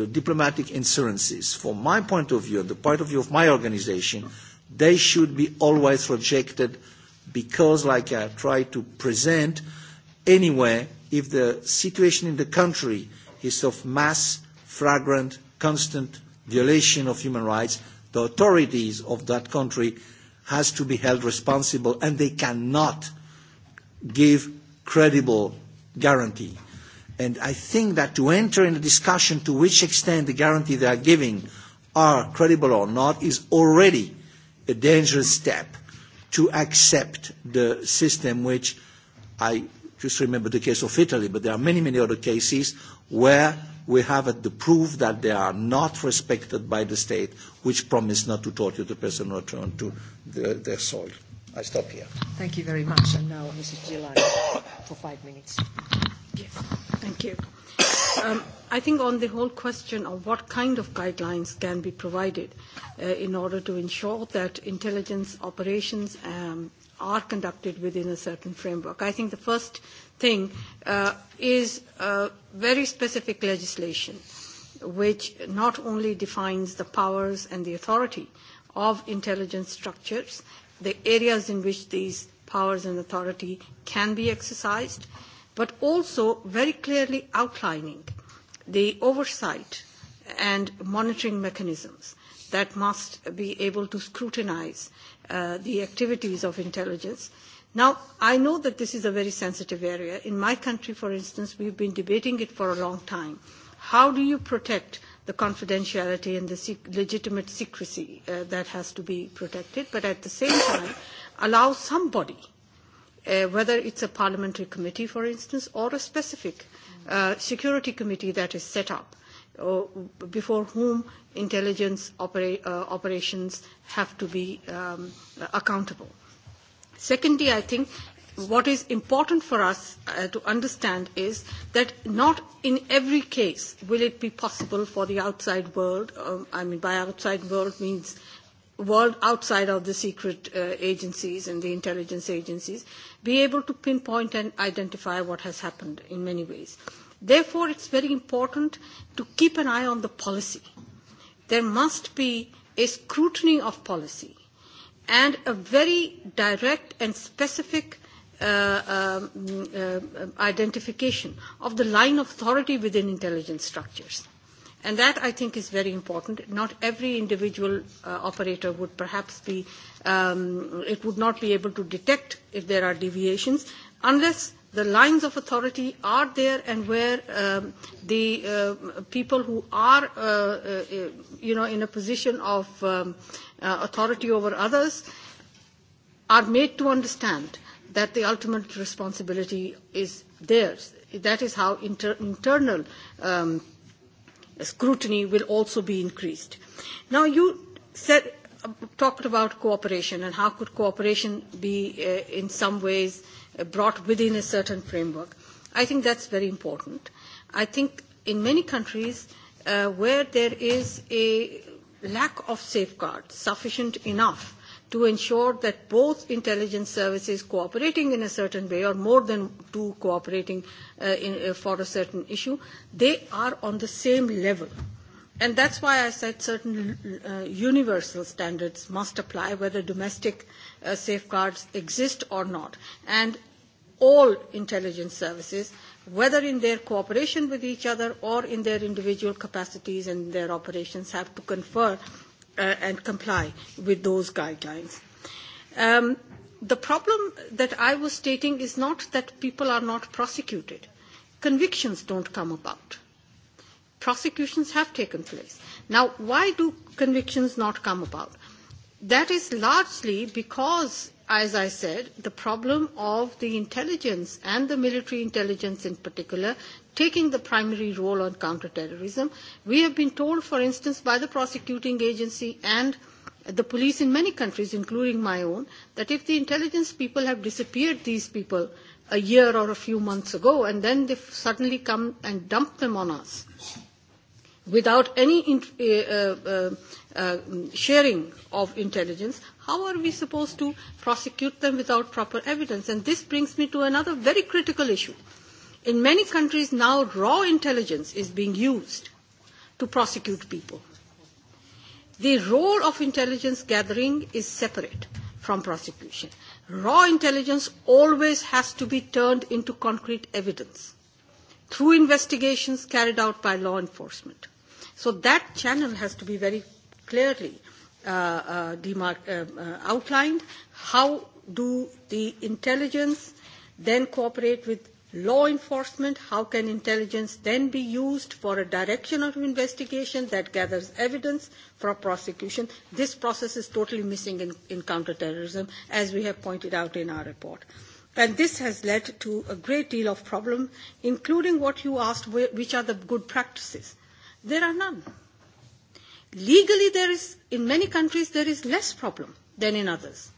uh, uh, diplomatic insurances. From my point of view, the point of view of my organization, they should be always rejected because, like I try to present, anywhere, if the situation in the country is of mass, flagrant, constant violation of human rights, the authorities of that country has to be held responsible and they cannot give credible guarantee. And I think that to enter in a discussion to which extent the guarantee they are giving are credible or not is already a dangerous step to accept the system which I just remember the case of Italy, but there are many, many other cases where we have the proof that they are not respected by the state, which promise not to torture the person or return to the, their soil. I stop here. Thank you very much. And now Mrs. Gillard for five minutes. Yes, thank you. Um, I think on the whole question of what kind of guidelines can be provided uh, in order to ensure that intelligence operations um, are conducted within a certain framework. I think the first thing uh, is uh, very specific legislation which not only defines the powers and the authority of intelligence structures the areas in which these powers and authority can be exercised, but also very clearly outlining the oversight and monitoring mechanisms that must be able to scrutinize uh, the activities of intelligence. Now, I know that this is a very sensitive area. In my country, for instance, we've been debating it for a long time. How do you protect the confidentiality and the sec- legitimate secrecy uh, that has to be protected, but at the same time allow somebody, uh, whether it's a parliamentary committee, for instance, or a specific uh, security committee that is set up, uh, before whom intelligence opera- uh, operations have to be um, accountable. Secondly, I think what is important for us uh, to understand is that not in every case will it be possible for the outside world, um, I mean by outside world means world outside of the secret uh, agencies and the intelligence agencies, be able to pinpoint and identify what has happened in many ways. Therefore, it's very important to keep an eye on the policy. There must be a scrutiny of policy and a very direct and specific uh, um, uh, identification of the line of authority within intelligence structures. And that, I think, is very important. Not every individual uh, operator would perhaps be, um, it would not be able to detect if there are deviations unless the lines of authority are there and where um, the uh, people who are, uh, uh, you know, in a position of um, uh, authority over others are made to understand that the ultimate responsibility is theirs. That is how inter- internal um, scrutiny will also be increased. Now, you said, uh, talked about cooperation and how could cooperation be, uh, in some ways, uh, brought within a certain framework. I think that's very important. I think in many countries uh, where there is a lack of safeguards, sufficient enough, to ensure that both intelligence services cooperating in a certain way or more than two cooperating uh, in, uh, for a certain issue, they are on the same level. And that's why I said certain uh, universal standards must apply whether domestic uh, safeguards exist or not. And all intelligence services, whether in their cooperation with each other or in their individual capacities and their operations, have to confer uh, and comply with those guidelines. Um, the problem that I was stating is not that people are not prosecuted. Convictions don't come about. Prosecutions have taken place. Now, why do convictions not come about? That is largely because, as I said, the problem of the intelligence and the military intelligence in particular taking the primary role on counterterrorism. We have been told, for instance, by the prosecuting agency and the police in many countries, including my own, that if the intelligence people have disappeared these people a year or a few months ago, and then they suddenly come and dump them on us without any in, uh, uh, uh, sharing of intelligence, how are we supposed to prosecute them without proper evidence? And this brings me to another very critical issue. Uh, In many countries now, raw intelligence is being used to prosecute people. The role of intelligence gathering is separate from prosecution. Raw intelligence always has to be turned into concrete evidence through investigations carried out by law enforcement. So that channel has to be very clearly uh, uh, demarc- uh, uh, outlined. How do the intelligence then cooperate with law enforcement, how can intelligence then be used for a direction of investigation that gathers evidence for prosecution? This process is totally missing in, in counterterrorism, as we have pointed out in our report. And this has led to a great deal of problem, including what you asked, which are the good practices. There are none. Legally, there is, in many countries, there is less problem than in others.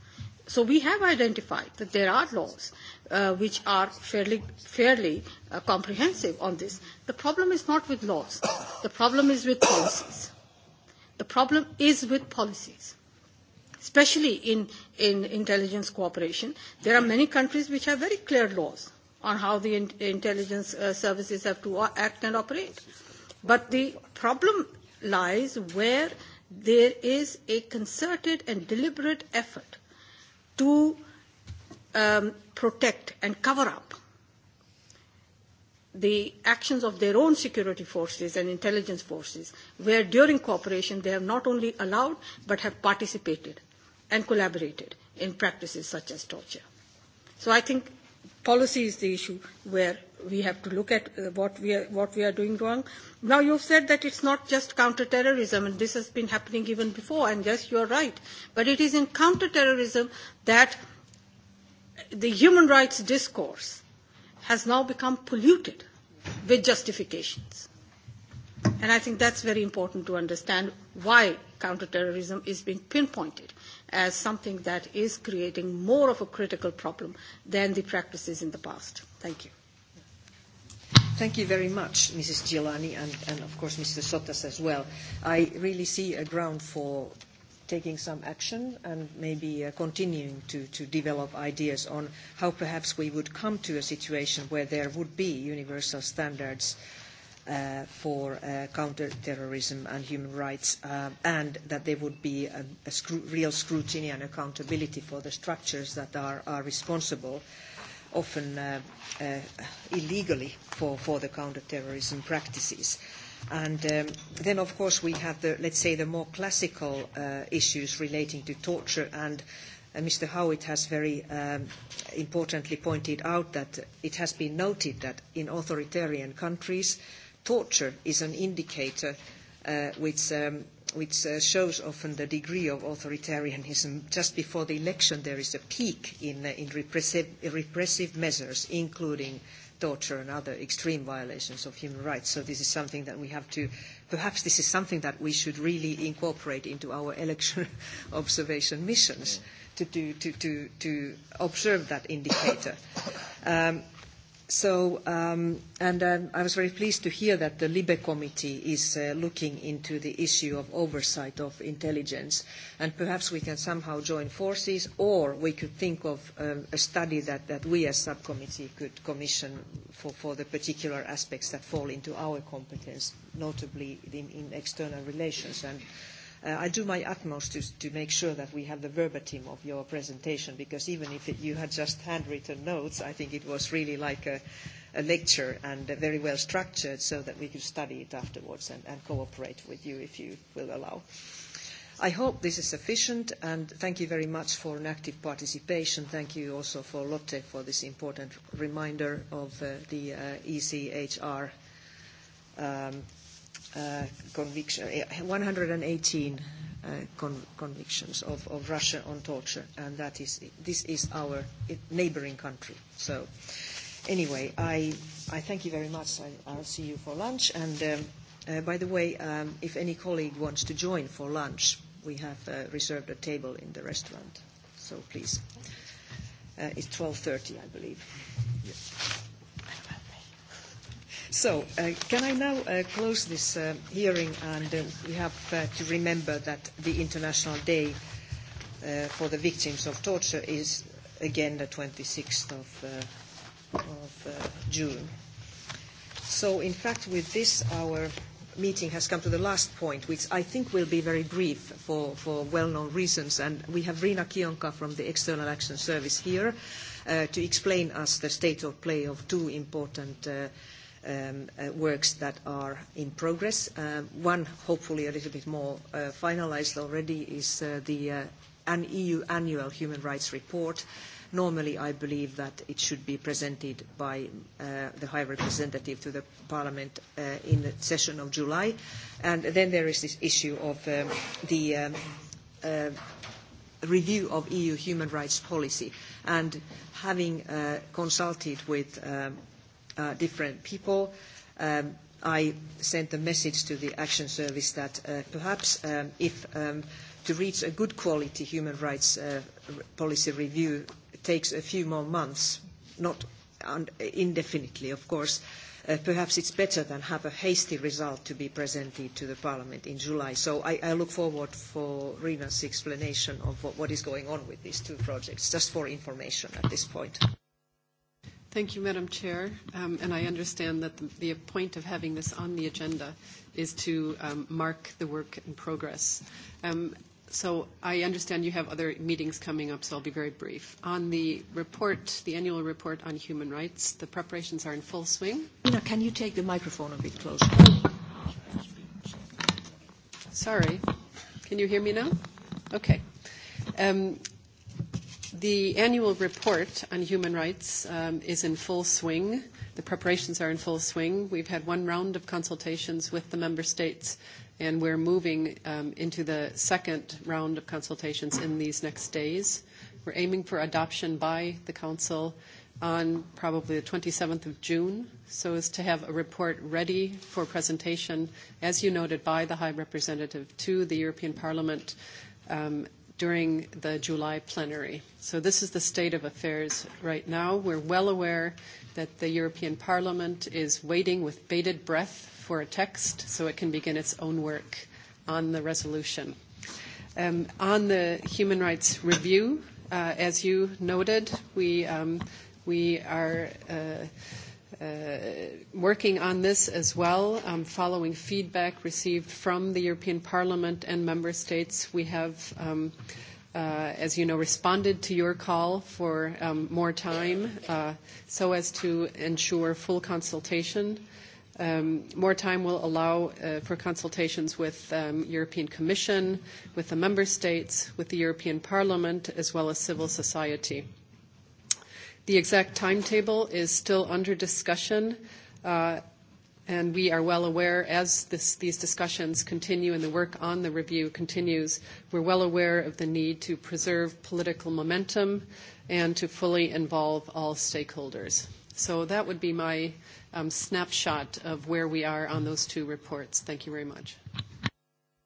So we have identified that there are laws uh, which are fairly, fairly uh, comprehensive on this. The problem is not with laws. The problem is with policies. The problem is with policies, especially in, in intelligence cooperation. There are many countries which have very clear laws on how the in- intelligence uh, services have to uh, act and operate. But the problem lies where there is a concerted and deliberate effort to um, protect and cover up the actions of their own security forces and intelligence forces, where during cooperation they have not only allowed but have participated and collaborated in practices such as torture. So I think policy is the issue where we have to look at uh, what we are, what we are doing wrong. Now you've said that it's not just counterterrorism, and this has been happening even before. And yes, you're right. But it is in counterterrorism that the human rights discourse has now become polluted with justifications. And I think that's very important to understand why counterterrorism is being pinpointed as something that is creating more of a critical problem than the practices in the past. Thank you. Thank you very much, Mrs. Giuliani, and, and of course, Mr. Sotas as well. I really see a ground for taking some action and maybe uh, continuing to, to develop ideas on how perhaps we would come to a situation where there would be universal standards uh, for uh, counterterrorism and human rights, uh, and that there would be a, a scru- real scrutiny and accountability for the structures that are, are responsible uh, often uh, uh, illegally for, for the counterterrorism practices. And um, then, of course, we have the, let's say, the more classical uh, issues relating to torture. And uh, Mr. Howitt has very um, importantly pointed out that it has been noted that in authoritarian countries, torture is an indicator uh, uh, which, um, which uh, shows often the degree of authoritarianism. Just before the election, there is a peak in, uh, in repressive, repressive measures, including torture and other extreme violations of human rights. So this is something that we have to, perhaps this is something that we should really incorporate into our election observation missions mm. to, do, to, to, to observe that indicator. Um, So, um, and uh, I was very pleased to hear that the LIBE committee is uh, looking into the issue of oversight of intelligence, and perhaps we can somehow join forces, or we could think of um, a study that, that we as subcommittee could commission for, for the particular aspects that fall into our competence, notably in, in external relations. And Uh, I'll do my utmost to, to make sure that we have the verbatim of your presentation, because even if it, you had just handwritten notes, I think it was really like a, a lecture and very well structured so that we could study it afterwards and, and cooperate with you if you will allow. I hope this is sufficient, and thank you very much for an active participation. Thank you also for Lotte for this important reminder of uh, the uh, ECHR um, uh, conviction, 118 eh, uh, con- convictions of, of Russia on torture, and that is this is our eh, neighboring country. So, anyway, I I thank you very much. I, I'll see you for lunch. And um, uh, by the way, um, if any colleague wants to join for lunch, we have uh, reserved a table in the restaurant. So please, uh, it's 12:30, I believe. Yes. So, uh, can I now uh, close this uh, hearing? And uh, we have uh, to remember that the International Day uh, for the Victims of Torture is again the 26th of, uh, of uh, June. So, in fact, with this, our meeting has come to the last point, which I think will be very brief for, for well-known reasons. And we have Rina Kionka from the External Action Service here uh, to explain us the state of play of two important uh, um, uh, works that are in progress. Uh, one, hopefully a little bit more uh, finalized already, is uh, the uh, an EU annual human rights report. Normally, I believe that it should be presented by uh, the High Representative to the Parliament uh, in the session of July. And then there is this issue of um, the um, uh, review of EU human rights policy. And having uh, consulted with um, uh, different people. Um, I sent a message to the Action Service that uh, perhaps um, if um, to reach a good quality human rights uh, policy review takes a few more months, not un- indefinitely, of course, uh, perhaps it's better than have a hasty result to be presented to the Parliament in July. So I, I look forward for Rima's explanation of what, what is going on with these two projects, just for information at this point. Thank you, Madam Chair. Um, and I understand that the, the point of having this on the agenda is to um, mark the work in progress. Um, so I understand you have other meetings coming up, so I'll be very brief. On the report, the annual report on human rights, the preparations are in full swing. Una, can you take the microphone a bit closer? Sorry. Can you hear me now? Okay. Um, The annual report on human rights um, is in full swing. The preparations are in full swing. We've had one round of consultations with the member states, and we're moving um, into the second round of consultations in these next days. We're aiming for adoption by the Council on probably the 27th of June, so as to have a report ready for presentation, as you noted, by the High Representative to the European Parliament um, during the July plenary. So this is the state of affairs right now. We're well aware that the European Parliament is waiting with bated breath for a text so it can begin its own work on the resolution. Um, on the human rights review, uh, as you noted, we, um, we are uh, uh, working on this as well, um, following feedback received from the European Parliament and member states. We have, um, uh, as you know, responded to your call for um, more time uh, so as to ensure full consultation. Um, more time will allow uh, for consultations with um, European Commission, with the member states, with the European Parliament, as well as civil society. The exact timetable is still under discussion, uh, and we are well aware as this, these discussions continue and the work on the review continues, we're well aware of the need to preserve political momentum and to fully involve all stakeholders. So that would be my um, snapshot of where we are on those two reports. Thank you very much.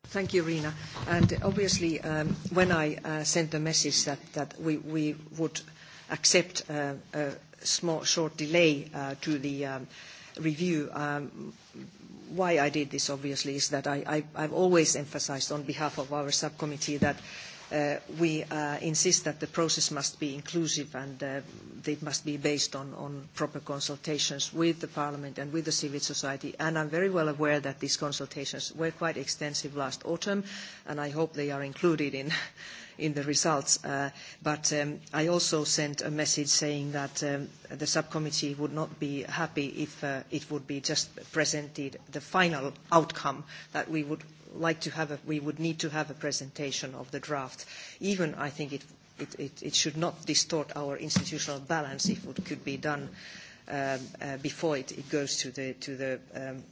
Thank you, Reena. And obviously, um, when I uh, sent the message that, that we, we would – accept uh, a small, short delay uh, to the um, review. Um, why I did this, obviously, is that I, I, I've always emphasized on behalf of our subcommittee that uh, we uh, insist that the process must be inclusive and uh, it must be based on, on proper consultations with the Parliament and with the civil society. And I'm very well aware that these consultations were quite extensive last autumn, and I hope they are included in in the results. Uh, but um, I also sent a message saying that um, the subcommittee would not be happy if uh, it would be just presented the final outcome that we would like to have a, we would need to have a presentation of the draft. Even I think it, it, it, it should not distort our institutional balance if it could be done um, uh, before it, it goes to the, to the um,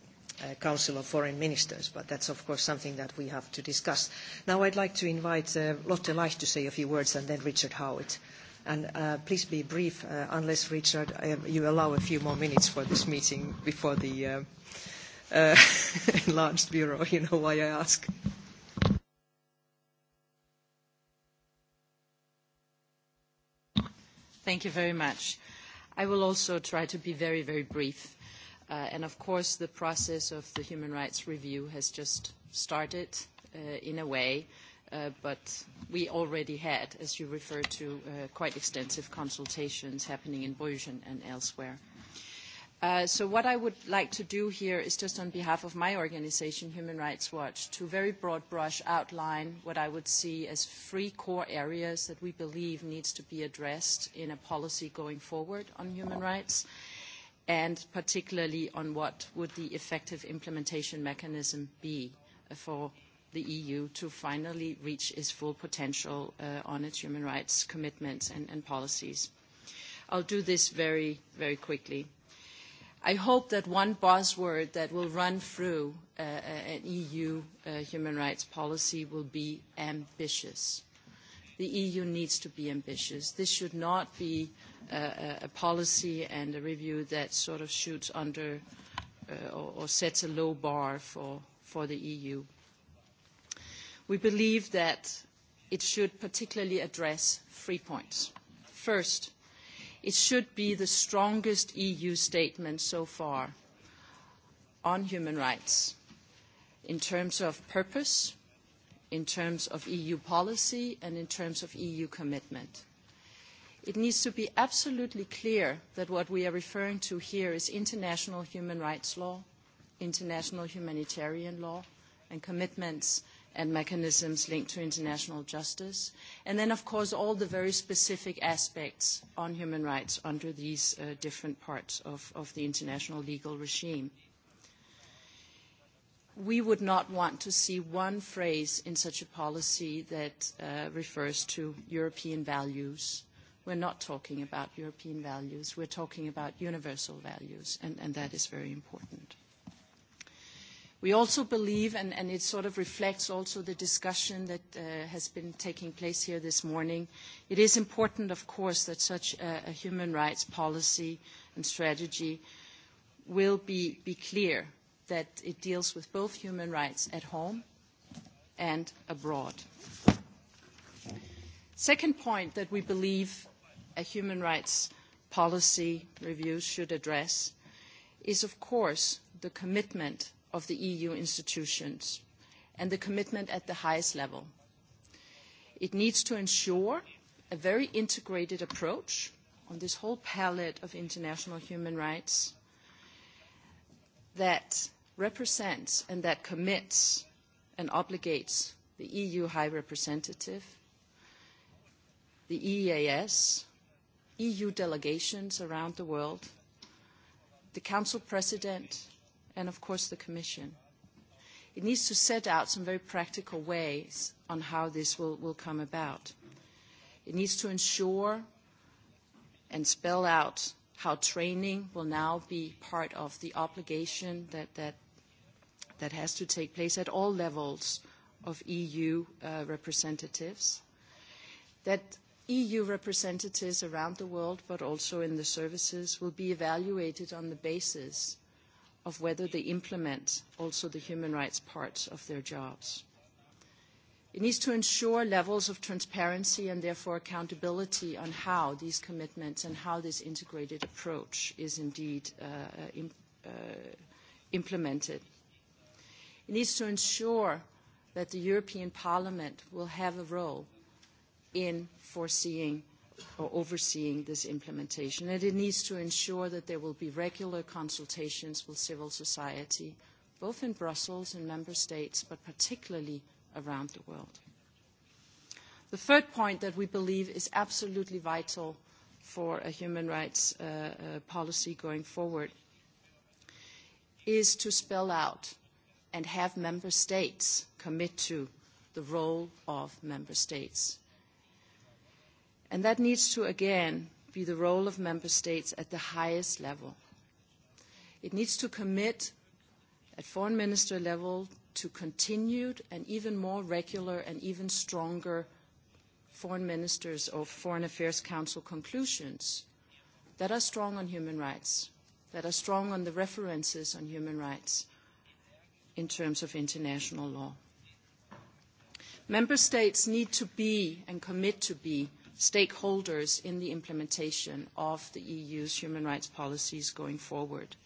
uh, Council of Foreign Ministers, but that's of course something that we have to discuss. Now I'd like to invite uh, Lotte Leich to say a few words and then Richard Howitt. And uh, please be brief, uh, unless, Richard, uh, you allow a few more minutes for this meeting before the uh, uh, enlarged bureau. You know why I ask. Thank you very much. I will also try to be very, very brief. Uh, and of course, the process of the human rights review has just started uh, in a way, uh, but we already had, as you referred to, uh, quite extensive consultations happening in Bruges and elsewhere. Uh, so what I would like to do here is just on behalf of my organization, Human Rights Watch, to very broad brush outline what I would see as three core areas that we believe needs to be addressed in a policy going forward on human rights. Uh, and particularly on what would the effective implementation mechanism be uh, for the EU to finally reach its full potential uh, on its human rights commitments and, and policies. I'll do this very, very quickly. I hope that one buzzword that will run through uh, uh an EU uh, human rights policy will be ambitious. The EU needs to be ambitious. This should not be uh, a, a policy and a review that sort of shoots under uh, or, or sets a low bar for, for the EU. We believe that it should particularly address three points. First, it should be the strongest EU statement so far on human rights in terms of purpose, in terms of EU policy, and in terms of EU commitment it needs to be absolutely clear that what we are referring to here is international human rights law, international humanitarian law, and commitments and mechanisms linked to international justice. And then, of course, all the very specific aspects on human rights under these uh, different parts of, of the international legal regime. We would not want to see one phrase in such a policy that uh, refers to European values we're not talking about European values, we're talking about universal values, and, and that is very important. We also believe, and, and it sort of reflects also the discussion that uh, has been taking place here this morning, it is important, of course, that such a, a human rights policy and strategy will be, be clear that it deals with both human rights at home and abroad. Second point that we believe a human rights policy review should address is, of course, the commitment of the EU institutions and the commitment at the highest level. It needs to ensure a very integrated approach on this whole palette of international human rights that represents and that commits and obligates the EU High Representative, the EEAS, EU delegations around the world, the Council President, and of course the Commission. It needs to set out some very practical ways on how this will, will come about. It needs to ensure and spell out how training will now be part of the obligation that, that, that has to take place at all levels of EU uh, representatives. That EU representatives around the world, but also in the services, will be evaluated on the basis of whether they implement also the human rights parts of their jobs. It needs to ensure levels of transparency and therefore accountability on how these commitments and how this integrated approach is indeed uh, uh im uh, implemented. It needs to ensure that the European Parliament will have a role in foreseeing or overseeing this implementation. And it needs to ensure that there will be regular consultations with civil society, both in Brussels and member states, but particularly around the world. The third point that we believe is absolutely vital for a human rights uh, uh, policy going forward is to spell out and have member states commit to the role of member states And that needs to, again, be the role of member states at the highest level. It needs to commit at foreign minister level to continued and even more regular and even stronger foreign ministers or foreign affairs council conclusions that are strong on human rights, that are strong on the references on human rights in terms of international law. Member states need to be and commit to be stakeholders in the implementation of the EU's human rights policies going forward.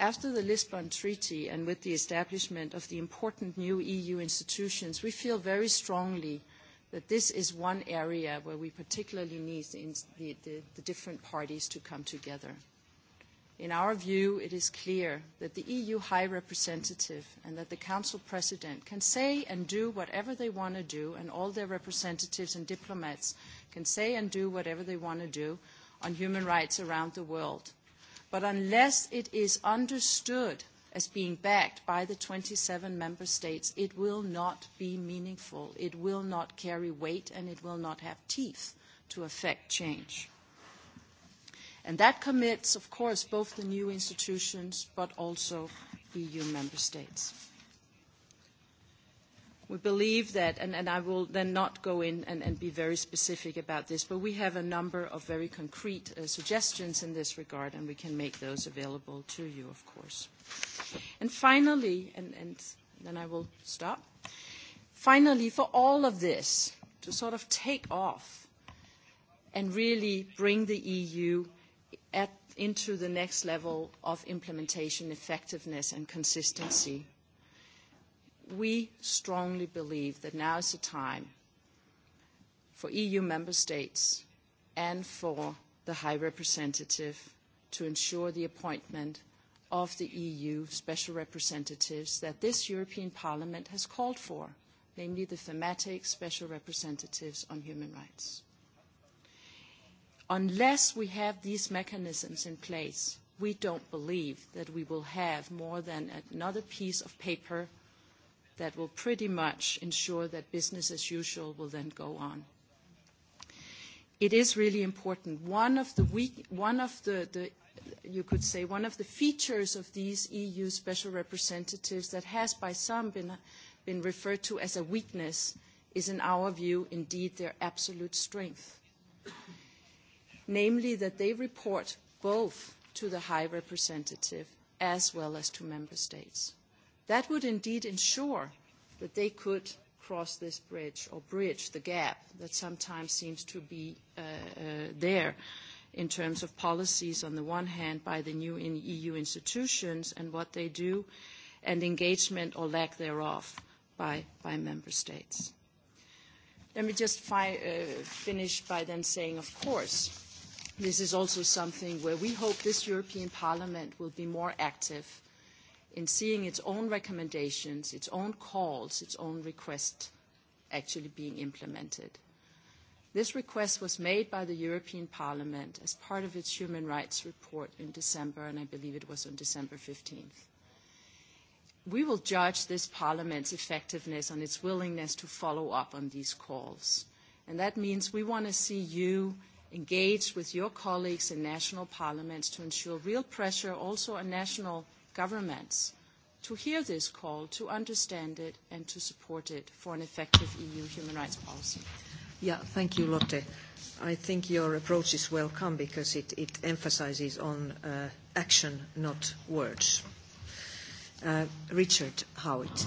After the Lisbon Treaty and with the establishment of the important new EU institutions, we feel very strongly that this is one area where we particularly need the, the, the different parties to come together. In our view, it is clear that the EU High Representative and that the Council President can say and do whatever they want to do, and all their representatives and diplomats can say and do whatever they want to do on human rights around the world. But unless it is understood as being backed by the 27 member states, it will not be meaningful, it will not carry weight, and it will not have teeth to affect change. And that commits, of course, both the new institutions but also EU member states. We believe that, and, and I will then not go in and, and be very specific about this, but we have a number of very concrete uh, suggestions in this regard, and we can make those available to you, of course. And finally, and, and then I will stop. Finally, for all of this to sort of take off and really bring the EU at, into the next level of implementation effectiveness and consistency. We strongly believe that now is the time for EU member states and for the High Representative to ensure the appointment of the EU special representatives that this European Parliament has called for, namely the thematic special representatives on human rights. Unless we have these mechanisms in place, we don't believe that we will have more than another piece of paper that will pretty much ensure that business as usual will then go on. It is really important. One of the weak, one of the, the you could say, one of the features of these EU special representatives that has by some been, been referred to as a weakness is, in our view, indeed their absolute strength namely that they report both to the High Representative as well as to Member States. That would indeed ensure that they could cross this bridge or bridge the gap that sometimes seems to be uh, uh, there in terms of policies on the one hand by the new in EU institutions and what they do and engagement or lack thereof by, by member states. Let me just fi- uh, finish by then saying, of course, this is also something where we hope this European Parliament will be more active in seeing its own recommendations, its own calls, its own requests actually being implemented. This request was made by the European Parliament as part of its human rights report in December, and I believe it was on December 15th. We will judge this Parliament's effectiveness on its willingness to follow up on these calls. And that means we want to see you engage with your colleagues in national parliaments to ensure real pressure also on national governments to hear this call, to understand it, and to support it for an effective EU human rights policy. Yeah, thank you, Lotte. I think your approach is welcome because it, it emphasizes on uh, action, not words. Uh, Richard Howitt.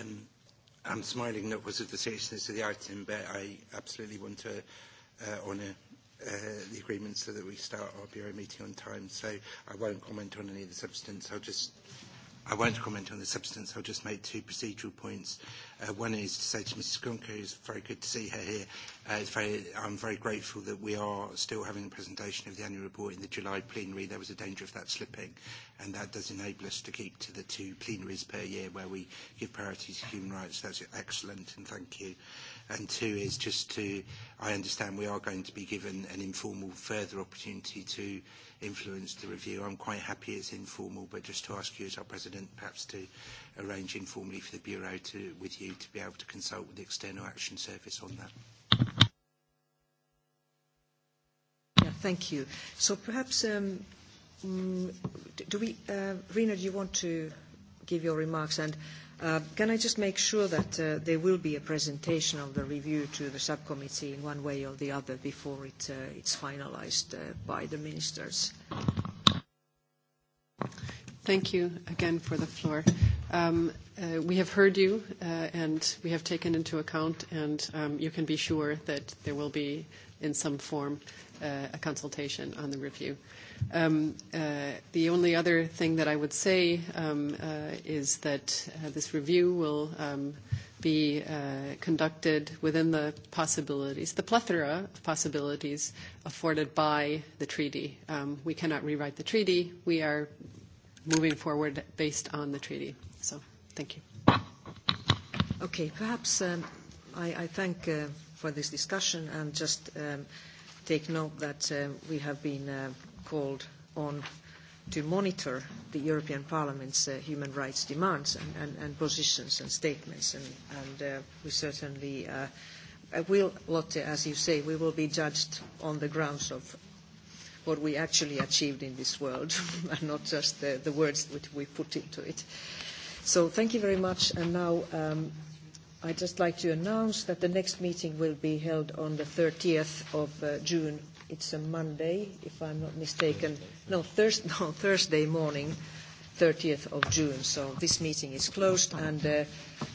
Um, I'm smiling not was of the seriousness of the item, but I absolutely want to uh, on a, uh, the agreement so that we start our Bureau meeting on time. So I won't comment on any of the substance. I'll just I won't comment on the substance. I'll just make two procedural points. Uh, one is to say to Mrs. Kunko, it's very good to see her here. Uh, it's very, I'm very grateful that we are still having the presentation of the annual report in the July plenary. There was a danger of that slipping, and that does enable us to keep to the two plenaries per year where we give priority to human rights. That's excellent, and thank you. Uh, And two is just to, I understand we are going to be given an informal further opportunity to influence the review. I'm quite happy it's informal, but just to ask you as our president perhaps to arrange informally for the Bureau to, with you to be able to consult with the External Action Service on that. Yeah, thank you. So perhaps, um, mm, do we, uh, Rina, do you want to give your remarks? And Uh, can I just make sure that uh, there will be a presentation of the review to the subcommittee in one way or the other before it, uh, it's finalized uh, by the ministers? Thank you again for the floor. Um, uh, we have heard you, uh, and we have taken into account, and um, you can be sure that there will be, in some form, uh, a consultation on the review. Uh, Um, uh, the only other thing that I would say um, uh, is that uh, this review will um, be uh, conducted within the possibilities, the plethora of possibilities afforded by the treaty. Um, we cannot rewrite the treaty. We are moving forward based on the treaty. So, thank you. Okay, perhaps um, I, I thank uh, for this discussion and just um, take note that um, we have been. Uh, called on to monitor the European Parliament's uh, human rights demands and, and, and positions and statements. And, and uh, we certainly uh, uh will, Lotte, as you say, we will be judged on the grounds of what we actually achieved in this world and not just the, the words which we put into it. So thank you very much. And now um, I'd just like to announce that the next meeting will be held on the 30th of uh, June It's a Monday, if I'm not mistaken. No, thurs- no Thursday morning, 30th of June. So this meeting is closed, and uh,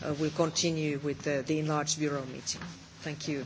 uh, we'll continue with uh, the enlarged bureau meeting. Thank you.